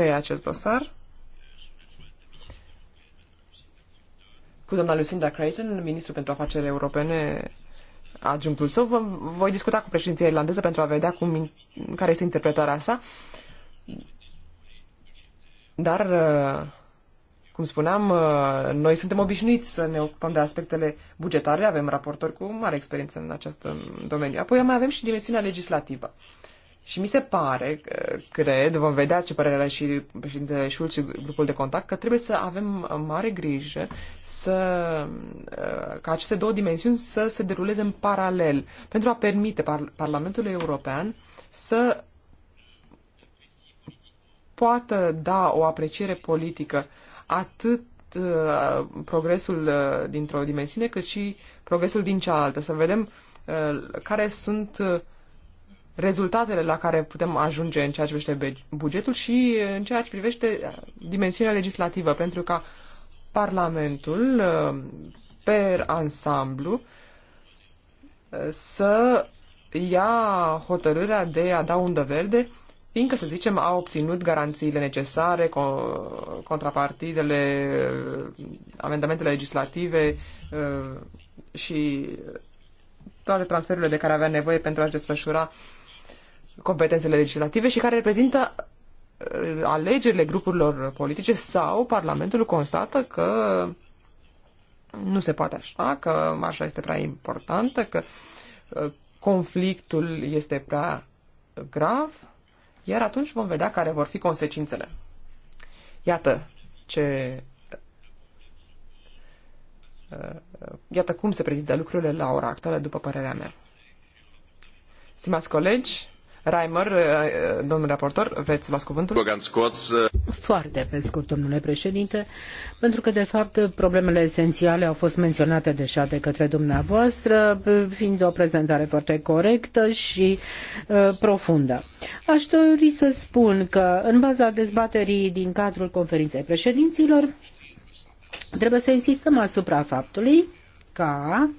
pe acest dosar cu doamna Lucinda Creighton, ministru pentru afaceri europene adjunctul său. v- voi discuta cu președinția irlandeză pentru a vedea cum, care este interpretarea sa. Dar, uh, cum spuneam, uh, noi suntem obișnuiți să ne ocupăm de aspectele bugetare, avem raportori cu mare experiență în acest domeniu. Apoi mai avem și dimensiunea legislativă. Și mi se pare, cred, vom vedea ce părere are și președintele Schulz și grupul de contact, că trebuie să avem mare grijă să, uh, ca aceste două dimensiuni să se deruleze în paralel, pentru a permite par- Parlamentului European să poată da o apreciere politică atât uh, progresul uh, dintr-o dimensiune, cât și progresul din cealaltă. Să vedem care sunt uh, rezultatele la care putem ajunge în ceea ce privește bugetul și în ceea ce privește uh, dimensiunea legislativă, pentru ca Parlamentul, uh, per ansamblu, uh, să ia hotărârea de a da undă verde, fiindcă, să zicem, a obținut garanțiile necesare, contrapartidele, amendamentele legislative și toate transferurile de care avea nevoie pentru a-și desfășura competențele legislative și care reprezintă uh, alegerile grupurilor politice sau Parlamentul constată că nu se poate așa, că marșa este prea importantă, că uh, conflictul este prea grav, iar atunci vom vedea care vor fi consecințele. Iată ce. Uh, iată cum se prezintă lucrurile la ora actuală, după părerea mea. Stimați colegi, Reimer, uh, uh, domnul raportor, vreți să luați cuvântul? Uh. Foarte pe scurt, domnule președinte, pentru că, de fapt, problemele esențiale au fost menționate deja de către dumneavoastră, fiind o prezentare foarte corectă și uh, profundă. Aș dori să spun că, în baza dezbaterii din cadrul conferinței președinților, trebuie să insistăm asupra faptului ca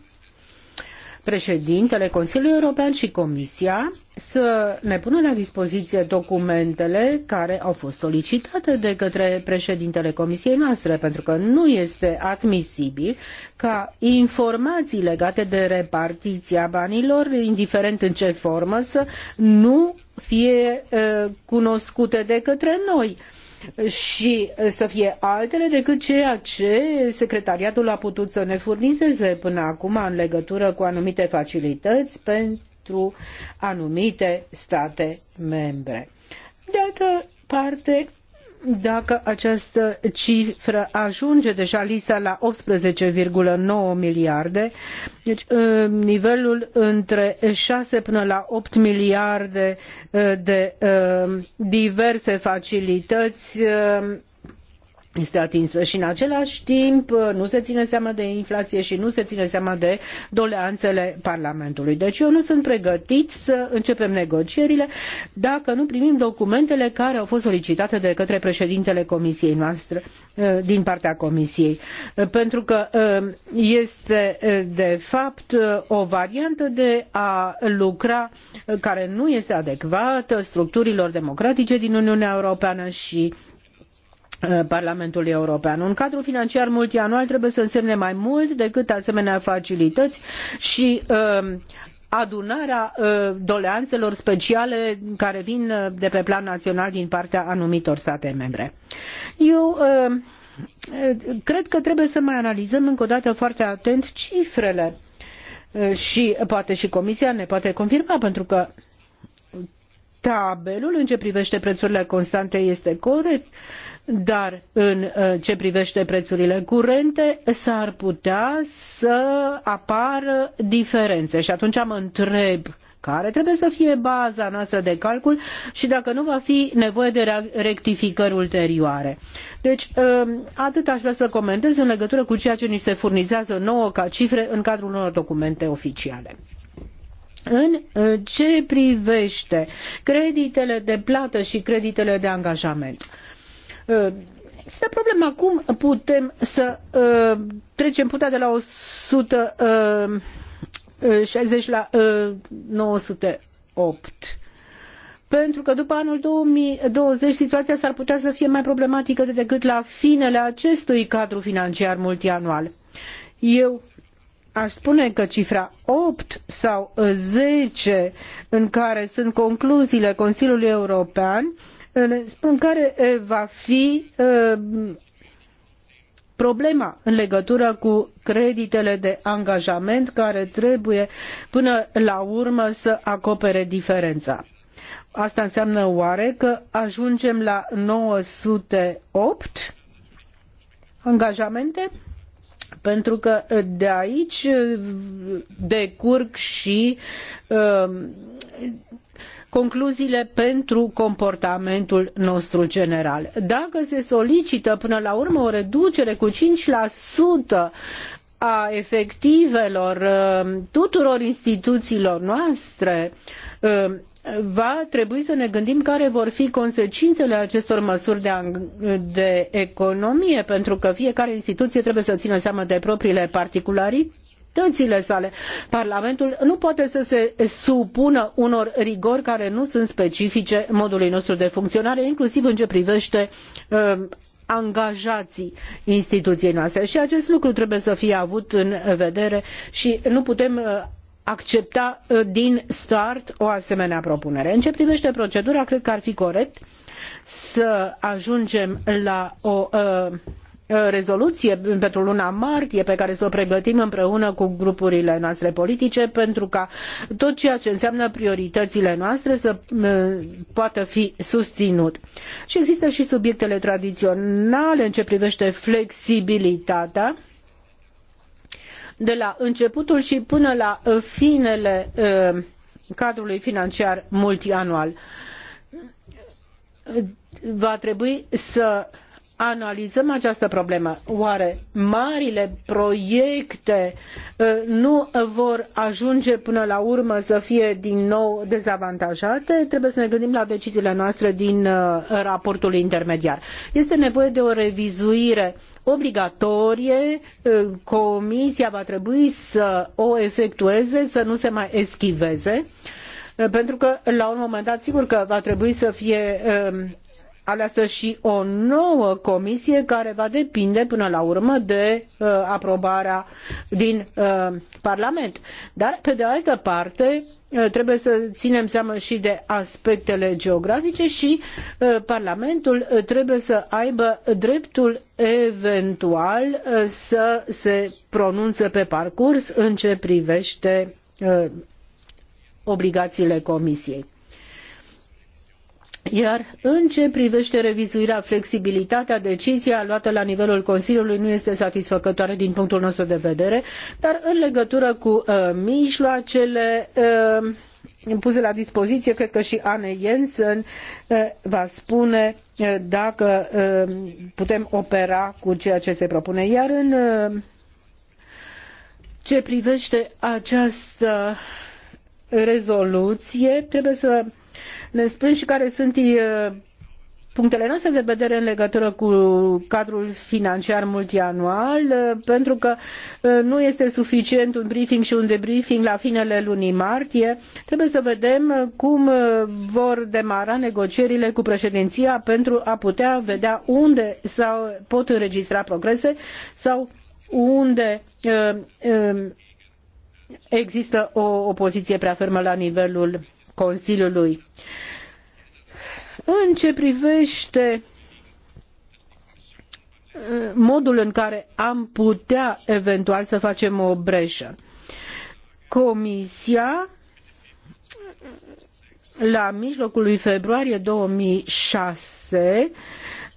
președintele Consiliului European și Comisia să ne pună la dispoziție documentele care au fost solicitate de către președintele Comisiei noastre, pentru că nu este admisibil ca informații legate de repartiția banilor, indiferent în ce formă, să nu fie eh, cunoscute de către noi. Uh, și să fie altele decât ceea ce secretariatul a putut să ne furnizeze până acum în legătură cu anumite facilități pentru anumite state membre. De altă parte, dacă această cifră ajunge deja lista la 18,9 miliarde, deci ă, nivelul între 6 până la 8 miliarde ă, de ă, diverse facilități este atinsă și în același timp uh, nu se ține seama de inflație și nu se ține seama de doleanțele Parlamentului. Deci eu nu sunt pregătit să începem negocierile dacă nu primim documentele care au fost solicitate de către președintele comisiei noastre uh, din partea comisiei. Uh, pentru că este de fapt o variantă de a lucra care nu este adecvată structurilor democratice din Uniunea Europeană și Uh, Parlamentul European. Un cadru financiar multianual trebuie să însemne mai mult decât asemenea facilități și uh, adunarea uh, doleanțelor speciale care vin uh, de pe plan național din partea anumitor state membre. Eu uh, uh cred că trebuie să mai analizăm încă o dată foarte atent cifrele uh, și poate și Comisia ne poate confirma, pentru că tabelul în ce privește prețurile constante este corect, dar în uh, ce privește prețurile curente, s-ar putea să apară diferențe. Și atunci mă întreb care trebuie să fie baza noastră de calcul și dacă nu va fi nevoie de rectificări ulterioare. Deci, um, atât aș vrea să comentez în legătură cu ceea ce ni se furnizează nouă ca cifre în cadrul unor documente oficiale. În uh, ce privește creditele de plată și creditele de angajament? Uh, Există problema cum putem să uh, trecem putea de la 160 uh, uh, la uh, 908 pentru că după anul 2020 situația s-ar putea să fie mai problematică decât la finele acestui cadru financiar multianual. Eu aș spune că cifra 8 sau 10 în care sunt concluziile Consiliului European ne spun care va fi problema în legătură cu creditele de angajament care trebuie până la urmă să acopere diferența. Asta înseamnă oare că ajungem la 908 angajamente? Pentru că de aici decurg și uh, concluziile pentru comportamentul nostru general. Dacă se solicită până la urmă o reducere cu 5% a efectivelor uh, tuturor instituțiilor noastre, uh, va trebui să ne gândim care vor fi consecințele acestor măsuri de, de economie, pentru că fiecare instituție trebuie să țină seama de propriile particularități activităile sale. Parlamentul nu poate să se supună unor rigori care nu sunt specifice modului nostru de funcționare, inclusiv în ce privește uh, angajații instituției noastre. Și acest lucru trebuie să fie avut în vedere și nu putem uh, accepta uh, din start o asemenea propunere. În ce privește procedura, cred că ar fi corect să ajungem la o uh, Uh, rezoluție pentru luna martie pe care să o pregătim împreună cu grupurile noastre politice pentru ca tot ceea ce înseamnă prioritățile noastre să uh, poată fi susținut. Și există și subiectele tradiționale în ce privește flexibilitatea de la începutul și până la finele uh, cadrului financiar multianual. Va trebui să analizăm această problemă. Oare marile proiecte uh, nu vor ajunge până la urmă să fie din nou dezavantajate? Trebuie să ne gândim la deciziile noastre din uh, raportul intermediar. Este nevoie de o revizuire obligatorie, uh, comisia va trebui să o efectueze, să nu se mai eschiveze, pentru că la un moment dat sigur că va trebui să fie um, aleasă și o nouă comisie care va depinde până la urmă de uh, aprobarea din uh, Parlament. Dar, pe de altă parte, uh, trebuie să ținem seama și de aspectele geografice și uh, Parlamentul uh, trebuie să aibă dreptul eventual să se pronunțe pe parcurs în ce privește obligațiile comisiei. Iar în ce privește revizuirea, flexibilitatea, decizia luată la nivelul Consiliului nu este satisfăcătoare din punctul nostru de vedere, dar în legătură cu uh, mijloacele uh, impuse la dispoziție, cred că și Anne Jensen uh, va spune uh, dacă uh, putem opera cu ceea ce se propune. Iar în uh, ce privește această rezoluție, trebuie să ne spun și care sunt uh, punctele noastre de vedere în legătură cu cadrul financiar multianual, uh, pentru că uh, nu este suficient un briefing și un debriefing la finele lunii martie. Trebuie să vedem cum vor demara negocierile cu președinția pentru a putea vedea unde sau pot înregistra progrese sau unde există o opoziție prea fermă la nivelul Consiliului. În ce privește uh, modul în care am putea eventual să facem o breșă. Comisia la mijlocul lui februarie 2006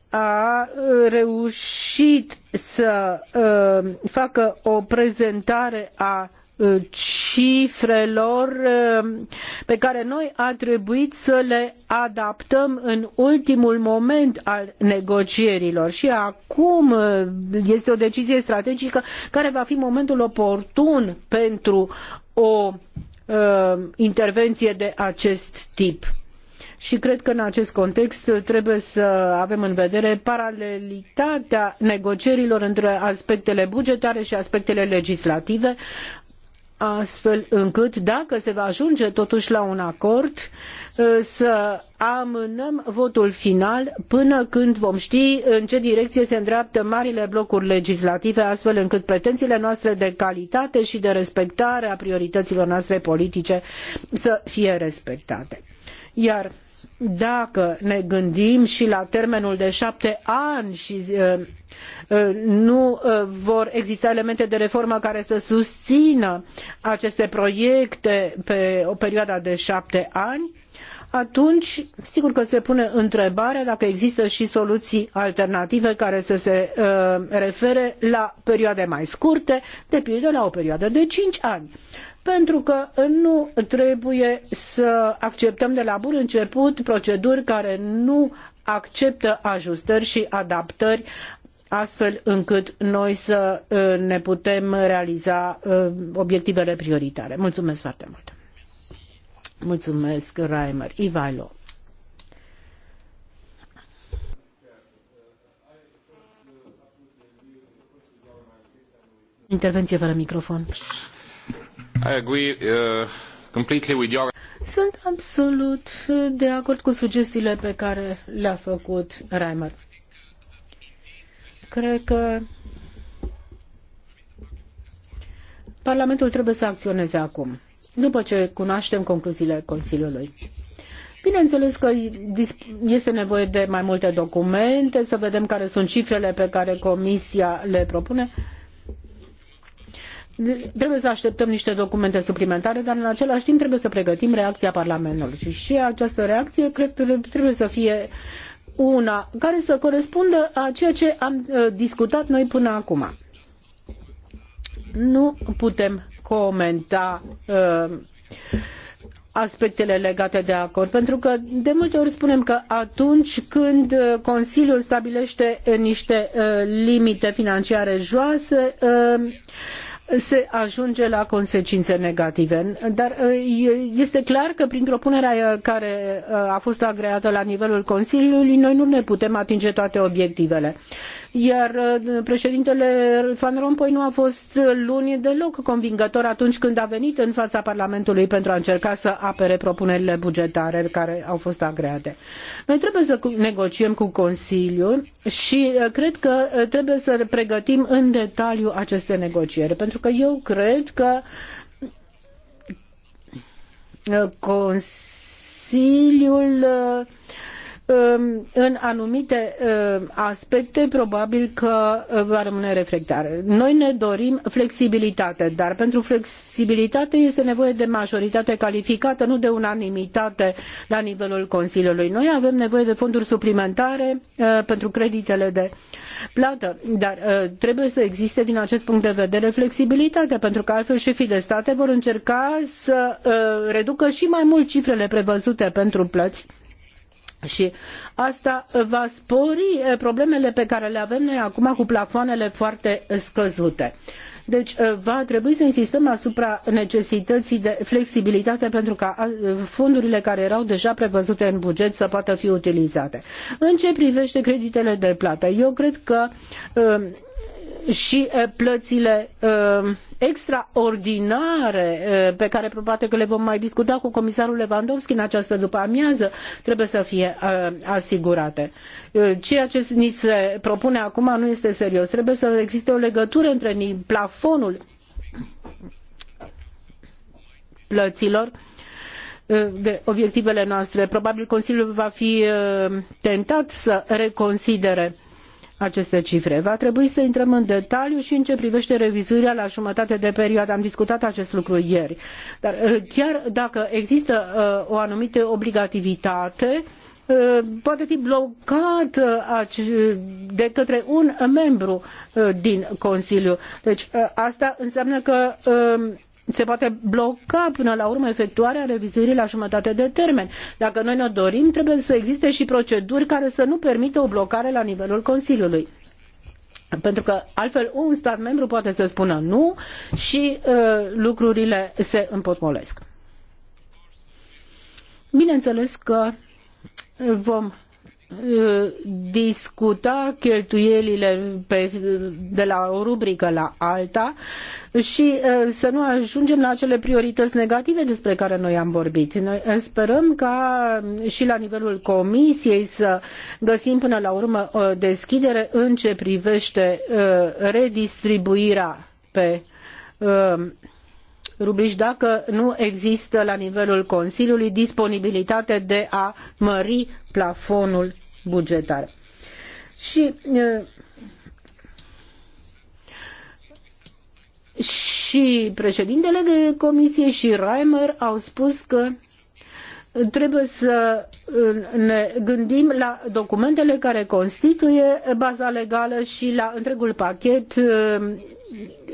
a uh, reușit să uh, facă o prezentare a Uh, cifrelor uh, pe care noi a trebuit să le adaptăm în ultimul moment al negocierilor. Și acum uh, este o decizie strategică care va fi momentul oportun pentru o uh, intervenție de acest tip. Și cred că în acest context trebuie să avem în vedere paralelitatea negocierilor între aspectele bugetare și aspectele legislative, astfel încât, dacă se va ajunge totuși la un acord, uh, să amânăm votul final până când vom ști în ce direcție se îndreaptă marile blocuri legislative, astfel încât pretențiile noastre de calitate și de respectare a priorităților noastre politice să fie respectate. Iar dacă ne gândim și la termenul de șapte ani și uh, uh, nu uh, vor exista elemente de reformă care să susțină aceste proiecte pe o perioadă de șapte ani, atunci sigur că se pune întrebarea dacă există și soluții alternative care să se refere la perioade mai scurte, de pildă la o perioadă de cinci ani pentru că nu trebuie să acceptăm de la bun început proceduri care nu acceptă ajustări și adaptări astfel încât noi să uh, ne putem realiza uh, obiectivele prioritare. Mulțumesc foarte mult! Mulțumesc, Reimer. Ivailo. Intervenție fără microfon. I agree uh, completely with your... Sunt absolut de acord cu sugestiile pe care le-a făcut Reimer. Cred că Parlamentul trebuie să acționeze acum, după ce cunoaștem concluziile Consiliului. Bineînțeles că este nevoie de mai multe documente, să vedem care sunt cifrele pe care Comisia le propune trebuie să așteptăm niște documente suplimentare, dar în același timp trebuie să pregătim reacția Parlamentului. Și și această reacție cred că trebuie să fie una care să corespundă a ceea ce am uh, discutat noi până acum. Nu putem comenta uh, aspectele legate de acord, pentru că de multe ori spunem că atunci când uh, Consiliul stabilește niște uh, limite financiare joase, uh, se ajunge la consecințe negative. Dar uh, este clar că prin propunerea uh, care uh, a fost agreată la nivelul Consiliului, noi nu ne putem atinge toate obiectivele iar uh, președintele Van Rompuy nu a fost uh, luni deloc convingător atunci când a venit în fața Parlamentului pentru a încerca să apere propunerile bugetare care au fost agreate. Noi trebuie să negociem cu Consiliul și uh, cred că trebuie să pregătim în detaliu aceste negocieri, pentru că eu cred că Consiliul Um, în anumite um, aspecte probabil că uh, va rămâne reflectare. Noi ne dorim flexibilitate, dar pentru flexibilitate este nevoie de majoritate calificată, nu de unanimitate la nivelul Consiliului. Noi avem nevoie de fonduri suplimentare uh, pentru creditele de plată, dar uh, trebuie să existe din acest punct de vedere flexibilitate, pentru că altfel șefii de state vor încerca să reducă și mai mult cifrele prevăzute pentru plăți și asta va spori eh, problemele pe care le avem noi acum cu plafoanele foarte scăzute. Deci eh, va trebui să insistăm asupra necesității de flexibilitate pentru ca eh, fondurile care erau deja prevăzute în buget să poată fi utilizate. În ce privește creditele de plată, eu cred că și plățile extraordinare pe care probabil că le vom mai discuta cu comisarul Lewandowski în această după amiază trebuie să fie asigurate. Ceea ce ni se propune acum nu este serios. Trebuie să existe o legătură între plafonul plăților de obiectivele noastre. Probabil Consiliul va fi tentat să reconsidere aceste cifre. Va trebui să intrăm în detaliu și în ce privește revizuirea la jumătate de perioadă. Am discutat acest lucru ieri. Dar uh, chiar dacă există uh, o anumită obligativitate, uh, poate fi blocat de către un membru din Consiliu. Deci asta înseamnă că se poate bloca până la urmă efectuarea revizuirii la jumătate de termen. Dacă noi ne dorim, trebuie să existe și proceduri care să nu permită o blocare la nivelul Consiliului. Pentru că altfel un stat membru poate să spună nu și uh, lucrurile se împotmolesc. Bineînțeles că vom discuta cheltuielile pe, de la o rubrică la alta și uh, să nu ajungem la acele priorități negative despre care noi am vorbit. Noi uh, sperăm ca uh, și la nivelul comisiei să găsim până la urmă o deschidere în ce privește redistribuirea pe rubrici dacă nu există la nivelul Consiliului disponibilitate de a mări plafonul bugetare. Și și președintele de comisie și Reimer au spus că trebuie să ne gândim la documentele care constituie baza legală și la întregul pachet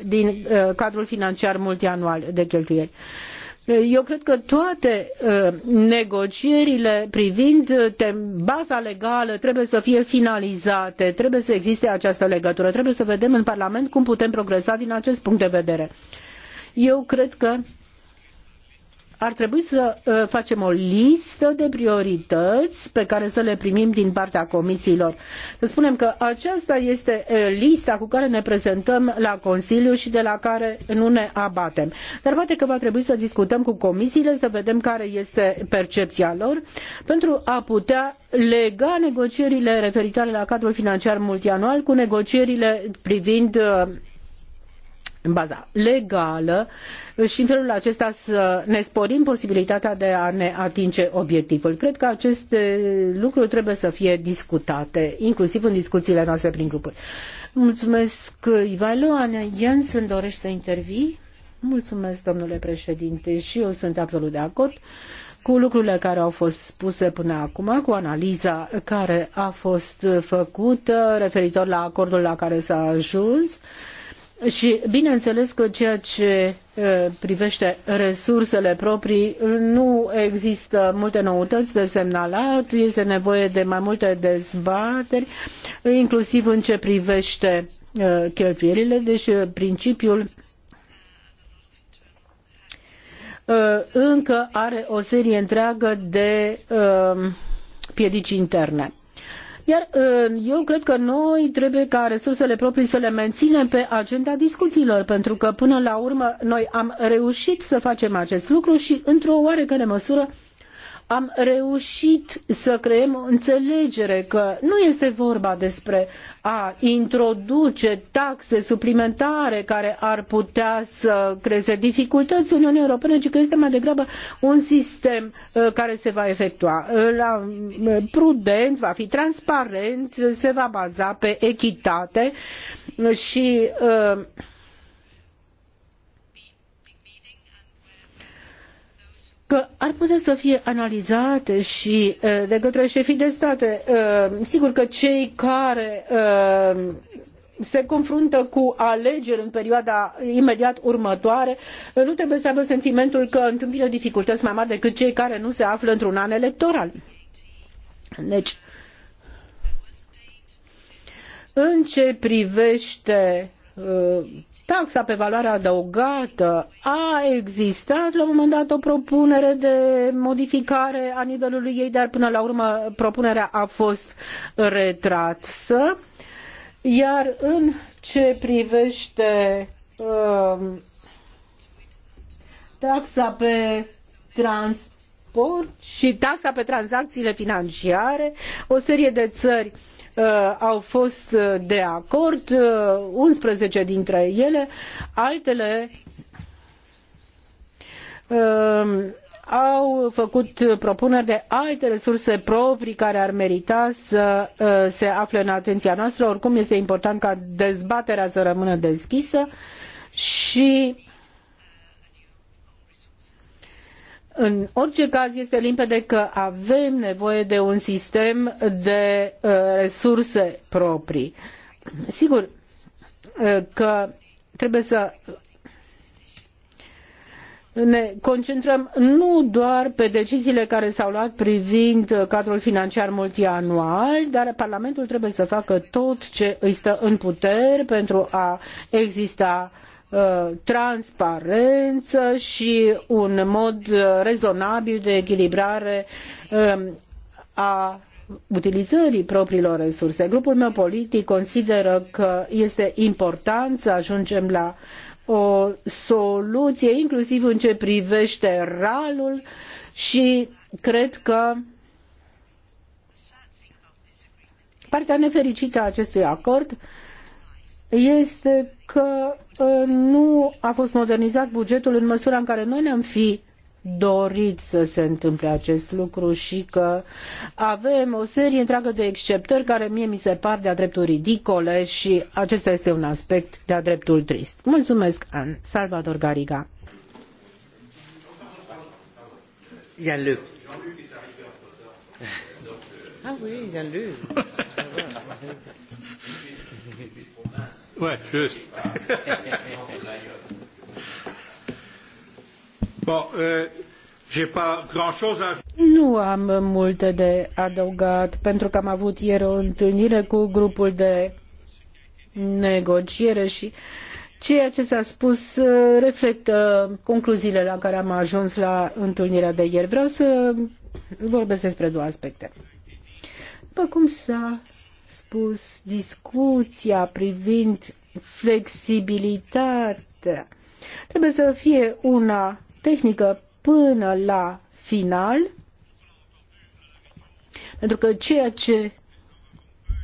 din cadrul financiar multianual de cheltuieli. Eu cred că toate ă, negocierile privind ă, baza legală trebuie să fie finalizate, trebuie să existe această legătură, trebuie să vedem în Parlament cum putem progresa din acest punct de vedere. Eu cred că ar trebui să uh, facem o listă de priorități pe care să le primim din partea comisiilor. Să spunem că aceasta este uh, lista cu care ne prezentăm la Consiliu și de la care nu ne abatem. Dar poate că va trebui să discutăm cu comisiile, să vedem care este percepția lor, pentru a putea lega negocierile referitoare la cadrul financiar multianual cu negocierile privind uh, în baza legală și în felul acesta să ne sporim posibilitatea de a ne atinge obiectivul. Cred că aceste lucruri trebuie să fie discutate, inclusiv în discuțiile noastre prin grupuri. Mulțumesc, Ivailo. Ana Jensen, dorești să intervii? Mulțumesc, domnule președinte, și eu sunt absolut de acord cu lucrurile care au fost spuse până acum, cu analiza care a fost făcută referitor la acordul la care s-a ajuns. Uh, și bineînțeles că ceea ce privește resursele proprii nu există multe noutăți de semnalat, este nevoie de mai multe dezbateri, inclusiv în ce privește cheltuielile, deci principiul încă are o serie întreagă de piedici interne. Iar uh, eu cred că noi trebuie ca resursele proprii să le menținem pe agenda discuțiilor, pentru că până la urmă noi am reușit să facem acest lucru și într-o oarecare măsură am reușit să creăm o înțelegere că nu este vorba despre a introduce taxe suplimentare care ar putea să creeze dificultăți Uniunii Europene, ci că este mai degrabă un sistem uh, care se va efectua uh, la, uh, prudent, va fi transparent, se va baza pe echitate și uh, că ar putea să fie analizate și de către șefii de state. Sigur că cei care se confruntă cu alegeri în perioada imediat următoare, nu trebuie să aibă sentimentul că întâmpină dificultăți mai mari decât cei care nu se află într-un an electoral. Deci, în ce privește Uh, taxa pe valoare adăugată, a existat la un moment dat o propunere de modificare a nivelului ei, dar până la urmă propunerea a fost retrasă. Iar în ce privește uh, taxa pe transport și taxa pe tranzacțiile financiare, o serie de țări uh, Uh, au fost uh, de acord, 11 uh, dintre ele, altele um, au făcut propuneri de alte resurse proprii care ar merita să se afle în atenția noastră. Oricum este important ca dezbaterea să rămână deschisă și În orice caz este limpede că avem nevoie de un sistem de uh, resurse proprii. Sigur uh, că trebuie să ne concentrăm nu doar pe deciziile care s-au luat privind uh, cadrul financiar multianual, dar Parlamentul trebuie să facă tot ce îi stă în puteri pentru a exista Uh, transparență și un mod rezonabil de echilibrare um, a utilizării propriilor resurse. Grupul meu politic consideră că este important să ajungem la o soluție, inclusiv în ce privește ralul și cred că partea nefericită a acestui acord este că ă, nu a fost modernizat bugetul în măsura în care noi ne-am fi dorit să se întâmple acest lucru și că avem o serie întreagă de exceptări care mie mi se par de-a dreptul ridicole și acesta este un aspect de-a dreptul trist. Mulțumesc, An. Salvador Gariga. Ah oui, Ialeu. Ouais, juste. bon, euh, nu am multe de adăugat pentru că am avut ieri o întâlnire cu grupul de negociere și ceea ce s-a spus uh, reflectă concluziile la care am ajuns la întâlnirea de ieri. Vreau să vorbesc despre două aspecte. După cum s-a spus, discuția privind flexibilitatea trebuie să fie una tehnică până la final, pentru că ceea ce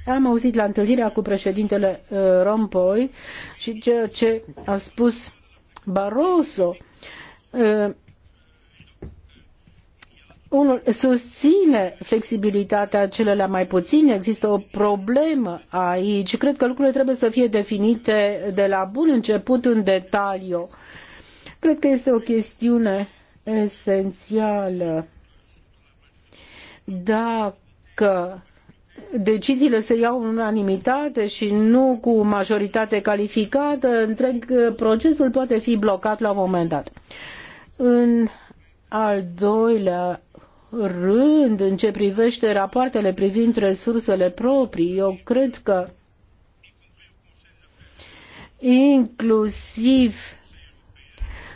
am auzit la întâlnirea cu președintele uh, Rompoy și ceea ce a spus Barroso uh, unul susține flexibilitatea celelalte mai puțin, există o problemă aici. Cred că lucrurile trebuie să fie definite de la bun început în detaliu. Cred că este o chestiune esențială. Dacă deciziile se iau în unanimitate și nu cu majoritate calificată, întreg procesul poate fi blocat la un moment dat. În al doilea rând, în ce privește rapoartele privind resursele proprii, eu cred că inclusiv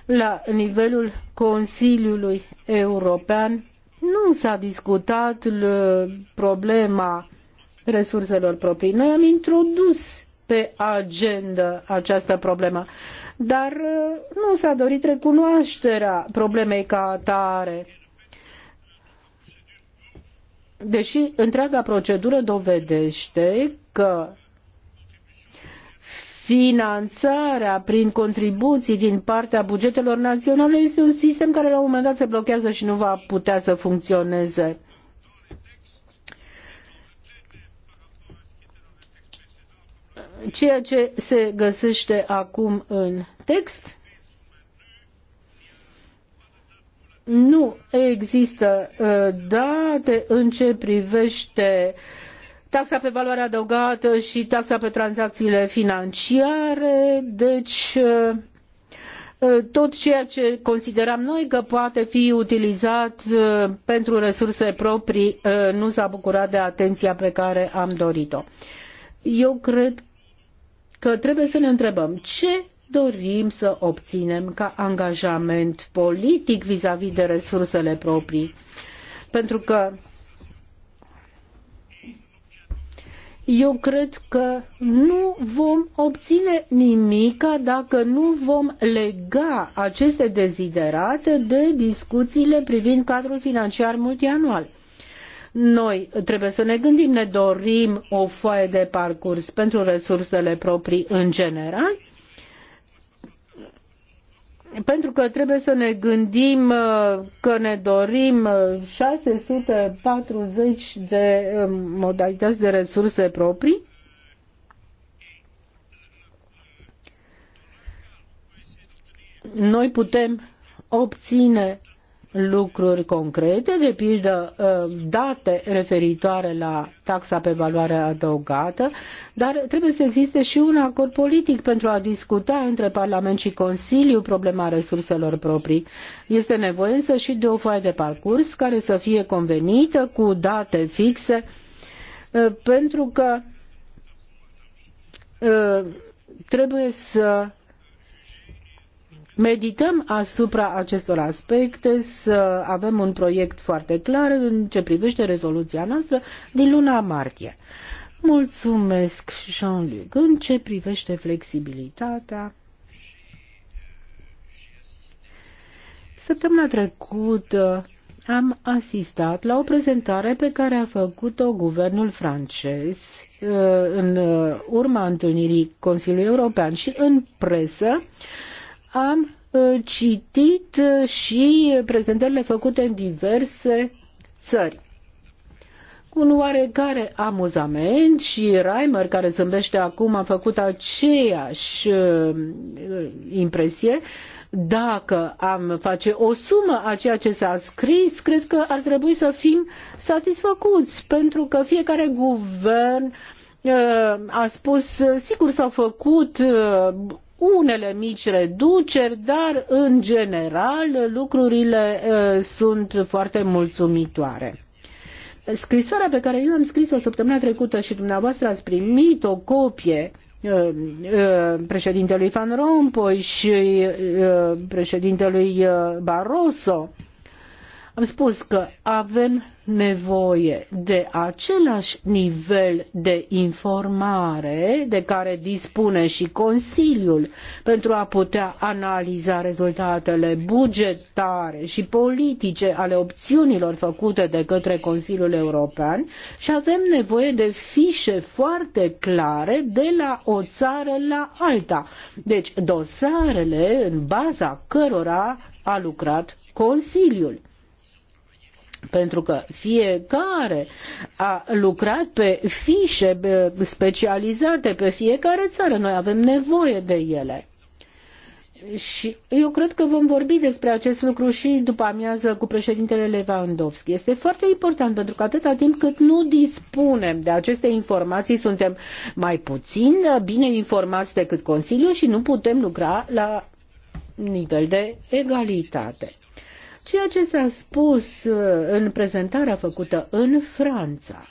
la nivelul Consiliului European nu s-a discutat problema resurselor proprii. Noi am introdus pe agenda această problemă, dar uh, nu s-a dorit recunoașterea problemei ca atare deși întreaga procedură dovedește că finanțarea prin contribuții din partea bugetelor naționale este un sistem care la un moment dat se blochează și nu va putea să funcționeze. Ceea ce se găsește acum în text nu există uh, date în ce privește taxa pe valoare adăugată și taxa pe tranzacțiile financiare, deci uh, uh, tot ceea ce consideram noi că poate fi utilizat pentru resurse proprii nu s-a bucurat de atenția pe care am dorit-o. Eu cred că trebuie să ne întrebăm ce dorim să obținem ca angajament politic vis-a-vis -vis de resursele proprii. Pentru că eu cred că nu vom obține nimic dacă nu vom lega aceste deziderate de discuțiile privind cadrul financiar multianual. Noi trebuie să ne gândim, ne dorim o foaie de parcurs pentru resursele proprii în general pentru că trebuie să ne gândim uh, că ne dorim 640 uh, de um, modalități de resurse proprii. Noi putem obține lucruri concrete, de pildă ă, date referitoare la taxa pe valoare adăugată, dar trebuie să existe și un acord politic pentru a discuta între Parlament și Consiliu problema resurselor proprii. Este nevoie însă și de o foaie de parcurs care să fie convenită cu date fixe, ă, pentru că ă, trebuie să medităm asupra acestor aspecte, să avem un proiect foarte clar în ce privește rezoluția noastră din luna martie. Mulțumesc, Jean-Luc. În ce privește flexibilitatea, săptămâna trecută am asistat la o prezentare pe care a făcut-o guvernul francez uh, în uh, urma întâlnirii Consiliului European și în presă am uh, citit uh, și prezentările făcute în diverse țări. Cu un oarecare amuzament și Reimer, care zâmbește acum, a făcut aceeași uh, impresie, dacă am face o sumă a ceea ce s-a scris, cred că ar trebui să fim satisfăcuți, pentru că fiecare guvern a spus, sigur s-au făcut unele mici reduceri, dar în general lucrurile uh, sunt foarte mulțumitoare. Scrisoarea pe care eu am scris-o săptămâna trecută și dumneavoastră ați primit o copie uh, uh, președintelui Van Rompuy și președintelui Barroso, am spus că avem nevoie de același nivel de informare de care dispune și Consiliul pentru a putea analiza rezultatele bugetare și politice ale opțiunilor făcute de către Consiliul European și avem nevoie de fișe foarte clare de la o țară la alta. Deci dosarele în baza cărora a lucrat Consiliul pentru că fiecare a lucrat pe fișe specializate pe fiecare țară. Noi avem nevoie de ele. Și eu cred că vom vorbi despre acest lucru și după amiază cu președintele Lewandowski. Este foarte important pentru că atâta timp cât nu dispunem de aceste informații, suntem mai puțin bine informați decât Consiliul și nu putem lucra la nivel de egalitate. Ceea ce s-a spus uh, în prezentarea făcută în Franța,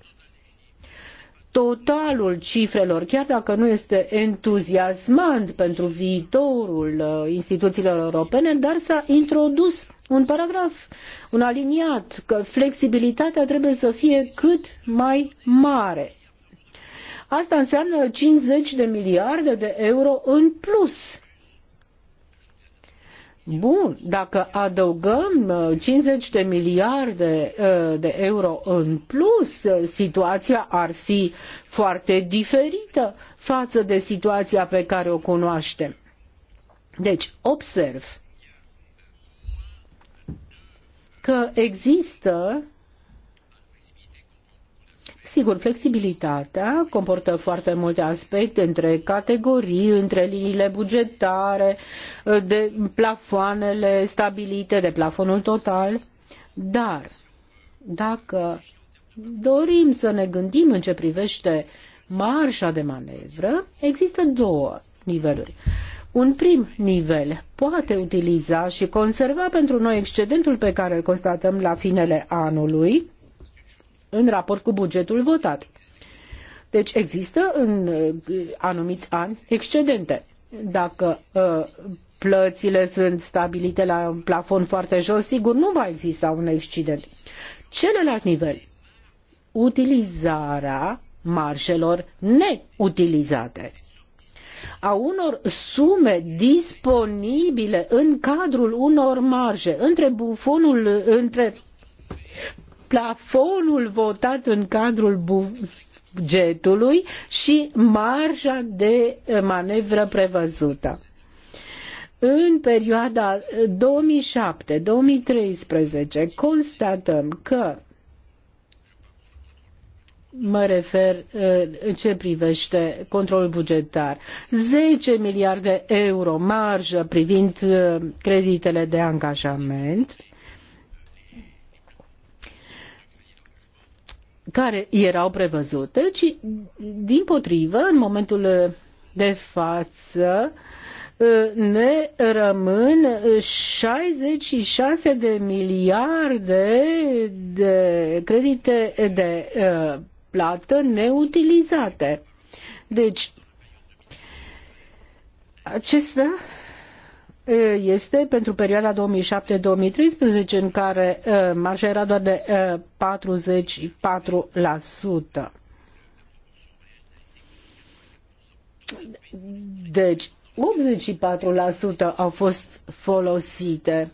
totalul cifrelor, chiar dacă nu este entuziasmant pentru viitorul uh, instituțiilor europene, dar s-a introdus un paragraf, un aliniat, că flexibilitatea trebuie să fie cât mai mare. Asta înseamnă 50 de miliarde de euro în plus Bun, dacă adăugăm 50 uh, de miliarde uh, de euro în plus, uh, situația ar fi foarte diferită față de situația pe care o cunoaștem. Deci, observ că există Sigur, flexibilitatea comportă foarte multe aspecte între categorii, între liniile bugetare, de plafoanele stabilite, de plafonul total, dar dacă dorim să ne gândim în ce privește marșa de manevră, există două niveluri. Un prim nivel poate utiliza și conserva pentru noi excedentul pe care îl constatăm la finele anului, în raport cu bugetul votat. Deci există în uh, anumiți ani excedente. Dacă uh, plățile sunt stabilite la un plafon foarte jos, sigur nu va exista un excedent. Celălalt nivel, utilizarea marșelor neutilizate a unor sume disponibile în cadrul unor marje între bufonul, între plafonul votat în cadrul bugetului și marja de manevră prevăzută. În perioada 2007-2013 constatăm că mă refer în ce privește controlul bugetar. 10 miliarde euro marjă privind uh, creditele de angajament, care erau prevăzute, ci din potrivă, în momentul de față, ne rămân 66 de miliarde de credite de uh, plată neutilizate. Deci, acesta este pentru perioada 2007-2013, în care marja era doar de 44%. Deci, 84% au fost folosite.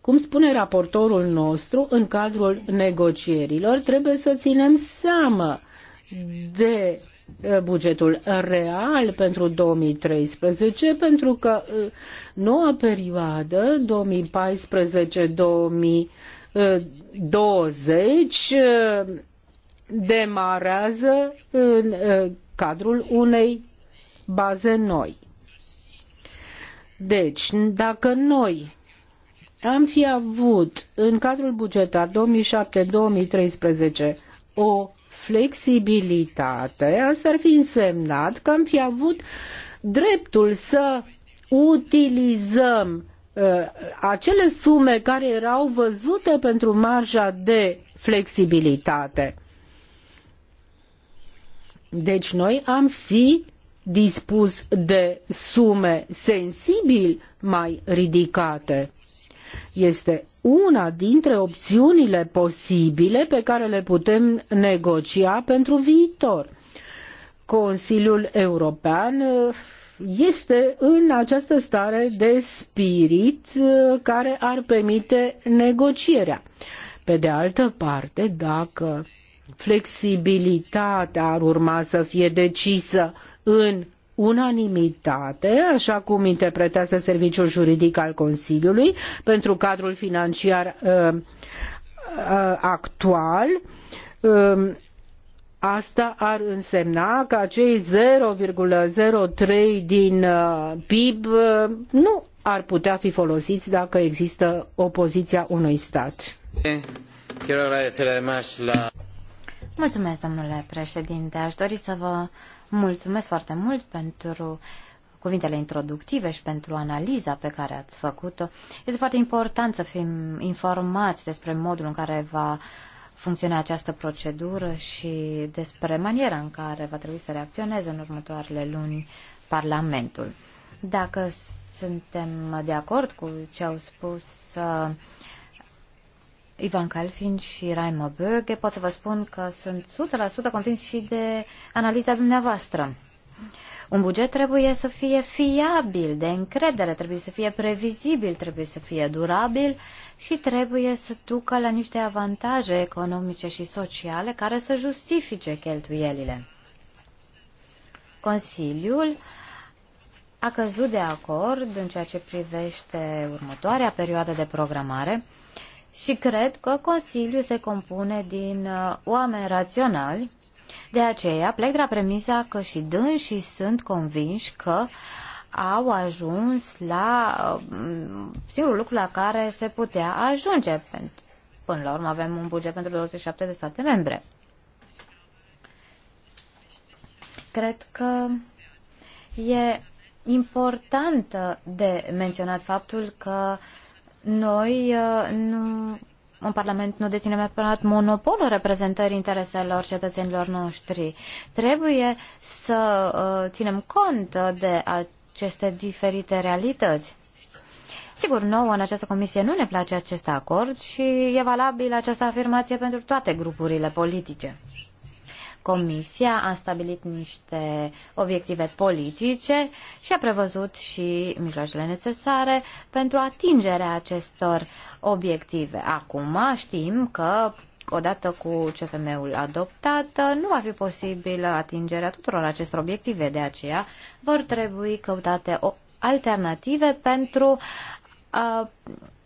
Cum spune raportorul nostru, în cadrul negocierilor trebuie să ținem seama de bugetul real pentru 2013, pentru că uh, noua perioadă 2014-2020 uh, uh, demarează în cadrul unei baze noi. Deci, dacă noi am fi avut în cadrul bugetar 2007-2013 o flexibilitate, asta ar fi însemnat că am fi avut dreptul să utilizăm uh, acele sume care erau văzute pentru marja de flexibilitate. Deci noi am fi dispus de sume sensibil mai ridicate. Este una dintre opțiunile posibile pe care le putem negocia pentru viitor. Consiliul European uh, este în această stare de spirit uh, care ar permite negocierea. Pe de altă parte, dacă flexibilitatea ar urma să fie decisă în unanimitate, așa cum interpretează Serviciul Juridic al Consiliului, pentru cadrul financiar uh, uh, actual. Um, asta ar însemna că acei 0,03 din uh, PIB nu ar putea fi folosiți dacă există opoziția unui stat. Mulțumesc, domnule președinte. Aș dori să vă Mulțumesc foarte mult pentru cuvintele introductive și pentru analiza pe care ați făcut-o. Este foarte important să fim informați despre modul în care va funcționa această procedură și despre maniera în care va trebui să reacționeze în următoarele luni Parlamentul. Dacă suntem de acord cu ce au spus uh, Ivan Calfin și Raimo Böge, pot să vă spun că sunt 100% convins și de analiza dumneavoastră. Un buget trebuie să fie fiabil, de încredere, trebuie să fie previzibil, trebuie să fie durabil și trebuie să ducă la niște avantaje economice și sociale care să justifice cheltuielile. Consiliul a căzut de acord în ceea ce privește următoarea perioadă de programare, și cred că Consiliul se compune din uh, oameni raționali. De aceea plec de la premisa că și dânsii sunt convinși că au ajuns la uh, singurul lucru la care se putea ajunge. Până la urmă avem un buget pentru 27 de state membre. Cred că e important de menționat faptul că uh, noi uh, nu, în Parlament nu deținem neapărat monopolul reprezentării intereselor cetățenilor noștri. Trebuie să uh, ținem cont de aceste diferite realități. Sigur, nouă în această comisie nu ne place acest acord și e valabil această afirmație pentru toate grupurile politice. Comisia a stabilit niște obiective politice și a prevăzut și mijloacele necesare pentru atingerea acestor obiective. Acum știm că odată cu CFM-ul adoptat, nu va fi posibilă atingerea tuturor acestor obiective, de aceea vor trebui căutate o alternative pentru a,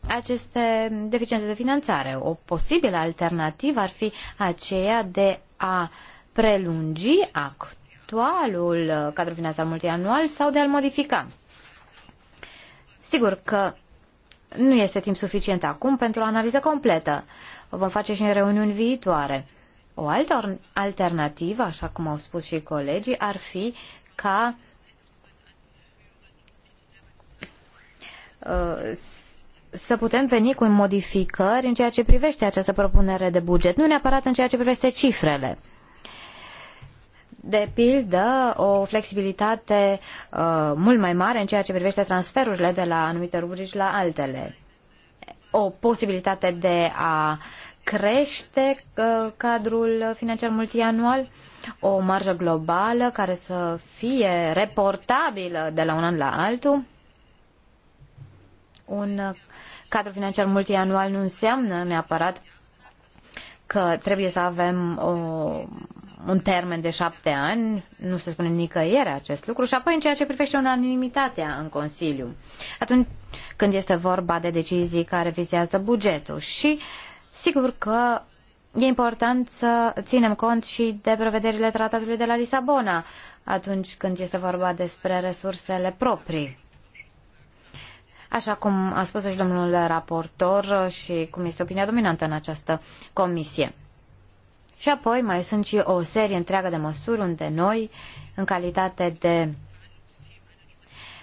aceste deficiențe de finanțare. O posibilă alternativă ar fi aceea de a uh, prelungi actualul cadru financiar multianual sau de a-l modifica. Sigur că nu este timp suficient acum pentru o analiză completă. O vom face și în reuniuni viitoare. O altă alternativă, așa cum au spus și colegii, ar fi ca uh, să putem veni cu modificări în ceea ce privește această propunere de buget, nu neapărat în ceea ce privește cifrele de pildă, o flexibilitate uh, mult mai mare în ceea ce privește transferurile de la anumite rubrici la altele. O posibilitate de a crește uh, cadrul financiar multianual, o marjă globală care să fie reportabilă de la un an la altul. Un cadru financiar multianual nu înseamnă neapărat că trebuie să avem o un termen de șapte ani, nu se spune nicăieri acest lucru, și apoi în ceea ce privește unanimitatea în Consiliu, atunci când este vorba de decizii care vizează bugetul. Și sigur că e important să ținem cont și de prevederile tratatului de la Lisabona, atunci când este vorba despre resursele proprii. Așa cum a spus și domnul raportor și cum este opinia dominantă în această comisie. Și apoi mai sunt și o serie întreagă de măsuri unde noi, în calitate de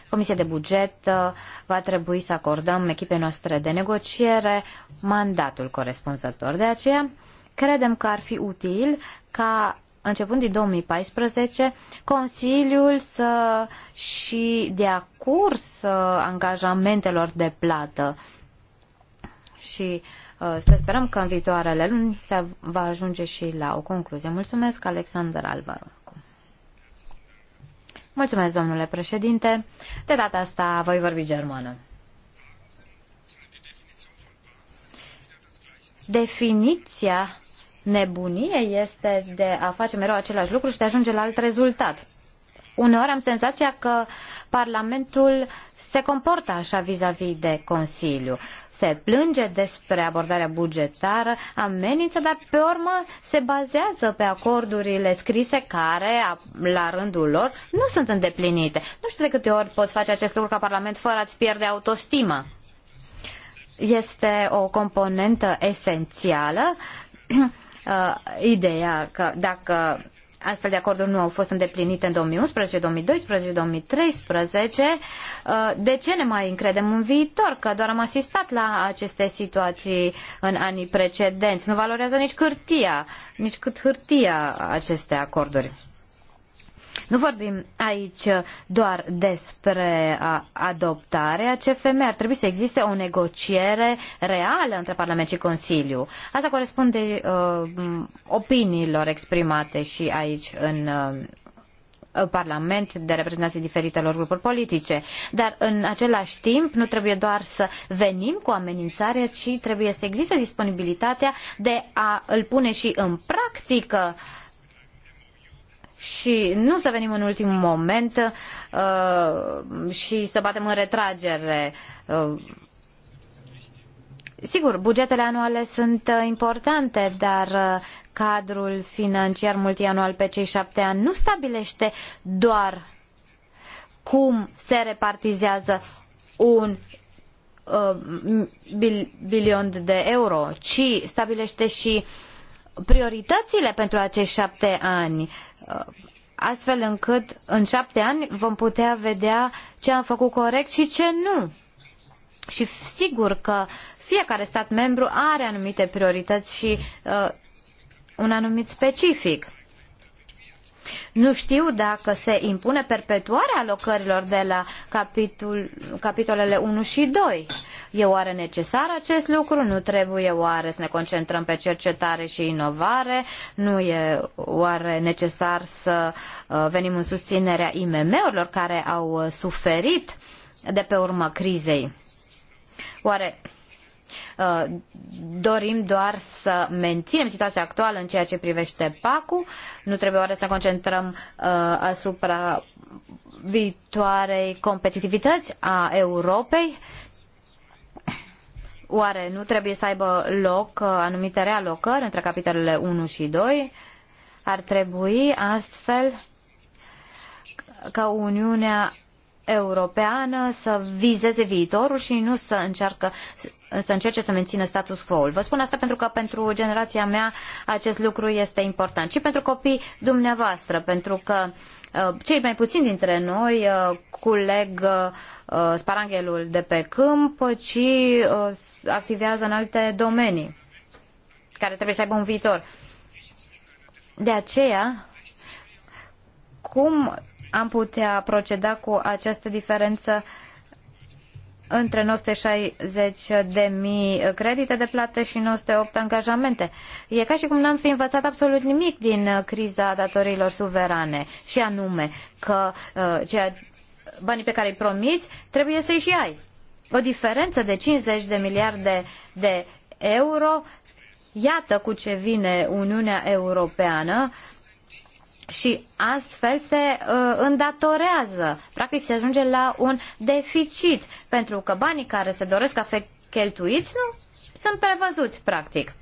Comisia de Buget, uh, va trebui să acordăm echipei noastre de negociere mandatul corespunzător. De aceea, credem că ar fi util ca începând din 2014, Consiliul să și dea curs uh, angajamentelor de plată și uh, Uh, să sperăm că în viitoarele luni se va ajunge și la o concluzie. Mulțumesc, Alexander Alvaro. Mulțumesc, domnule președinte. De data asta voi vorbi germană. Definiția nebuniei este de a face mereu același lucru și de a ajunge la alt rezultat. Uneori am senzația că Parlamentul se comportă așa vis-a-vis -vis de Consiliu. Se plânge despre abordarea bugetară, amenință, dar pe urmă se bazează pe acordurile scrise care, la rândul lor, nu sunt îndeplinite. Nu știu de câte ori poți face acest lucru ca Parlament fără a-ți pierde autostima. Este o componentă esențială. Uh, ideea că dacă astfel de acorduri nu au fost îndeplinite în 2011, 2012, 2013. De ce ne mai încredem în viitor? Că doar am asistat la aceste situații în anii precedenți. Nu valorează nici hârtia, nici cât hârtia aceste acorduri. Nu vorbim aici doar despre adoptarea CFM, ar trebui să existe o negociere reală între Parlament și Consiliu. Asta corespunde uh, opiniilor exprimate și aici în uh, Parlament, de reprezentanții diferitelor grupuri politice. Dar în același timp nu trebuie doar să venim cu amenințarea, ci trebuie să existe disponibilitatea de a îl pune și în practică uh, și nu să venim în ultimul moment uh, și să batem în retragere. Uh, sigur, bugetele anuale sunt uh, importante, dar uh, cadrul financiar multianual pe cei șapte ani nu stabilește doar cum se repartizează un uh, bil, bilion de euro, ci stabilește și prioritățile pentru acești șapte ani, astfel încât în șapte ani vom putea vedea ce am făcut corect și ce nu. Și sigur că fiecare stat membru are anumite priorități și uh, un anumit specific. Nu știu dacă se impune perpetuarea alocărilor de la capitol, capitolele 1 și 2. E oare necesar acest lucru? Nu trebuie oare să ne concentrăm pe cercetare și inovare? Nu e oare necesar să uh, venim în susținerea IMM-urilor care au uh, suferit de pe urma crizei? Oare Uh, dorim doar să menținem situația actuală în ceea ce privește PAC-ul. Nu trebuie oare să ne concentrăm uh, asupra viitoarei competitivități a Europei? Oare nu trebuie să aibă loc uh, anumite realocări între capitolele 1 și 2? Ar trebui astfel ca Uniunea Europeană să vizeze viitorul și nu să încearcă să încerce să mențină status quo-ul. Vă spun asta pentru că pentru generația mea acest lucru este important și pentru copii dumneavoastră, pentru că uh, cei mai puțini dintre noi uh, culeg uh, sparanghelul de pe câmp, ci activează în alte domenii care trebuie să aibă un viitor. De aceea, cum am putea proceda cu această diferență între 960 de mii credite de plată și 908 angajamente. E ca și cum n-am fi învățat absolut nimic din criza datorilor suverane și anume că uh, ceea, banii pe care îi promiți trebuie să-i și ai. O diferență de 50 de miliarde de euro Iată cu ce vine Uniunea Europeană și astfel se uh, îndatorează. Practic se ajunge la un deficit, pentru că banii care se doresc a fi cheltuiți nu sunt prevăzuți, practic.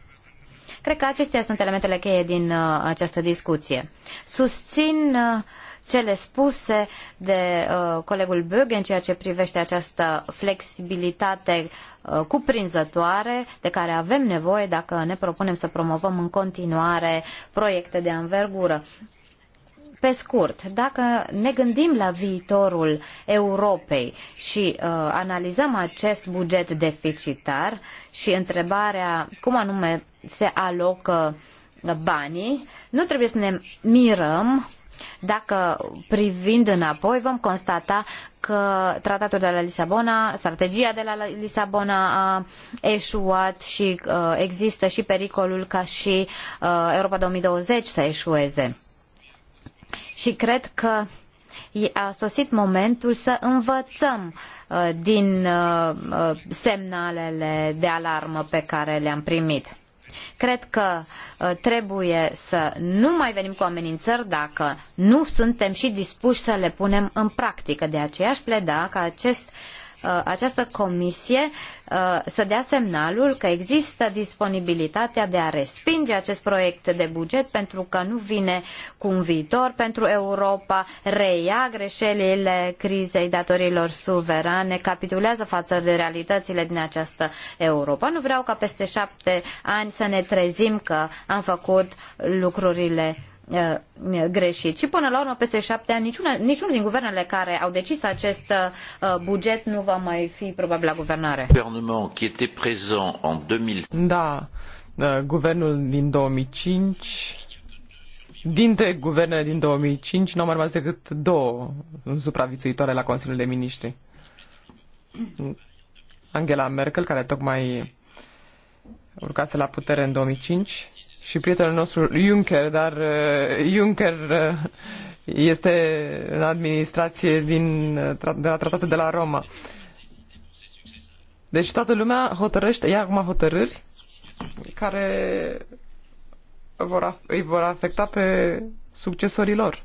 Cred că acestea sunt elementele cheie din uh, această discuție. Susțin uh, cele spuse de uh, colegul Bug în ceea ce privește această flexibilitate uh, cuprinzătoare de care avem nevoie dacă ne propunem să promovăm în continuare proiecte de anvergură pe scurt, dacă ne gândim la viitorul Europei și uh, analizăm acest buget deficitar și întrebarea cum anume se alocă banii, nu trebuie să ne mirăm dacă privind înapoi vom constata că tratatul de la Lisabona, strategia de la Lisabona a eșuat și uh, există și pericolul ca și uh, Europa 2020 să eșueze. Și cred că a sosit momentul să învățăm uh, din uh, uh, semnalele de alarmă pe care le-am primit. Cred că trebuie să nu mai venim cu amenințări dacă nu suntem și dispuși să le punem în practică. De aceea aș pleda ca acest uh, Uh, această comisie uh, să dea semnalul că există disponibilitatea de a respinge acest proiect de buget pentru că nu vine cu un viitor pentru Europa, reia greșelile crizei datorilor suverane, capitulează față de realitățile din această Europa. Nu vreau ca peste șapte ani să ne trezim că am făcut lucrurile greșit. Și până la urmă, peste șapte ani, niciunul din guvernele care au decis acest buget nu va mai fi probabil la guvernare. Da, da, guvernul din 2005 dintre guvernele din 2005 nu au mai rămas decât două supraviețuitoare la Consiliul de Ministri. Angela Merkel, care tocmai urcase la putere în 2005, și prietenul nostru Juncker, dar uh, Juncker uh, este în administrație din, uh, de la tratatul de la Roma. Deci toată lumea hotărăște, ia acum hotărâri care vor, îi vor afecta pe succesorii lor.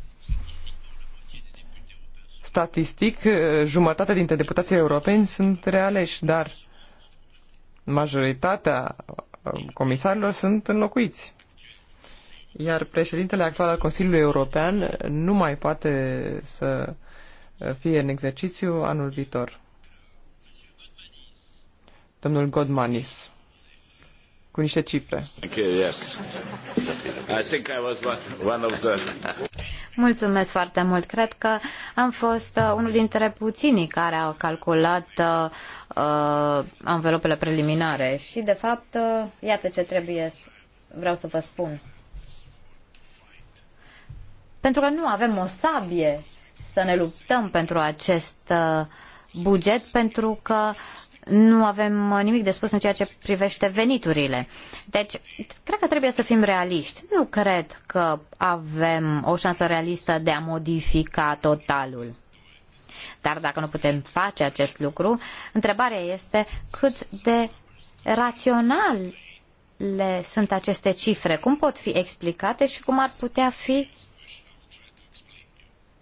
Statistic, uh, jumătate dintre deputații europeni sunt realeși, dar majoritatea comisarilor sunt înlocuiți. Iar președintele actual al Consiliului European nu mai poate să fie în exercițiu anul viitor. Domnul Godmanis cu niște cifre. Mulțumesc foarte mult. Cred că am fost uh, unul dintre puținii care au calculat uh, uh, anvelopele preliminare și, de fapt, uh, iată ce trebuie, vreau să vă spun. Pentru că nu avem o sabie să ne luptăm pentru acest uh, buget, pentru că nu avem uh, nimic de spus în ceea ce privește veniturile. Deci, cred că trebuie să fim realiști. Nu cred că avem o șansă realistă de a modifica totalul. Dar dacă nu putem face acest lucru, întrebarea este cât de rațional le sunt aceste cifre, cum pot fi explicate și cum ar putea fi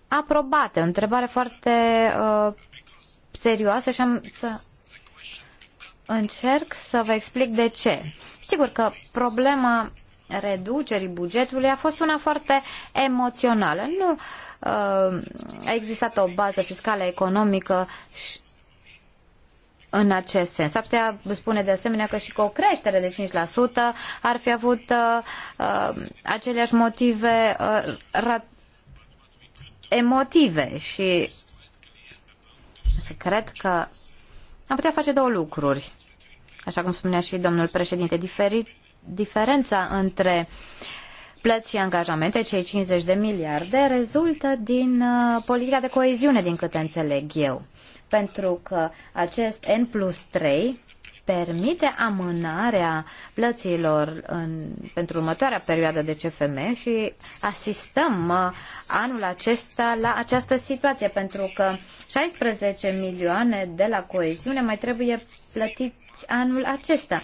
aprobate. O întrebare foarte uh, serioasă și am să încerc să vă explic de ce. Sigur că problema reducerii bugetului a fost una foarte emoțională. Nu uh, a existat o bază fiscală economică și în acest sens. Ar putea spune de asemenea că și cu o creștere de 5% ar fi avut uh, uh aceleași motive uh, emotive și să cred că am putea face două lucruri așa cum spunea și domnul președinte, diferi, diferența între plăți și angajamente, cei 50 de miliarde, rezultă din uh, politica de coeziune, din câte înțeleg eu. Pentru că acest N plus 3 permite amânarea plăților în, pentru următoarea perioadă de CFM și asistăm uh, anul acesta la această situație, pentru că 16 milioane de la coeziune mai trebuie plătit, plăți anul acesta.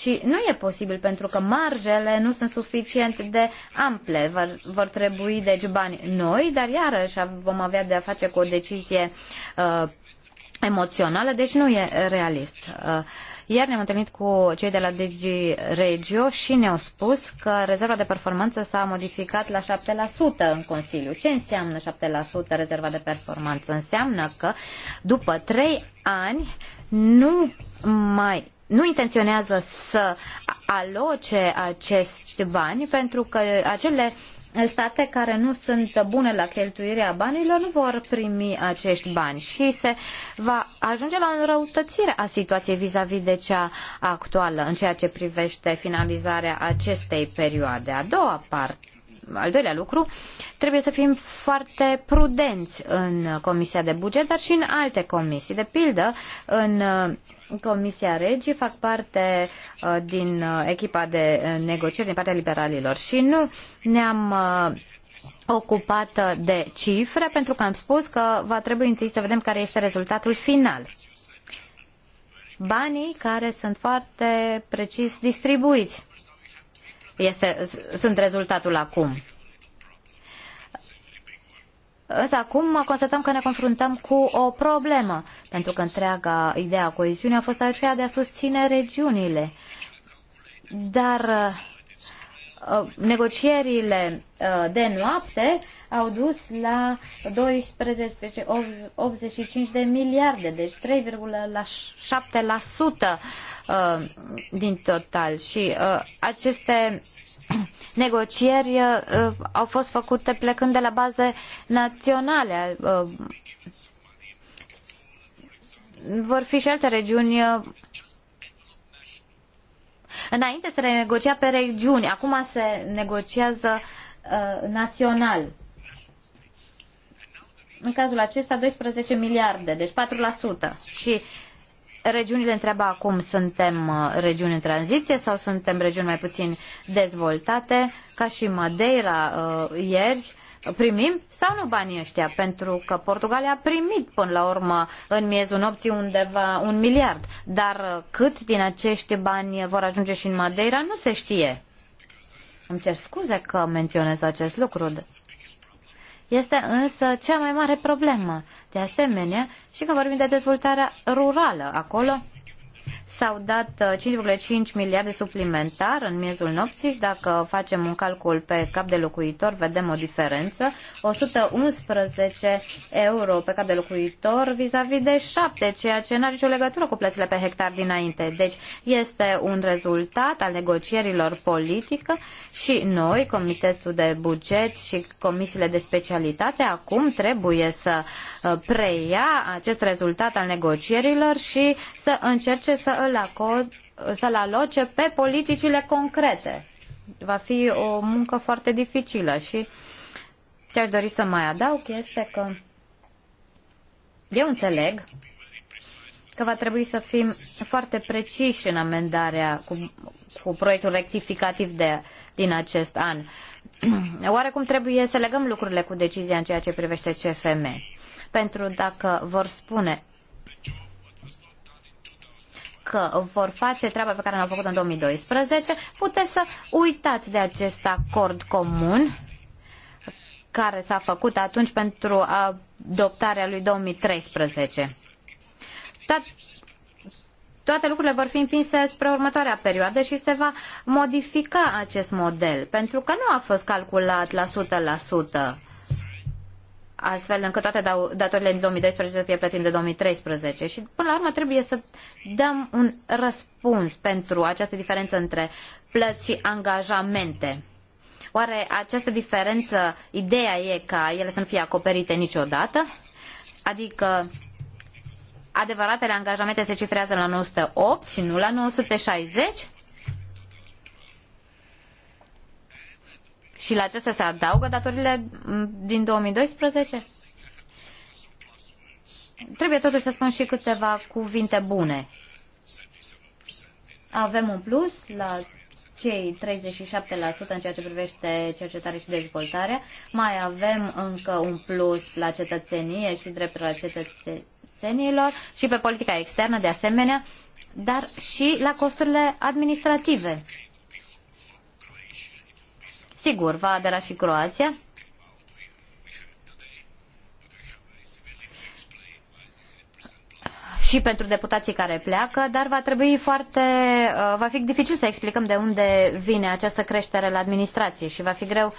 Și nu e posibil pentru că marjele nu sunt suficient de ample. Vor, vor trebui deci bani noi, dar iarăși vom avea de a face cu o decizie uh, emoțională, deci nu e realist. Uh, iar ne-am întâlnit cu cei de la Digi Regio și ne-au spus că rezerva de performanță s-a modificat la 7% în Consiliu. Ce înseamnă 7% rezerva de performanță? Înseamnă că după 3 ani nu mai nu intenționează să aloce acești bani pentru că acele state care nu sunt bune la cheltuirea banilor nu vor primi acești bani și se va ajunge la o înrăutățire a situației vis-a-vis de cea actuală în ceea ce privește finalizarea acestei perioade. A doua parte al doilea lucru, trebuie să fim foarte prudenți în Comisia de Buget, dar și în alte comisii. De pildă, în uh, Comisia Regii fac parte uh, din uh, echipa de negocieri din partea liberalilor și nu ne-am ocupat de cifre pentru că am spus că va trebui întâi să vedem care este rezultatul final banii care sunt foarte precis distribuiți este, sunt rezultatul acum. Însă acum constatăm că ne confruntăm cu o problemă, pentru că întreaga idee a coeziunii a fost aceea de a susține regiunile. Dar uh, Uh, negocierile uh, de noapte au dus la 12,85 de miliarde, deci 3,7% uh, din total. Și aceste negocieri au fost făcute plecând de la baze naționale. Vor fi și alte regiuni Înainte se negocia pe regiuni, acum se negociază uh, național. În cazul acesta 12 miliarde, deci 4%. Și regiunile întreabă acum, suntem uh, regiuni în tranziție sau suntem regiuni mai puțin dezvoltate, ca și Madeira uh, ieri primim sau nu banii ăștia, pentru că Portugalia a primit până la urmă în miezul nopții undeva un miliard, dar uh, cât din acești bani vor ajunge și în Madeira nu se știe. Îmi cer scuze că menționez acest lucru. Este însă cea mai mare problemă. De asemenea, și că vorbim de dezvoltarea rurală acolo, S-au dat 5,5 uh, miliarde suplimentar în miezul nopții și dacă facem un calcul pe cap de locuitor, vedem o diferență. 111 euro pe cap de locuitor vis-a-vis de 7, ceea ce n-are nicio legătură cu plățile pe hectar dinainte. Deci este un rezultat al negocierilor politică și noi, Comitetul de Buget și comisiile de specialitate, acum trebuie să uh, preia acest rezultat al negocierilor și să încerce să îl acord, să-l aloce pe politicile concrete. Va fi o muncă foarte dificilă și ce aș dori să mai adaug este că eu înțeleg că va trebui să fim foarte preciși în amendarea cu, cu proiectul rectificativ de, din acest an. Oarecum trebuie să legăm lucrurile cu decizia în ceea ce privește CFM. Pentru dacă vor spune că vor face treaba pe care l au făcut în 2012, puteți să uitați de acest acord comun care s-a făcut atunci pentru adoptarea lui 2013. Dar toate lucrurile vor fi împinse spre următoarea perioadă și se va modifica acest model, pentru că nu a fost calculat la 100% astfel încât toate datorile din 2012 să fie plătite de 2013. Și până la urmă trebuie să dăm un răspuns pentru această diferență între plăți și angajamente. Oare această diferență, ideea e ca ele să nu fie acoperite niciodată? Adică adevăratele angajamente se cifrează la 908 și nu la 960? Și la acestea se adaugă datorile din 2012? Trebuie totuși să spun și câteva cuvinte bune. Avem un plus la cei 37% în ceea ce privește cercetare și dezvoltare. Mai avem încă un plus la cetățenie și dreptul la cetățenilor și pe politica externă de asemenea, dar și la costurile administrative. Sigur, va adera și Croația. și pentru deputații care pleacă, dar va trebui foarte, uh, va fi dificil să explicăm de unde vine această creștere la administrație și va fi greu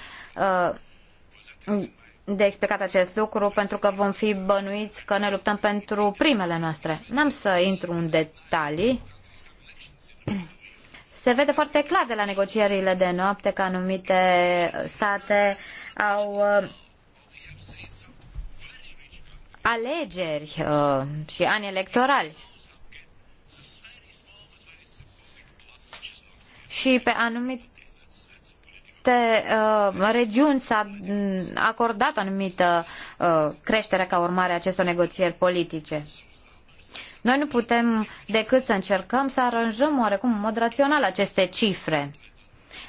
uh, de explicat acest lucru pentru că vom fi bănuiți că ne luptăm pentru primele noastre. N-am să intru în detalii se vede foarte clar de la negocierile de noapte că anumite state au uh, alegeri uh, și ani electorali. Și pe anumite uh, regiuni s-a mm, acordat o anumită uh, creștere ca urmare a acestor negocieri politice. Noi nu putem decât să încercăm să aranjăm oarecum în mod rațional aceste cifre.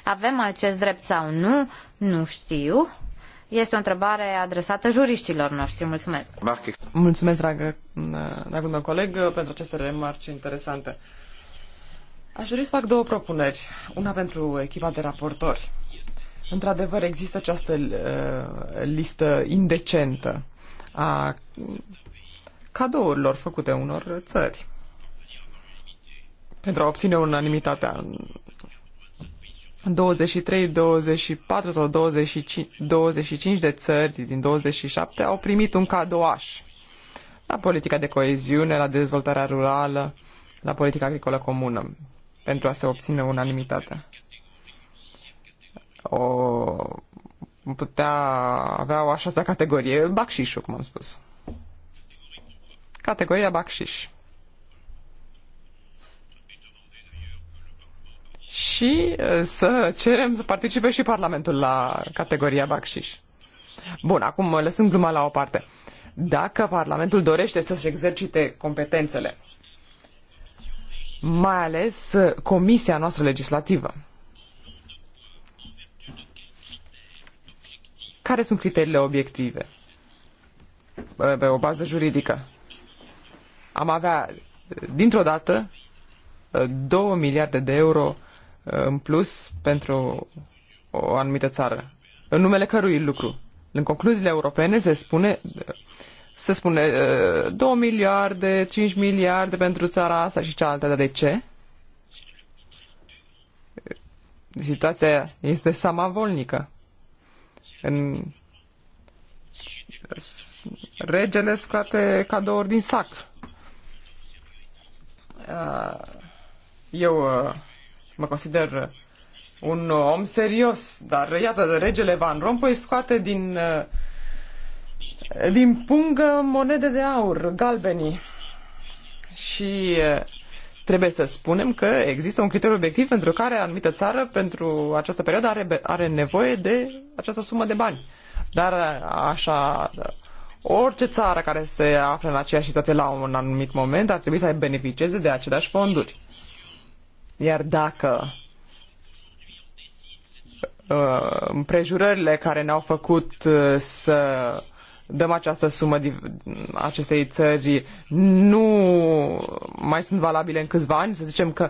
Avem acest drept sau nu? Nu știu. Este o întrebare adresată juriștilor noștri. Mulțumesc. Mulțumesc, dragă, dragă meu coleg, pentru aceste remarci interesante. Aș dori să fac două propuneri. Una pentru echipa de raportori. Într-adevăr, există această uh, listă indecentă a cadourilor făcute unor țări. Pentru a obține unanimitatea în 23, 24 sau 25, 25 de țări din 27 au primit un cadouaș la politica de coeziune, la dezvoltarea rurală, la politica agricolă comună, pentru a se obține unanimitatea. O putea avea o așa categorie, bacșișul, cum am spus categoria Bacșiș. Și să cerem să participe și Parlamentul la categoria Bacșiș. Bun, acum lăsând gluma la o parte. Dacă Parlamentul dorește să-și exercite competențele, mai ales Comisia noastră legislativă, care sunt criteriile obiective pe o bază juridică? am avea dintr-o dată 2 uh, miliarde de euro uh, în plus pentru o anumită țară, în numele cărui lucru. În concluziile europene se spune uh, se spune 2 miliarde, 5 miliarde pentru țara asta și cealaltă, dar de ce? Situația este samavolnică. În regele scoate cadouri din sac Uh, eu uh, mă consider un om serios, dar iată, regele Van Rompuy scoate din, uh, din pungă monede de aur, galbenii. Și trebuie să spunem că există un criteriu obiectiv pentru care anumită țară pentru această perioadă are, are nevoie de această sumă de bani. Dar așa, Orice țară care se află în aceeași situație la un anumit moment ar trebui să beneficieze de aceleași fonduri. Iar dacă uh, împrejurările care ne-au făcut uh, să dăm această sumă acestei țări nu mai sunt valabile în câțiva ani, să zicem că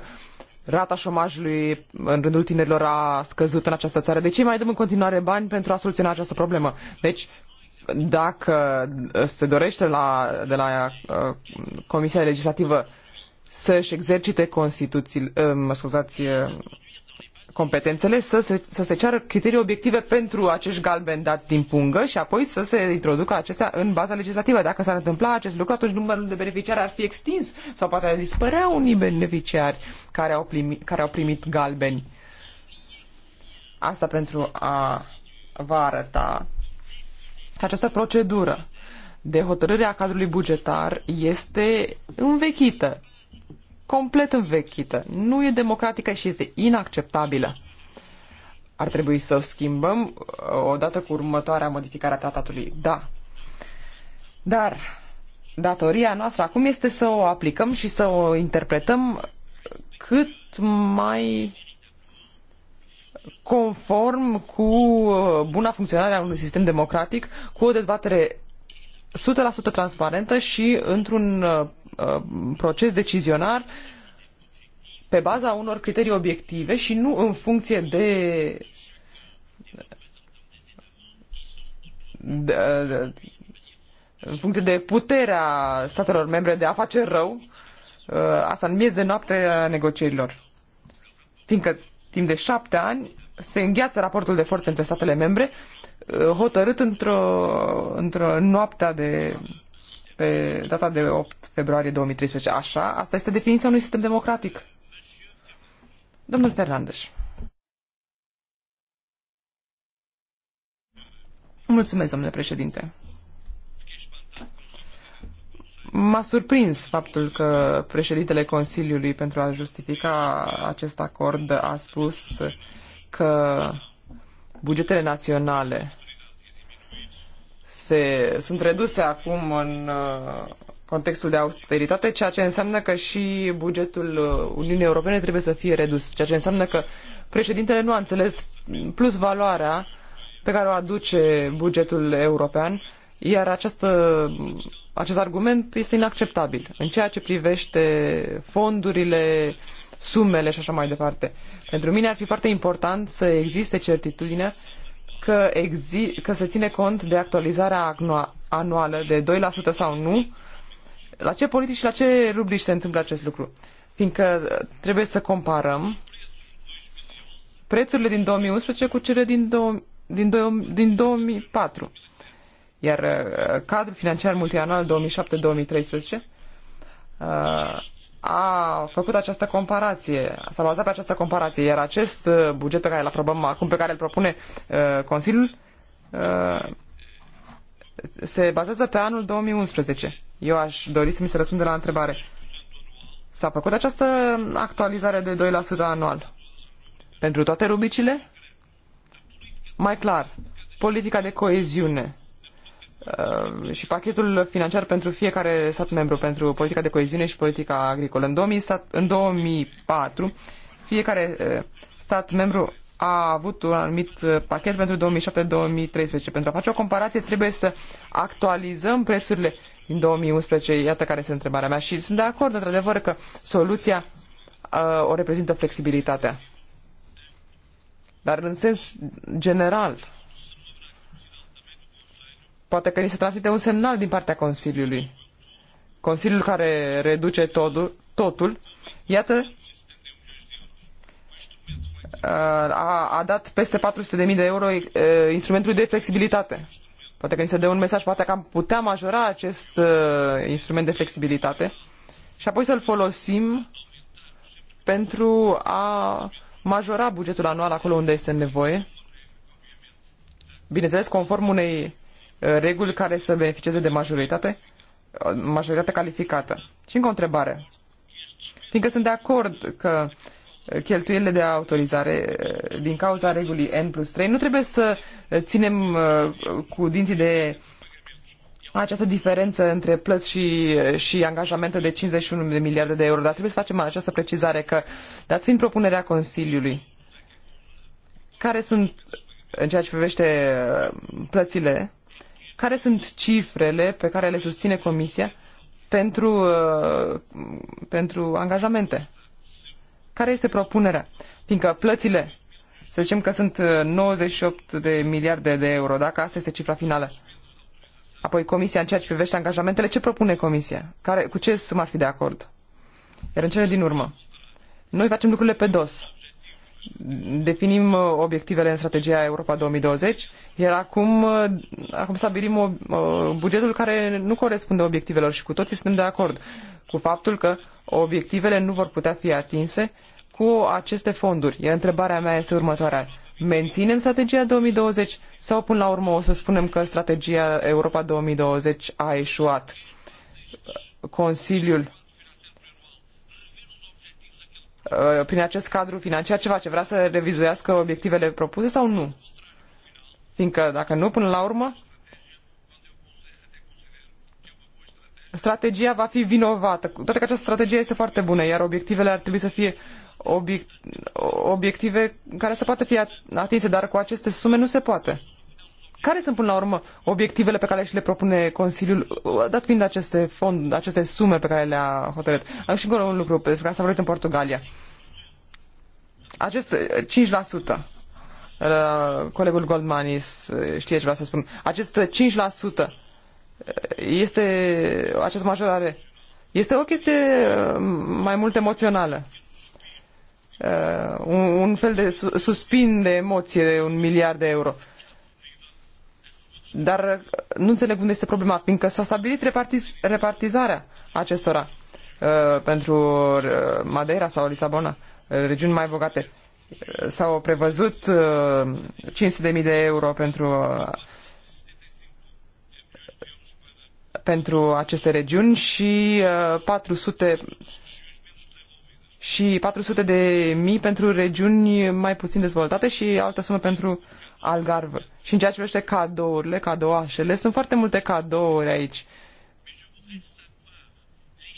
rata șomajului în rândul tinerilor a scăzut în această țară. De deci ce mai dăm în continuare bani pentru a soluționa această problemă? Deci, dacă se dorește la, de la uh, Comisia Legislativă să-și exercite Constituții, uh, mă scuzați, uh, competențele, să se, să se ceară criterii obiective pentru acești galbeni dați din pungă și apoi să se introducă acestea în baza legislativă. Dacă s-ar întâmpla acest lucru, atunci numărul de beneficiari ar fi extins sau poate ar dispărea unii beneficiari care au, primit, care au primit galbeni. Asta pentru a vă arăta și această procedură de hotărâre a cadrului bugetar este învechită, complet învechită, nu e democratică și este inacceptabilă. Ar trebui să o schimbăm uh, odată cu următoarea modificare a tratatului. Da. Dar datoria noastră acum este să o aplicăm și să o interpretăm cât mai conform cu uh, buna funcționare a unui sistem democratic, cu o dezbatere 100% transparentă și într-un uh, uh, proces decizionar pe baza unor criterii obiective și nu în funcție de, de, de în funcție de puterea statelor membre de a face rău, asta în miez de noapte a negocierilor. Fiindcă timp de șapte ani se îngheață raportul de forțe între statele membre, uh, hotărât într-o, într noaptea de pe data de 8 februarie 2013. Așa, asta este definiția unui sistem democratic. Domnul Fernandes. Mulțumesc, domnule președinte. M-a surprins faptul că președintele Consiliului, pentru a justifica acest acord, a spus că bugetele naționale se, sunt reduse acum în uh, contextul de austeritate, ceea ce înseamnă că și bugetul uh, Uniunii Europene trebuie să fie redus, ceea ce înseamnă că președintele nu a înțeles plus valoarea pe care o aduce bugetul european, iar această acest argument este inacceptabil în ceea ce privește fondurile, sumele și așa mai departe. Pentru mine ar fi foarte important să existe certitudinea că, exi- că se ține cont de actualizarea anuală de 2% sau nu, la ce politici și la ce rubrici se întâmplă acest lucru. Fiindcă uh, trebuie să comparăm prețurile din 2011 cu cele din, do- din, do- din 2004. Iar uh, cadrul financiar multianual 2007-2013 uh, a făcut această comparație, s-a bazat pe această comparație, iar acest uh, buget pe care îl aprobăm acum, pe care îl propune Consiliul, se bazează pe anul 2011. Eu aș dori să mi se răspundă la întrebare. S-a făcut această actualizare de 2% anual pentru toate rubicile? Mai clar, politica de coeziune Uh, și pachetul financiar pentru fiecare stat membru, pentru politica de coeziune și politica agricolă. În, 2000, în 2004, fiecare uh, stat membru a avut un anumit uh, pachet pentru 2007-2013. Pentru a face o comparație, trebuie să actualizăm prețurile din 2011. Iată care este întrebarea mea. Și sunt de acord, într-adevăr, că soluția o reprezintă flexibilitatea. Dar în sens general, Poate că ni se transmite un semnal din partea Consiliului. Consiliul care reduce totul, totul iată, uh, a, a dat peste 400.000 de euro uh, instrumentului de flexibilitate. Poate că ni se dă un mesaj, poate că am putea majora acest uh, instrument de flexibilitate și apoi să-l folosim pentru a majora bugetul anual acolo unde este nevoie. Bineînțeles, conform unei Uh, reguli care să beneficieze de majoritate, uh, majoritate calificată. Și încă o întrebare. Fiindcă sunt de acord că uh, cheltuielile de autorizare din cauza regulii N plus 3 nu trebuie să ținem cu dinții de această diferență între plăți și, și angajamente de 51 de miliarde de euro, dar trebuie să facem această precizare că, dat fiind propunerea Consiliului, care sunt, în ceea ce privește plățile, care sunt cifrele pe care le susține Comisia pentru, uh, pentru angajamente? Care este propunerea? Fiindcă plățile, să zicem că sunt 98 uh, de miliarde de euro, dacă asta este cifra finală. Apoi Comisia, în ceea ce privește angajamentele, ce propune Comisia? Care, cu ce sumă ar fi de acord? Iar în cele din urmă, noi facem lucrurile pe dos definim uh, obiectivele în strategia Europa 2020, iar acum, uh, acum stabilim o, uh, bugetul care nu corespunde obiectivelor și cu toții suntem de acord cu faptul că obiectivele nu vor putea fi atinse cu aceste fonduri. Iar întrebarea mea este următoarea. Menținem strategia 2020 sau până la urmă o să spunem că strategia Europa 2020 a eșuat? Consiliul Uh, prin acest cadru financiar ceva ce vrea să revizuiască obiectivele propuse sau nu? Fiindcă dacă nu, până la urmă, strategia va fi vinovată. Cu toate că această strategie este foarte bună, iar obiectivele ar trebui să fie obiect, obiective care să poată fi atinse, dar cu aceste sume nu se poate care sunt până la urmă obiectivele pe care și le propune Consiliul, uh, dat fiind aceste fond, aceste sume pe care le-a hotărât? Am și încă un lucru despre care s-a vorbit în Portugalia. Acest 5%, uh, uh, colegul Goldmanis știe ce vreau să spun, acest 5% este, această majorare este o chestie mai mult emoțională. Uh, un, un fel de su- suspin de emoție de un miliard de euro. Dar uh, nu înțeleg unde este problema, fiindcă s-a stabilit repartiz, repartizarea acestora uh, pentru uh, Madeira sau Lisabona, regiuni mai bogate. S-au prevăzut 500.000 de euro pentru pentru aceste regiuni și 400 și 400 de mii pentru regiuni mai puțin dezvoltate și altă sumă pentru uh, Algarve. Și în ceea ce privește cadourile, cadouașele, sunt foarte multe cadouri aici.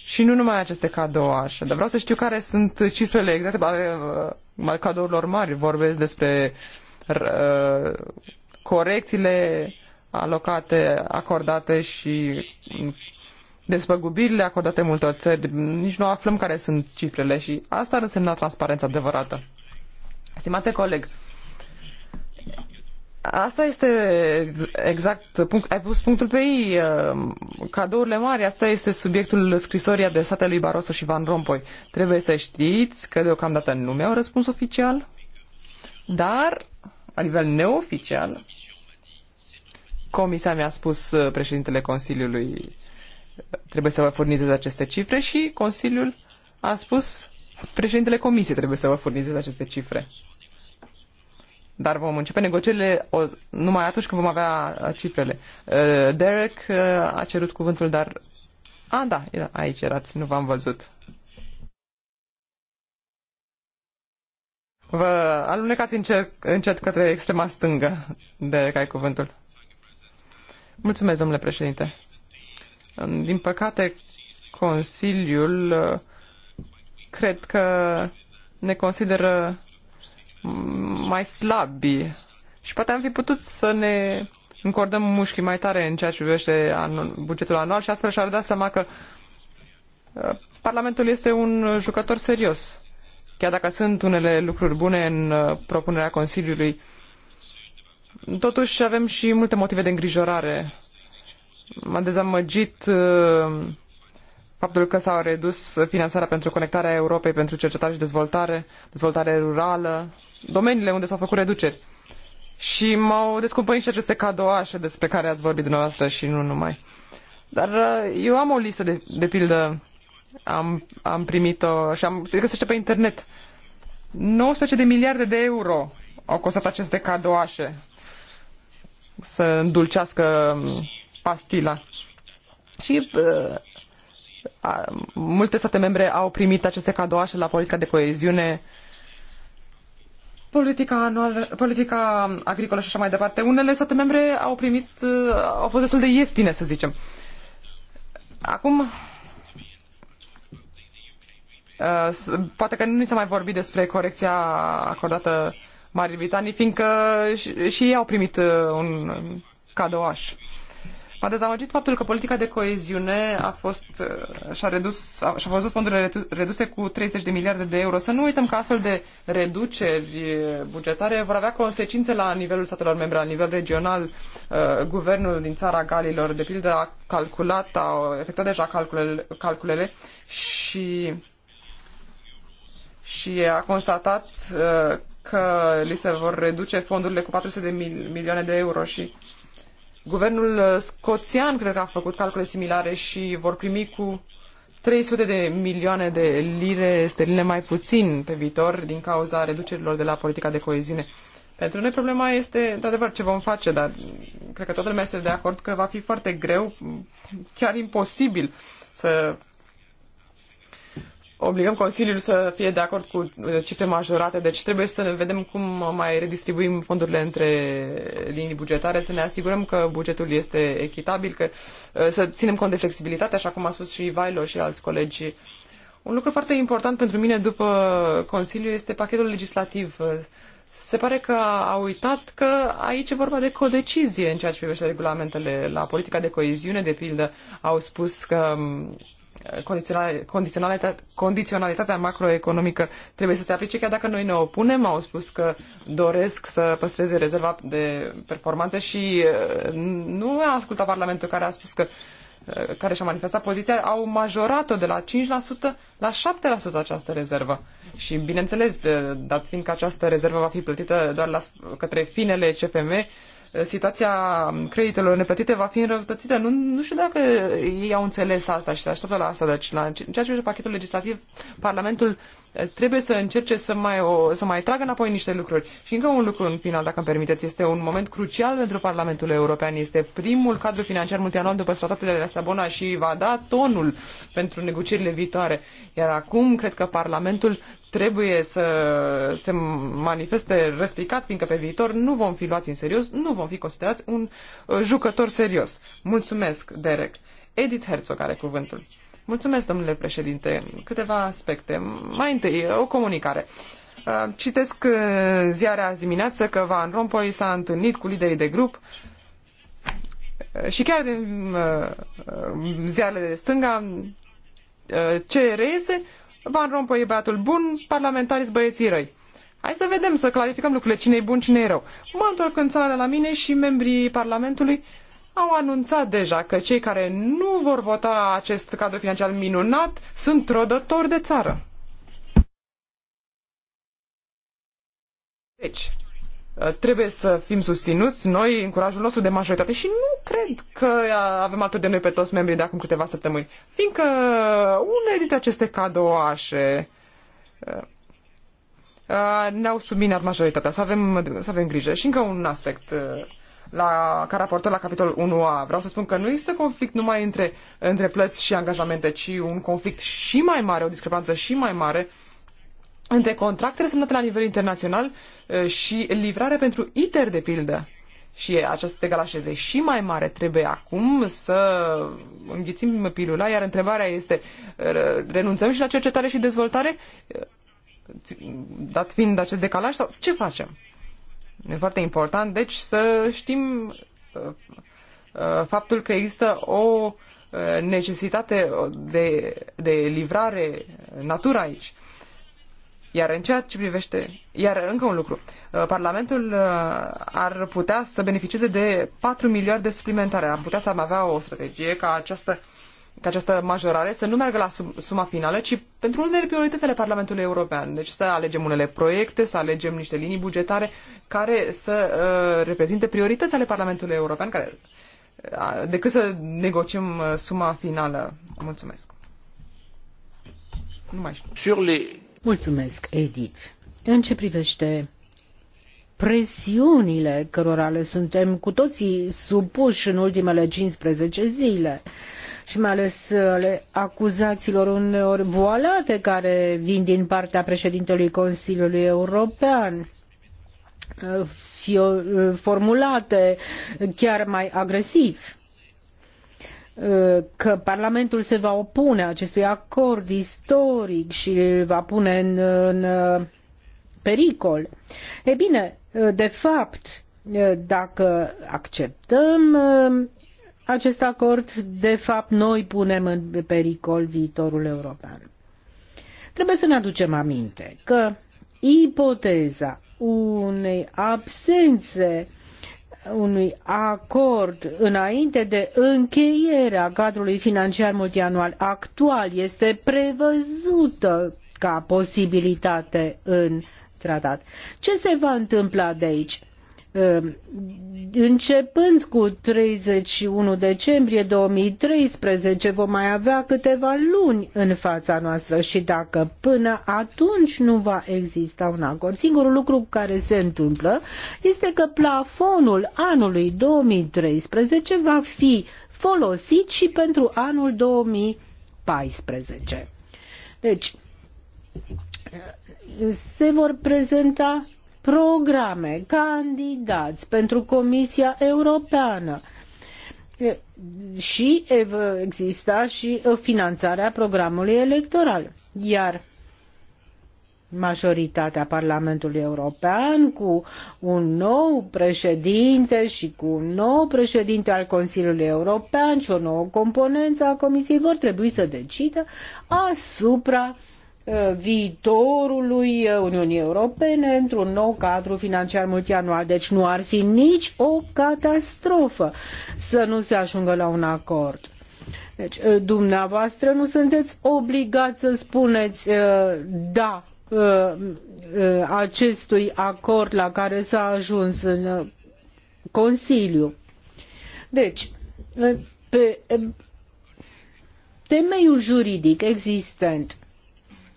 Și nu numai aceste cadouașe, dar vreau să știu care sunt cifrele exacte ale, uh, cadourilor mari. Vorbesc despre uh, corecțiile alocate, acordate și mm, despăgubirile acordate multor țări. Nici nu aflăm care sunt cifrele și asta ar însemna transparența adevărată. Stimate coleg, Asta este exact, punct, ai pus punctul pe ei, uh, cadourile mari, asta este subiectul scrisorii adresate lui Barroso și Van Rompuy. Trebuie să știți că deocamdată nu mi-au răspuns oficial, dar, la nivel neoficial, comisia mi-a spus uh, președintele Consiliului uh, trebuie să vă furnizeze aceste cifre și Consiliul a spus președintele comisiei trebuie să vă furnizeze aceste cifre dar vom începe negocierile o, numai atunci când vom avea uh, cifrele. Uh, Derek uh, a cerut cuvântul, dar... A, da, aici erați, nu v-am văzut. Vă alunecați încet, încet către extrema stângă de ai cuvântul. Mulțumesc, domnule președinte. Din păcate, Consiliul uh, cred că ne consideră mai slabi și poate am fi putut să ne încordăm mușchii mai tare în ceea ce privește anul, bugetul anual și astfel și-ar da seama că uh, Parlamentul este un jucător serios. Chiar dacă sunt unele lucruri bune în uh, propunerea Consiliului, totuși avem și multe motive de îngrijorare. M-a dezamăgit uh, faptul că s-a redus finanțarea pentru conectarea Europei, pentru cercetare și dezvoltare, dezvoltare rurală, domeniile unde s-au făcut reduceri. Și m-au descumpărit și aceste cadouașe despre care ați vorbit dumneavoastră și nu numai. Dar uh, eu am o listă de, de pildă, am, am primit-o și am, se găsește pe internet. 19 de miliarde de euro au costat aceste cadouașe să îndulcească um, pastila. Și uh, multe state membre au primit aceste cadouașe la politica de coeziune, politica, anual, politica agricolă și așa mai departe. Unele state membre au primit, uh, au fost destul de ieftine, să zicem. Acum, uh, poate că nu ni s-a mai vorbit despre corecția acordată Marii Britanii, fiindcă și, și ei au primit uh, un cadouaș. M-a dezamăgit faptul că politica de coeziune a fost uh, și-a redus, a, și-a văzut fondurile reduse cu 30 de miliarde de euro. Să nu uităm că astfel de reduceri uh, bugetare vor avea consecințe la nivelul statelor membre, la nivel regional. Uh, guvernul din țara Galilor, de pildă, a calculat, a efectuat deja calculele, calculele și și a constatat că li se vor reduce fondurile cu 400 de milioane de euro și Guvernul uh, scoțian cred că a făcut calcule similare și vor primi cu 300 de milioane de lire sterline mai puțin pe viitor din cauza reducerilor de la politica de coeziune. Pentru noi problema este, într-adevăr, ce vom face, dar cred că toată lumea este de acord că va fi foarte greu, chiar imposibil, să obligăm Consiliul să fie de acord cu uh, cifre majorate, deci trebuie să vedem cum mai redistribuim fondurile între linii bugetare, să ne asigurăm că bugetul este echitabil, că uh, să ținem cont de flexibilitate, așa cum a spus și Vailo și alți colegi. Un lucru foarte important pentru mine după Consiliu este pachetul legislativ. Uh, se pare că a uitat că aici e vorba de codecizie în ceea ce privește regulamentele la politica de coeziune, de pildă. Au spus că um, condiționalitatea, condiționalitatea macroeconomică trebuie să se aplice, chiar dacă noi ne opunem. Au spus că doresc să păstreze rezerva de performanță și uh, nu a ascultat Parlamentul care a spus că uh, care și-a manifestat poziția, au majorat-o de la 5% la 7% această rezervă. Și, bineînțeles, dat fiind că această rezervă va fi plătită doar la, către finele CFM, situația creditelor neplătite va fi înrăutățită. Nu, nu știu dacă ei au înțeles asta și se așteaptă la asta. Deci, la, ceea ce privește pachetul legislativ, Parlamentul uh, trebuie să încerce să mai, o, să mai tragă înapoi niște lucruri. Și încă un lucru în final, dacă îmi permiteți, este un moment crucial pentru Parlamentul European. Este primul cadru financiar multianual după tratatul de la Sabona și va da tonul pentru negocierile viitoare. Iar acum cred că Parlamentul trebuie să se manifeste răspicat, fiindcă pe viitor nu vom fi luați în serios, nu vom fi considerați un uh, jucător serios. Mulțumesc, Derek. Edith Herzog are cuvântul. Mulțumesc, domnule președinte. Câteva aspecte. Mai întâi, o comunicare. Uh, citesc uh, ziarea azi dimineață că Van Rompuy s-a întâlnit cu liderii de grup uh, și chiar din ziarele de stânga CRS, Van Rompuy e băiatul bun, parlamentarii băieții răi. Hai să vedem, să clarificăm lucrurile, cine e bun, cine e rău. Mă întorc în țară la mine și membrii Parlamentului au anunțat deja că cei care nu vor vota acest cadru financiar minunat sunt trădători de țară. Deci, trebuie să fim susținuți noi în curajul nostru de majoritate și nu cred că avem atât de noi pe toți membrii de acum câteva săptămâni, fiindcă unele dintre aceste cadouașe uh, ne-au subminat majoritatea, să avem, să avem grijă. Și încă un aspect uh, la, ca raportor la capitolul 1A. Vreau să spun că nu există conflict numai între, între plăți și angajamente, ci un conflict și mai mare, o discrepanță și mai mare între contractele semnate la nivel internațional și livrare pentru ITER, de pildă. Și această degalașeze și mai mare trebuie acum să înghițim pilula, iar întrebarea este, renunțăm și la cercetare și dezvoltare, dat fiind acest decalaj, sau ce facem? E foarte important, deci, să știm uh, uh, faptul că există o uh, necesitate de, de livrare natură aici. Iar în ceea ce privește, iar încă un lucru, Parlamentul ar putea să beneficieze de 4 miliarde suplimentare, ar putea să avea o strategie ca această uh, ca această majorare să nu meargă la suma finală, ci pentru unele prioritățile Parlamentului European. Deci să alegem unele proiecte, să alegem niște linii bugetare care să uh, reprezinte priorități ale Parlamentului European, care, uh, decât să negociem uh, suma finală. Mulțumesc. Nu mai știu. Mulțumesc, Edith. În ce privește presiunile cărora le suntem cu toții supuși în ultimele 15 zile și mai ales ale acuzațiilor uneori voalate care vin din partea președintelui Consiliului European formulate chiar mai agresiv că Parlamentul se va opune acestui acord istoric și va pune în, în pericol. E bine, Uh, de fapt, uh, dacă acceptăm uh, acest acord, de fapt noi punem în pericol viitorul european. Trebuie să ne aducem aminte că ipoteza unei absențe unui acord înainte de încheierea cadrului financiar multianual actual este prevăzută ca posibilitate în tratat. Ce se va întâmpla de aici? Ehm, începând cu 31 decembrie 2013 vom mai avea câteva luni în fața noastră și dacă până atunci nu va exista un acord, singurul lucru care se întâmplă este că plafonul anului 2013 va fi folosit și pentru anul 2014. Deci, se vor prezenta programe, candidați pentru Comisia Europeană și exista și uh, finanțarea programului electoral. Iar majoritatea Parlamentului European cu un nou președinte și cu un nou președinte al Consiliului European și o nouă componență a Comisiei vor trebui să decidă asupra uh, Uh, viitorului uh, Uniunii Europene într-un nou cadru financiar multianual. Deci nu ar fi nici o catastrofă să nu se ajungă la un acord. Deci, uh, dumneavoastră nu sunteți obligați să spuneți da acestui acord la care s-a ajuns în Consiliu. Deci, pe temeiul juridic existent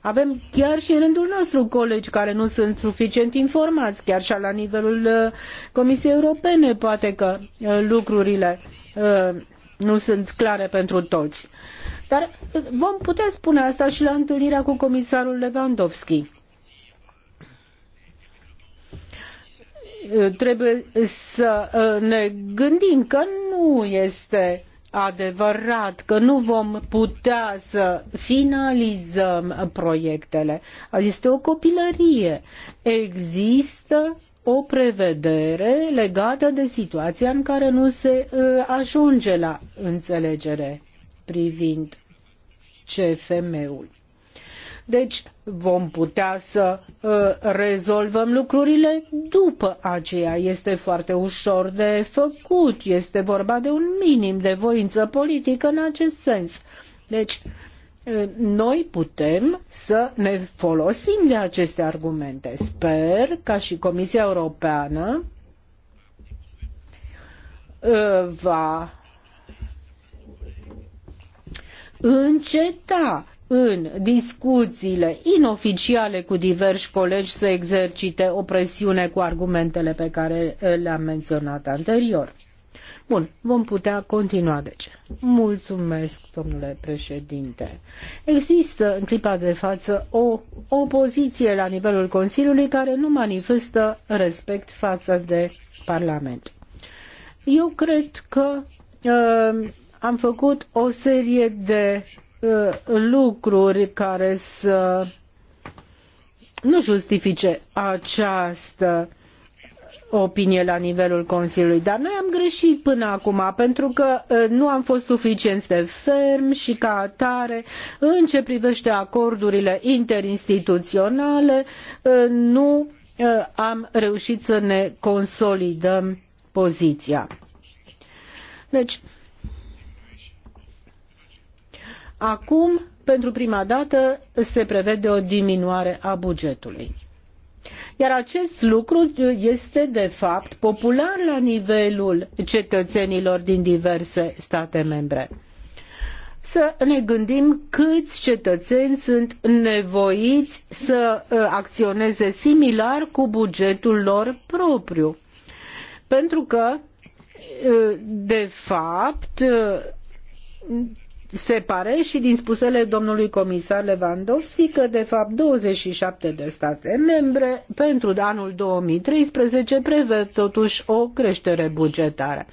avem chiar și în rândul nostru colegi care nu sunt suficient informați, chiar și la nivelul uh, Comisiei Europene, poate că uh, lucrurile uh, nu sunt clare pentru toți. Dar vom putea spune asta și la întâlnirea cu comisarul Lewandowski. Trebuie să ne gândim că nu este adevărat că nu vom putea să finalizăm proiectele. Este o copilărie. Există o prevedere legată de situația în care nu se uh, ajunge la înțelegere privind CFM-ul. Deci, vom putea să uh, rezolvăm lucrurile după aceea. Este foarte ușor de făcut, este vorba de un minim de voință politică în acest sens. Deci, uh, noi putem să ne folosim de aceste argumente. Sper ca și Comisia Europeană uh, va înceta în discuțiile inoficiale cu diversi colegi să exercite o presiune cu argumentele pe care eh, le-am menționat anterior. Bun, vom putea continua, deci. Mulțumesc, domnule președinte. Există în clipa de față o opoziție la nivelul Consiliului care nu manifestă respect față de Parlament. Eu cred că uh, am făcut o serie de Uh, lucruri care să nu justifice această opinie la nivelul Consiliului. Dar noi am greșit până acum pentru că uh, nu am fost suficient de ferm și ca atare în ce privește acordurile interinstituționale uh, nu am reușit să ne consolidăm poziția. Deci, Acum, pentru prima dată, se prevede o diminuare a bugetului. Iar acest lucru este, de fapt, popular la nivelul cetățenilor din diverse state membre. Să ne gândim câți cetățeni sunt nevoiți să uh, acționeze similar cu bugetul lor propriu. Pentru că, uh, de fapt, uh, se pare și din spusele domnului comisar Lewandowski că de fapt 27 de state membre pentru anul 2013 prevăd totuși o creștere bugetară.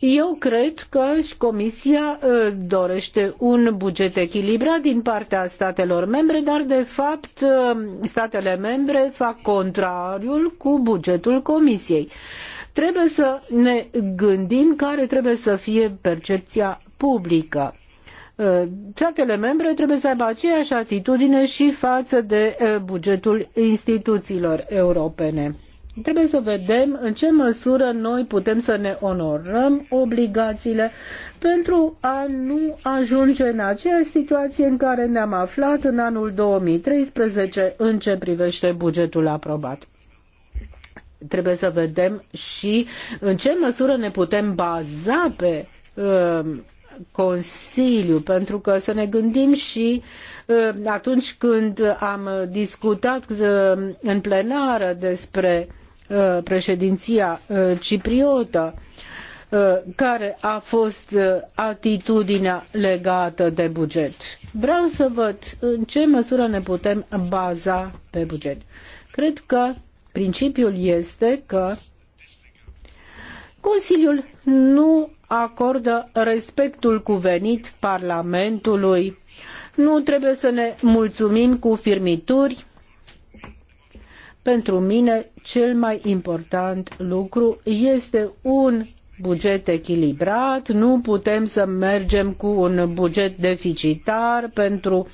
Eu cred că și Comisia uh, dorește un buget echilibrat din partea statelor membre, dar de fapt uh, statele membre fac contrariul cu bugetul Comisiei. Trebuie să ne gândim care trebuie să fie percepția publică Uh, statele membre trebuie să aibă aceeași atitudine și față de uh, bugetul instituțiilor europene. Trebuie să vedem în ce măsură noi putem să ne onorăm obligațiile pentru a nu ajunge în aceeași situație în care ne-am aflat în anul 2013 în ce privește bugetul aprobat trebuie să vedem și în ce măsură ne putem baza pe uh, Consiliu, pentru că să ne gândim și uh, atunci când am discutat uh, în plenară despre uh, președinția cipriotă, care a fost atitudinea legată de buget. Vreau să văd în ce măsură ne putem baza pe buget. Cred că principiul este că Consiliul nu acordă respectul cuvenit Parlamentului. Nu trebuie să ne mulțumim cu firmituri. Pentru mine, cel mai important lucru este un buget echilibrat, nu putem să mergem cu un buget deficitar pentru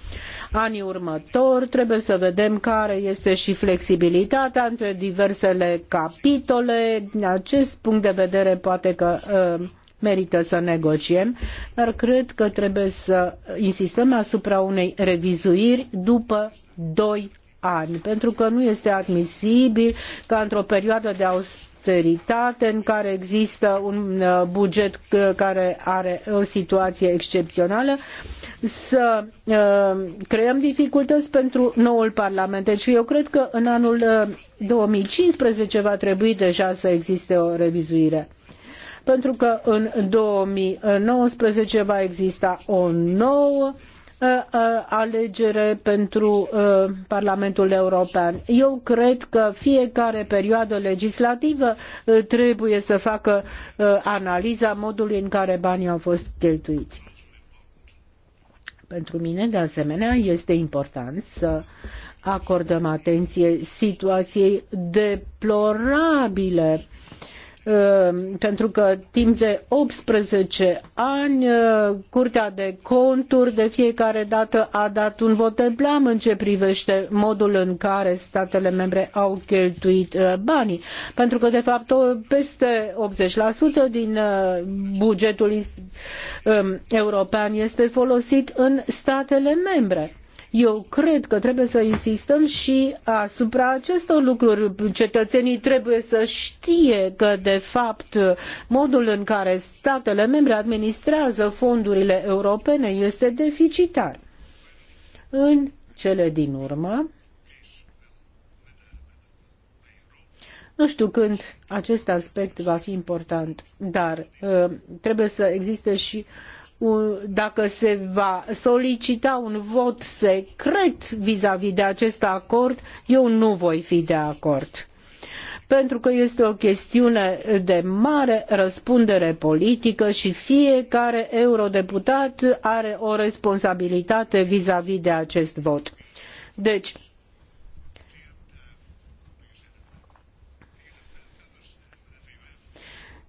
anii următori, trebuie să vedem care este și flexibilitatea între diversele capitole. Din acest punct de vedere poate că ă, merită să negociem, dar cred că trebuie să insistăm asupra unei revizuiri după doi ani, pentru că nu este admisibil ca într-o perioadă de austeritate austeritate, în care există un uh, buget uh, care are o situație excepțională, să uh, creăm dificultăți pentru noul Parlament. Deci eu cred că în anul 2015 va trebui deja să existe o revizuire pentru că în 2019 va exista o nouă Uh, alegere pentru uh, Parlamentul European. Eu cred că fiecare perioadă legislativă uh, trebuie să facă analiza modului în care banii au fost cheltuiți. Pentru mine, de asemenea, este important să acordăm atenție situației deplorabile Uh, pentru că timp de 18 ani uh, Curtea de Conturi de fiecare dată a dat un vot de blam în ce privește modul în care statele membre au cheltuit uh, banii. Pentru că, de fapt, peste 80% din bugetul um, european este folosit în statele membre. Eu cred că trebuie să insistăm și asupra acestor lucruri. Cetățenii trebuie să știe că, de fapt, modul în care statele membre administrează fondurile europene este deficitar. În cele din urmă, Nu știu când acest aspect va fi important, dar uh, trebuie să existe și dacă se va solicita un vot secret vizavi de acest acord, eu nu voi fi de acord. Pentru că este o chestiune de mare răspundere politică și fiecare eurodeputat are o responsabilitate vizavi de acest vot. Deci,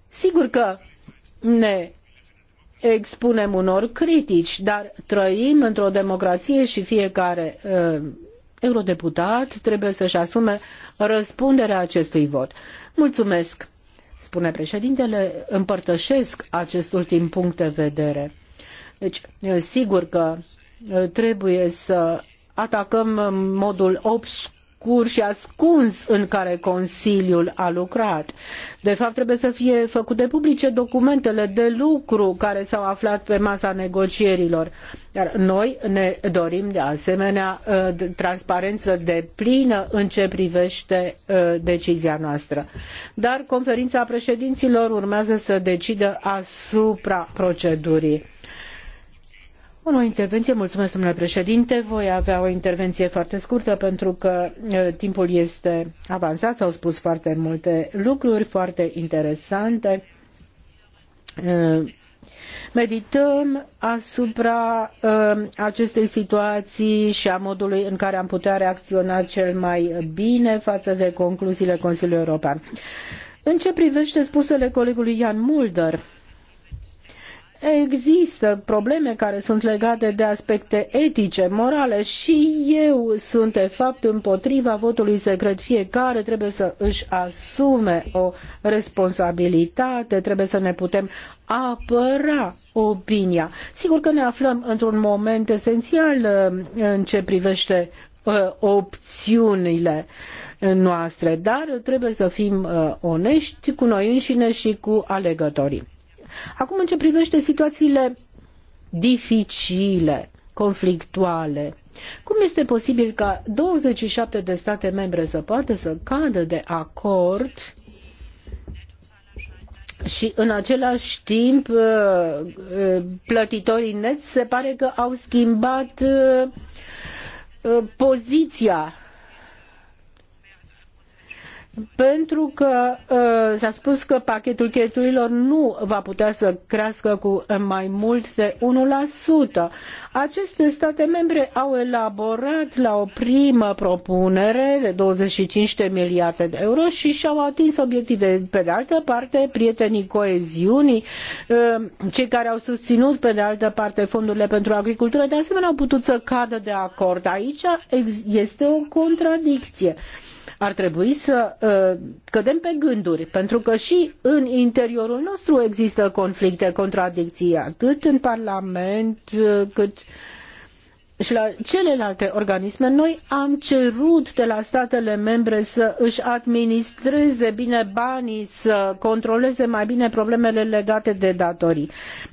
sigur că ne expunem unor critici, dar trăim într-o democrație și fiecare uh, eurodeputat trebuie să-și asume răspunderea acestui vot. Mulțumesc, spune președintele, împărtășesc acest ultim punct de vedere. Deci, sigur că uh, trebuie să atacăm modul obscur obscur și ascuns în care Consiliul a lucrat. De fapt, trebuie să fie făcute publice documentele de lucru care s-au aflat pe masa negocierilor. Iar noi ne dorim de asemenea uh, transparență de plină în ce privește uh, decizia noastră. Dar conferința președinților urmează să decidă asupra procedurii. O nouă intervenție, mulțumesc domnule președinte. Voi avea o intervenție foarte scurtă pentru că timpul este avansat, s-au spus foarte multe lucruri foarte interesante. medităm asupra acestei situații și a modului în care am putea reacționa cel mai bine față de concluziile Consiliului European. În ce privește spusele colegului Ian Mulder, Există probleme care sunt legate de aspecte etice, morale și eu sunt de fapt împotriva votului secret. Fiecare trebuie să își asume o responsabilitate, trebuie să ne putem apăra opinia. Sigur că ne aflăm într-un moment esențial uh, în ce privește uh, opțiunile uh, noastre, dar trebuie să fim onești cu noi înșine și cu alegătorii. Acum, în ce privește situațiile dificile, conflictuale, cum este posibil ca 27 de state membre să poată să cadă de acord și în același timp uh, uh, plătitorii net se pare că au schimbat uh, poziția pentru că uh, s-a spus că pachetul cheltuielor nu va putea să crească cu mai mult de 1%. Aceste state membre au elaborat la o primă propunere de 25 de miliarde de euro și și-au atins obiective. Pe de altă parte, prietenii coeziunii, uh, cei care au susținut pe de altă parte fondurile pentru agricultură, de asemenea au putut să cadă de acord. Aici este o contradicție. Uh, ar trebui să uh, cădem pe gânduri, pentru că și în interiorul nostru există conflicte, contradicții, atât în Parlament uh, cât uh, și la celelalte organisme, noi am cerut de la statele membre să își administreze bine banii, să controleze mai bine problemele legate de datorii.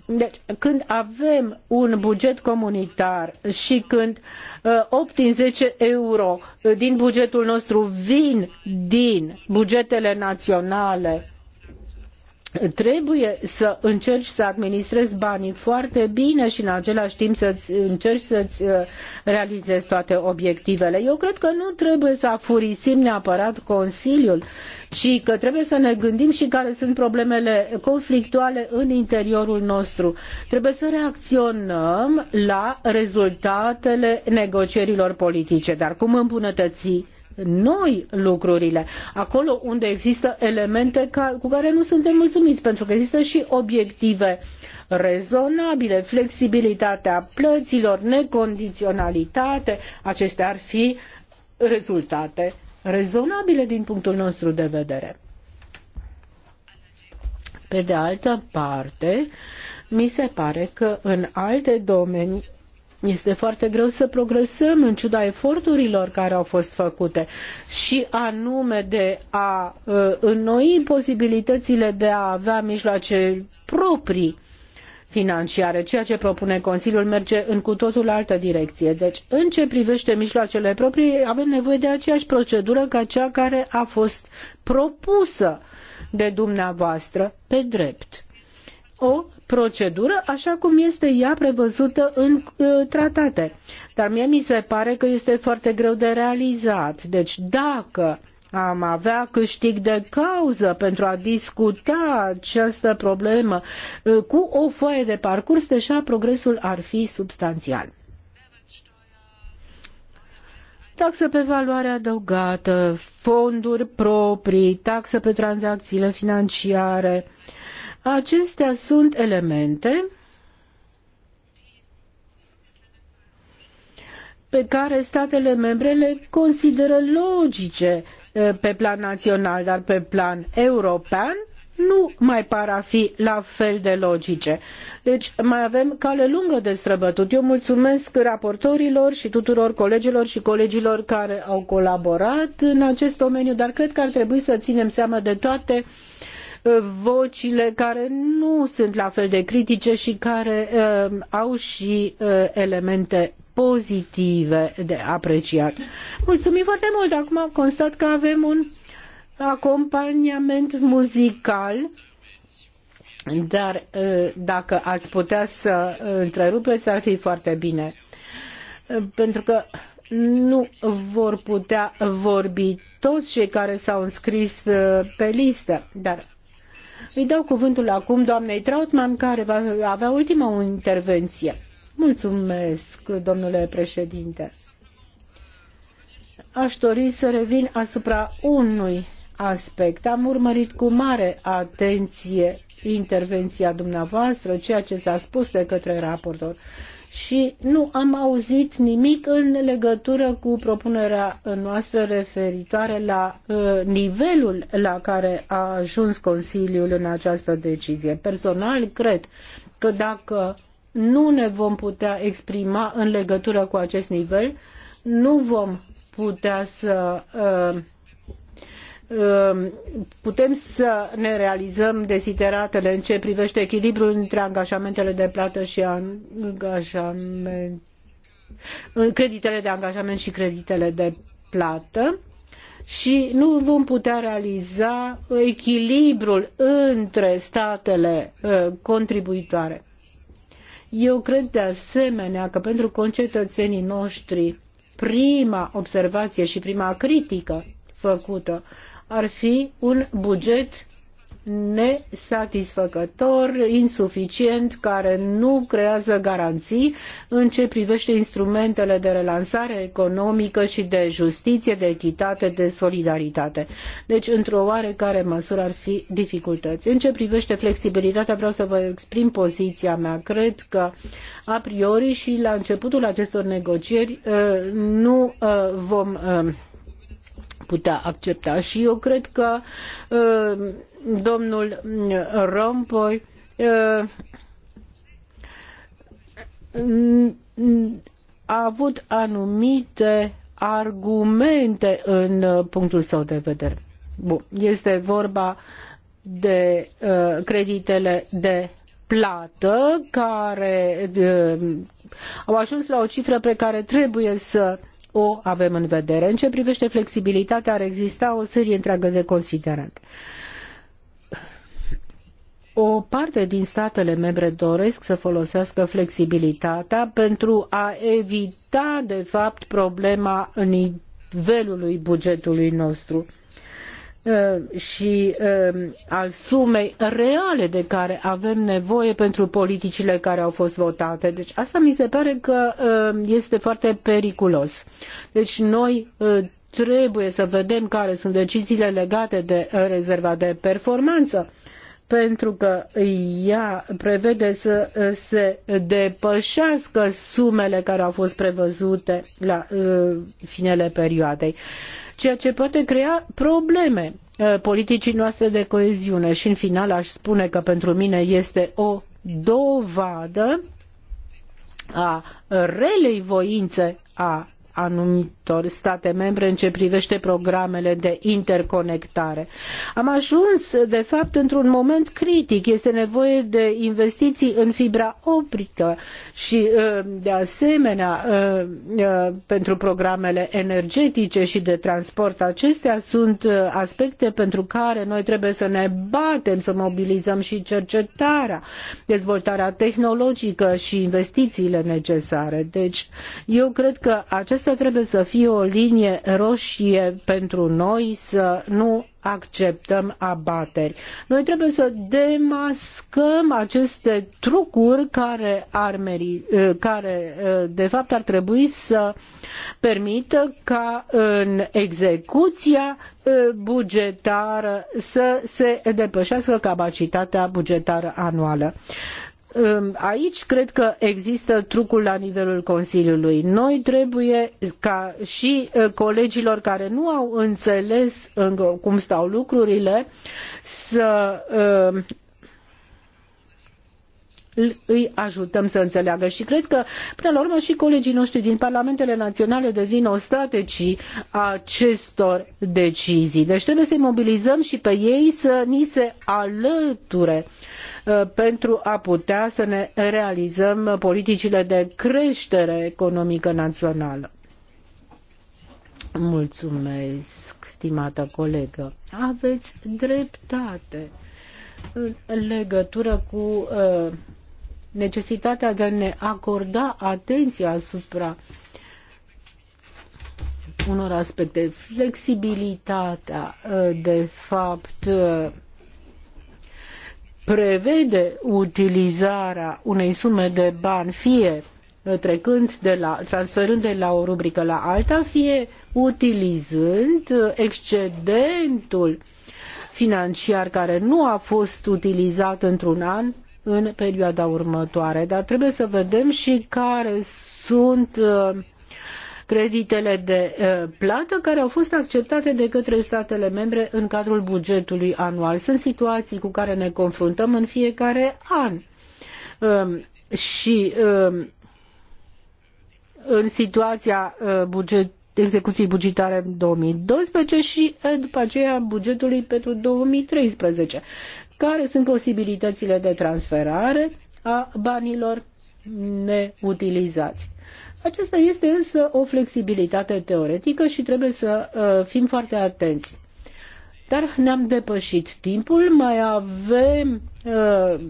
Deci, când avem un buget comunitar și când uh, opt din zece euro din bugetul nostru vin din bugetele naționale, trebuie să încerci să administrezi banii foarte bine și în același timp să încerci să-ți uh, realizezi toate obiectivele. Eu cred că nu trebuie să afurisim neapărat Consiliul, ci că trebuie să ne gândim și care sunt problemele conflictuale în interiorul nostru. Trebuie să reacționăm la rezultatele negocierilor politice. Dar cum îmbunătăți noi lucrurile, acolo unde există elemente ca, cu care nu suntem mulțumiți, pentru că există și obiective rezonabile, flexibilitatea plăților, necondiționalitate, acestea ar fi rezultate rezonabile din punctul nostru de vedere. Pe de altă parte, mi se pare că în alte domenii este foarte greu să progresăm în ciuda eforturilor care au fost făcute și anume de a uh, înnoi posibilitățile de a avea mijloace proprii financiare. Ceea ce propune Consiliul merge în cu totul altă direcție. Deci, în ce privește mijloacele proprii, avem nevoie de aceeași procedură ca cea care a fost propusă de dumneavoastră pe drept. O procedură așa cum este ea prevăzută în uh, tratate. Dar mie mi se pare că este foarte greu de realizat. Deci dacă am avea câștig de cauză pentru a discuta această problemă uh, cu o foaie de parcurs, deja progresul ar fi substanțial. Taxă pe valoare adăugată, fonduri proprii, taxă pe tranzacțiile financiare, uh, Acestea sunt elemente pe care statele membre le consideră logice pe plan național, dar pe plan european nu mai par a fi la fel de logice. Deci mai avem cale lungă de străbătut. Eu mulțumesc raportorilor și tuturor colegilor și colegilor care au colaborat în acest domeniu, dar cred că ar trebui să ținem seama de toate uh, Uh, vocile care nu sunt la fel de critice și care uh, au și uh, elemente pozitive de apreciat. Mulțumim foarte mult! Acum constat că avem un acompaniament muzical. Dar dacă ați putea să întrerupeți, ar fi foarte bine. Pentru că nu vor putea vorbi toți cei care s-au înscris pe listă, dar îi dau cuvântul acum doamnei Trautmann, care va avea ultima intervenție. Mulțumesc, domnule președinte. Aș dori să revin asupra unui aspect. Am urmărit cu mare atenție intervenția dumneavoastră, ceea ce s-a spus de către raportor și nu am auzit nimic în legătură cu propunerea noastră referitoare la uh, nivelul la care a ajuns Consiliul în această decizie. Personal, cred că dacă nu ne vom putea exprima în legătură cu acest nivel, nu vom putea să uh, Ehm, putem să ne realizăm desideratele în ce privește echilibrul între angajamentele de plată și angajament, creditele de angajament și creditele de plată și nu vom putea realiza echilibrul între statele eh, contribuitoare. Eu cred de asemenea că pentru concetățenii noștri prima observație și prima critică făcută ar fi un buget nesatisfăcător, insuficient, care nu creează garanții în ce privește instrumentele de relansare economică și de justiție, de echitate, de solidaritate. Deci, într-o oarecare măsură ar fi dificultăți. În ce privește flexibilitatea, vreau să vă exprim poziția mea. Cred că a priori și la începutul acestor negocieri uh, nu uh, vom uh, putea accepta. Și eu cred că uh, domnul Rompoi uh, a avut anumite argumente în punctul său de vedere. Bun. Este vorba de uh, creditele de plată care uh, au ajuns la o cifră pe care trebuie să o avem în vedere. În ce privește flexibilitatea, ar exista o serie întreagă de considerente. O parte din statele membre doresc să folosească flexibilitatea pentru a evita, de fapt, problema nivelului bugetului nostru. Uh, și um, al sumei reale de care avem nevoie pentru politicile care au fost votate. Deci asta mi se pare că um, este foarte periculos. Deci noi uh, trebuie să vedem care sunt deciziile legate de rezerva de performanță pentru că ea prevede să uh, se depășească sumele care au fost prevăzute la finele perioadei ceea ce poate crea probleme uh, politicii noastre de coeziune. Și în final aș spune că pentru mine este o dovadă a relei voințe a anumit acestor state membre în ce privește programele de interconectare. Am ajuns, de fapt, într-un moment critic. Este nevoie de investiții în fibra optică și, uh, de asemenea, uh, uh, pentru programele energetice și de transport. Acestea sunt aspecte pentru care noi trebuie să ne batem, să mobilizăm și cercetarea, dezvoltarea tehnologică și investițiile necesare. Deci, eu cred că acesta trebuie să fie fi o linie roșie pentru noi să nu acceptăm abateri. Noi trebuie să demascăm aceste trucuri care, ar meri, eh, care eh, de fapt ar trebui să permită ca în execuția eh, bugetară să se depășească capacitatea bugetară anuală. Aici cred că există trucul la nivelul Consiliului. Noi trebuie ca și uh, colegilor care nu au înțeles încă cum stau lucrurile să uh, îi ajutăm să înțeleagă. Și cred că, până la urmă, și colegii noștri din Parlamentele Naționale devin ostatecii acestor decizii. Deci trebuie să-i mobilizăm și pe ei să ni se alăture uh, pentru a putea să ne realizăm politicile de creștere economică națională. Mulțumesc, stimată colegă. Aveți dreptate în legătură cu uh, necesitatea de a ne acorda atenția asupra unor aspecte. Flexibilitatea, ă, de fapt, ă, prevede utilizarea unei sume de bani, fie trecând de la, transferând de la o rubrică la alta, fie utilizând excedentul financiar care nu a fost utilizat într-un an în perioada următoare, dar trebuie să vedem și care sunt uh, creditele de uh, plată care au fost acceptate de către statele membre în cadrul bugetului anual. Sunt situații cu care ne confruntăm în fiecare an. Um, și um, în situația uh, buget, execuției bugetare 2012 și după aceea bugetului pentru 2013 care sunt posibilitățile de transferare a banilor neutilizați. Aceasta este însă o flexibilitate teoretică și trebuie să uh, fim foarte atenți. Dar ne-am depășit timpul, mai avem uh,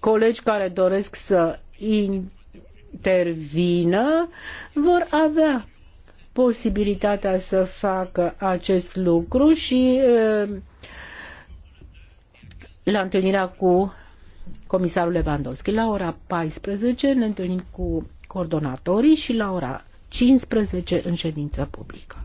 colegi care doresc să intervină, vor avea posibilitatea să facă acest lucru și uh, la întâlnirea cu comisarul Lewandowski. La ora 14 ne întâlnim cu coordonatorii și la ora 15 în ședință publică.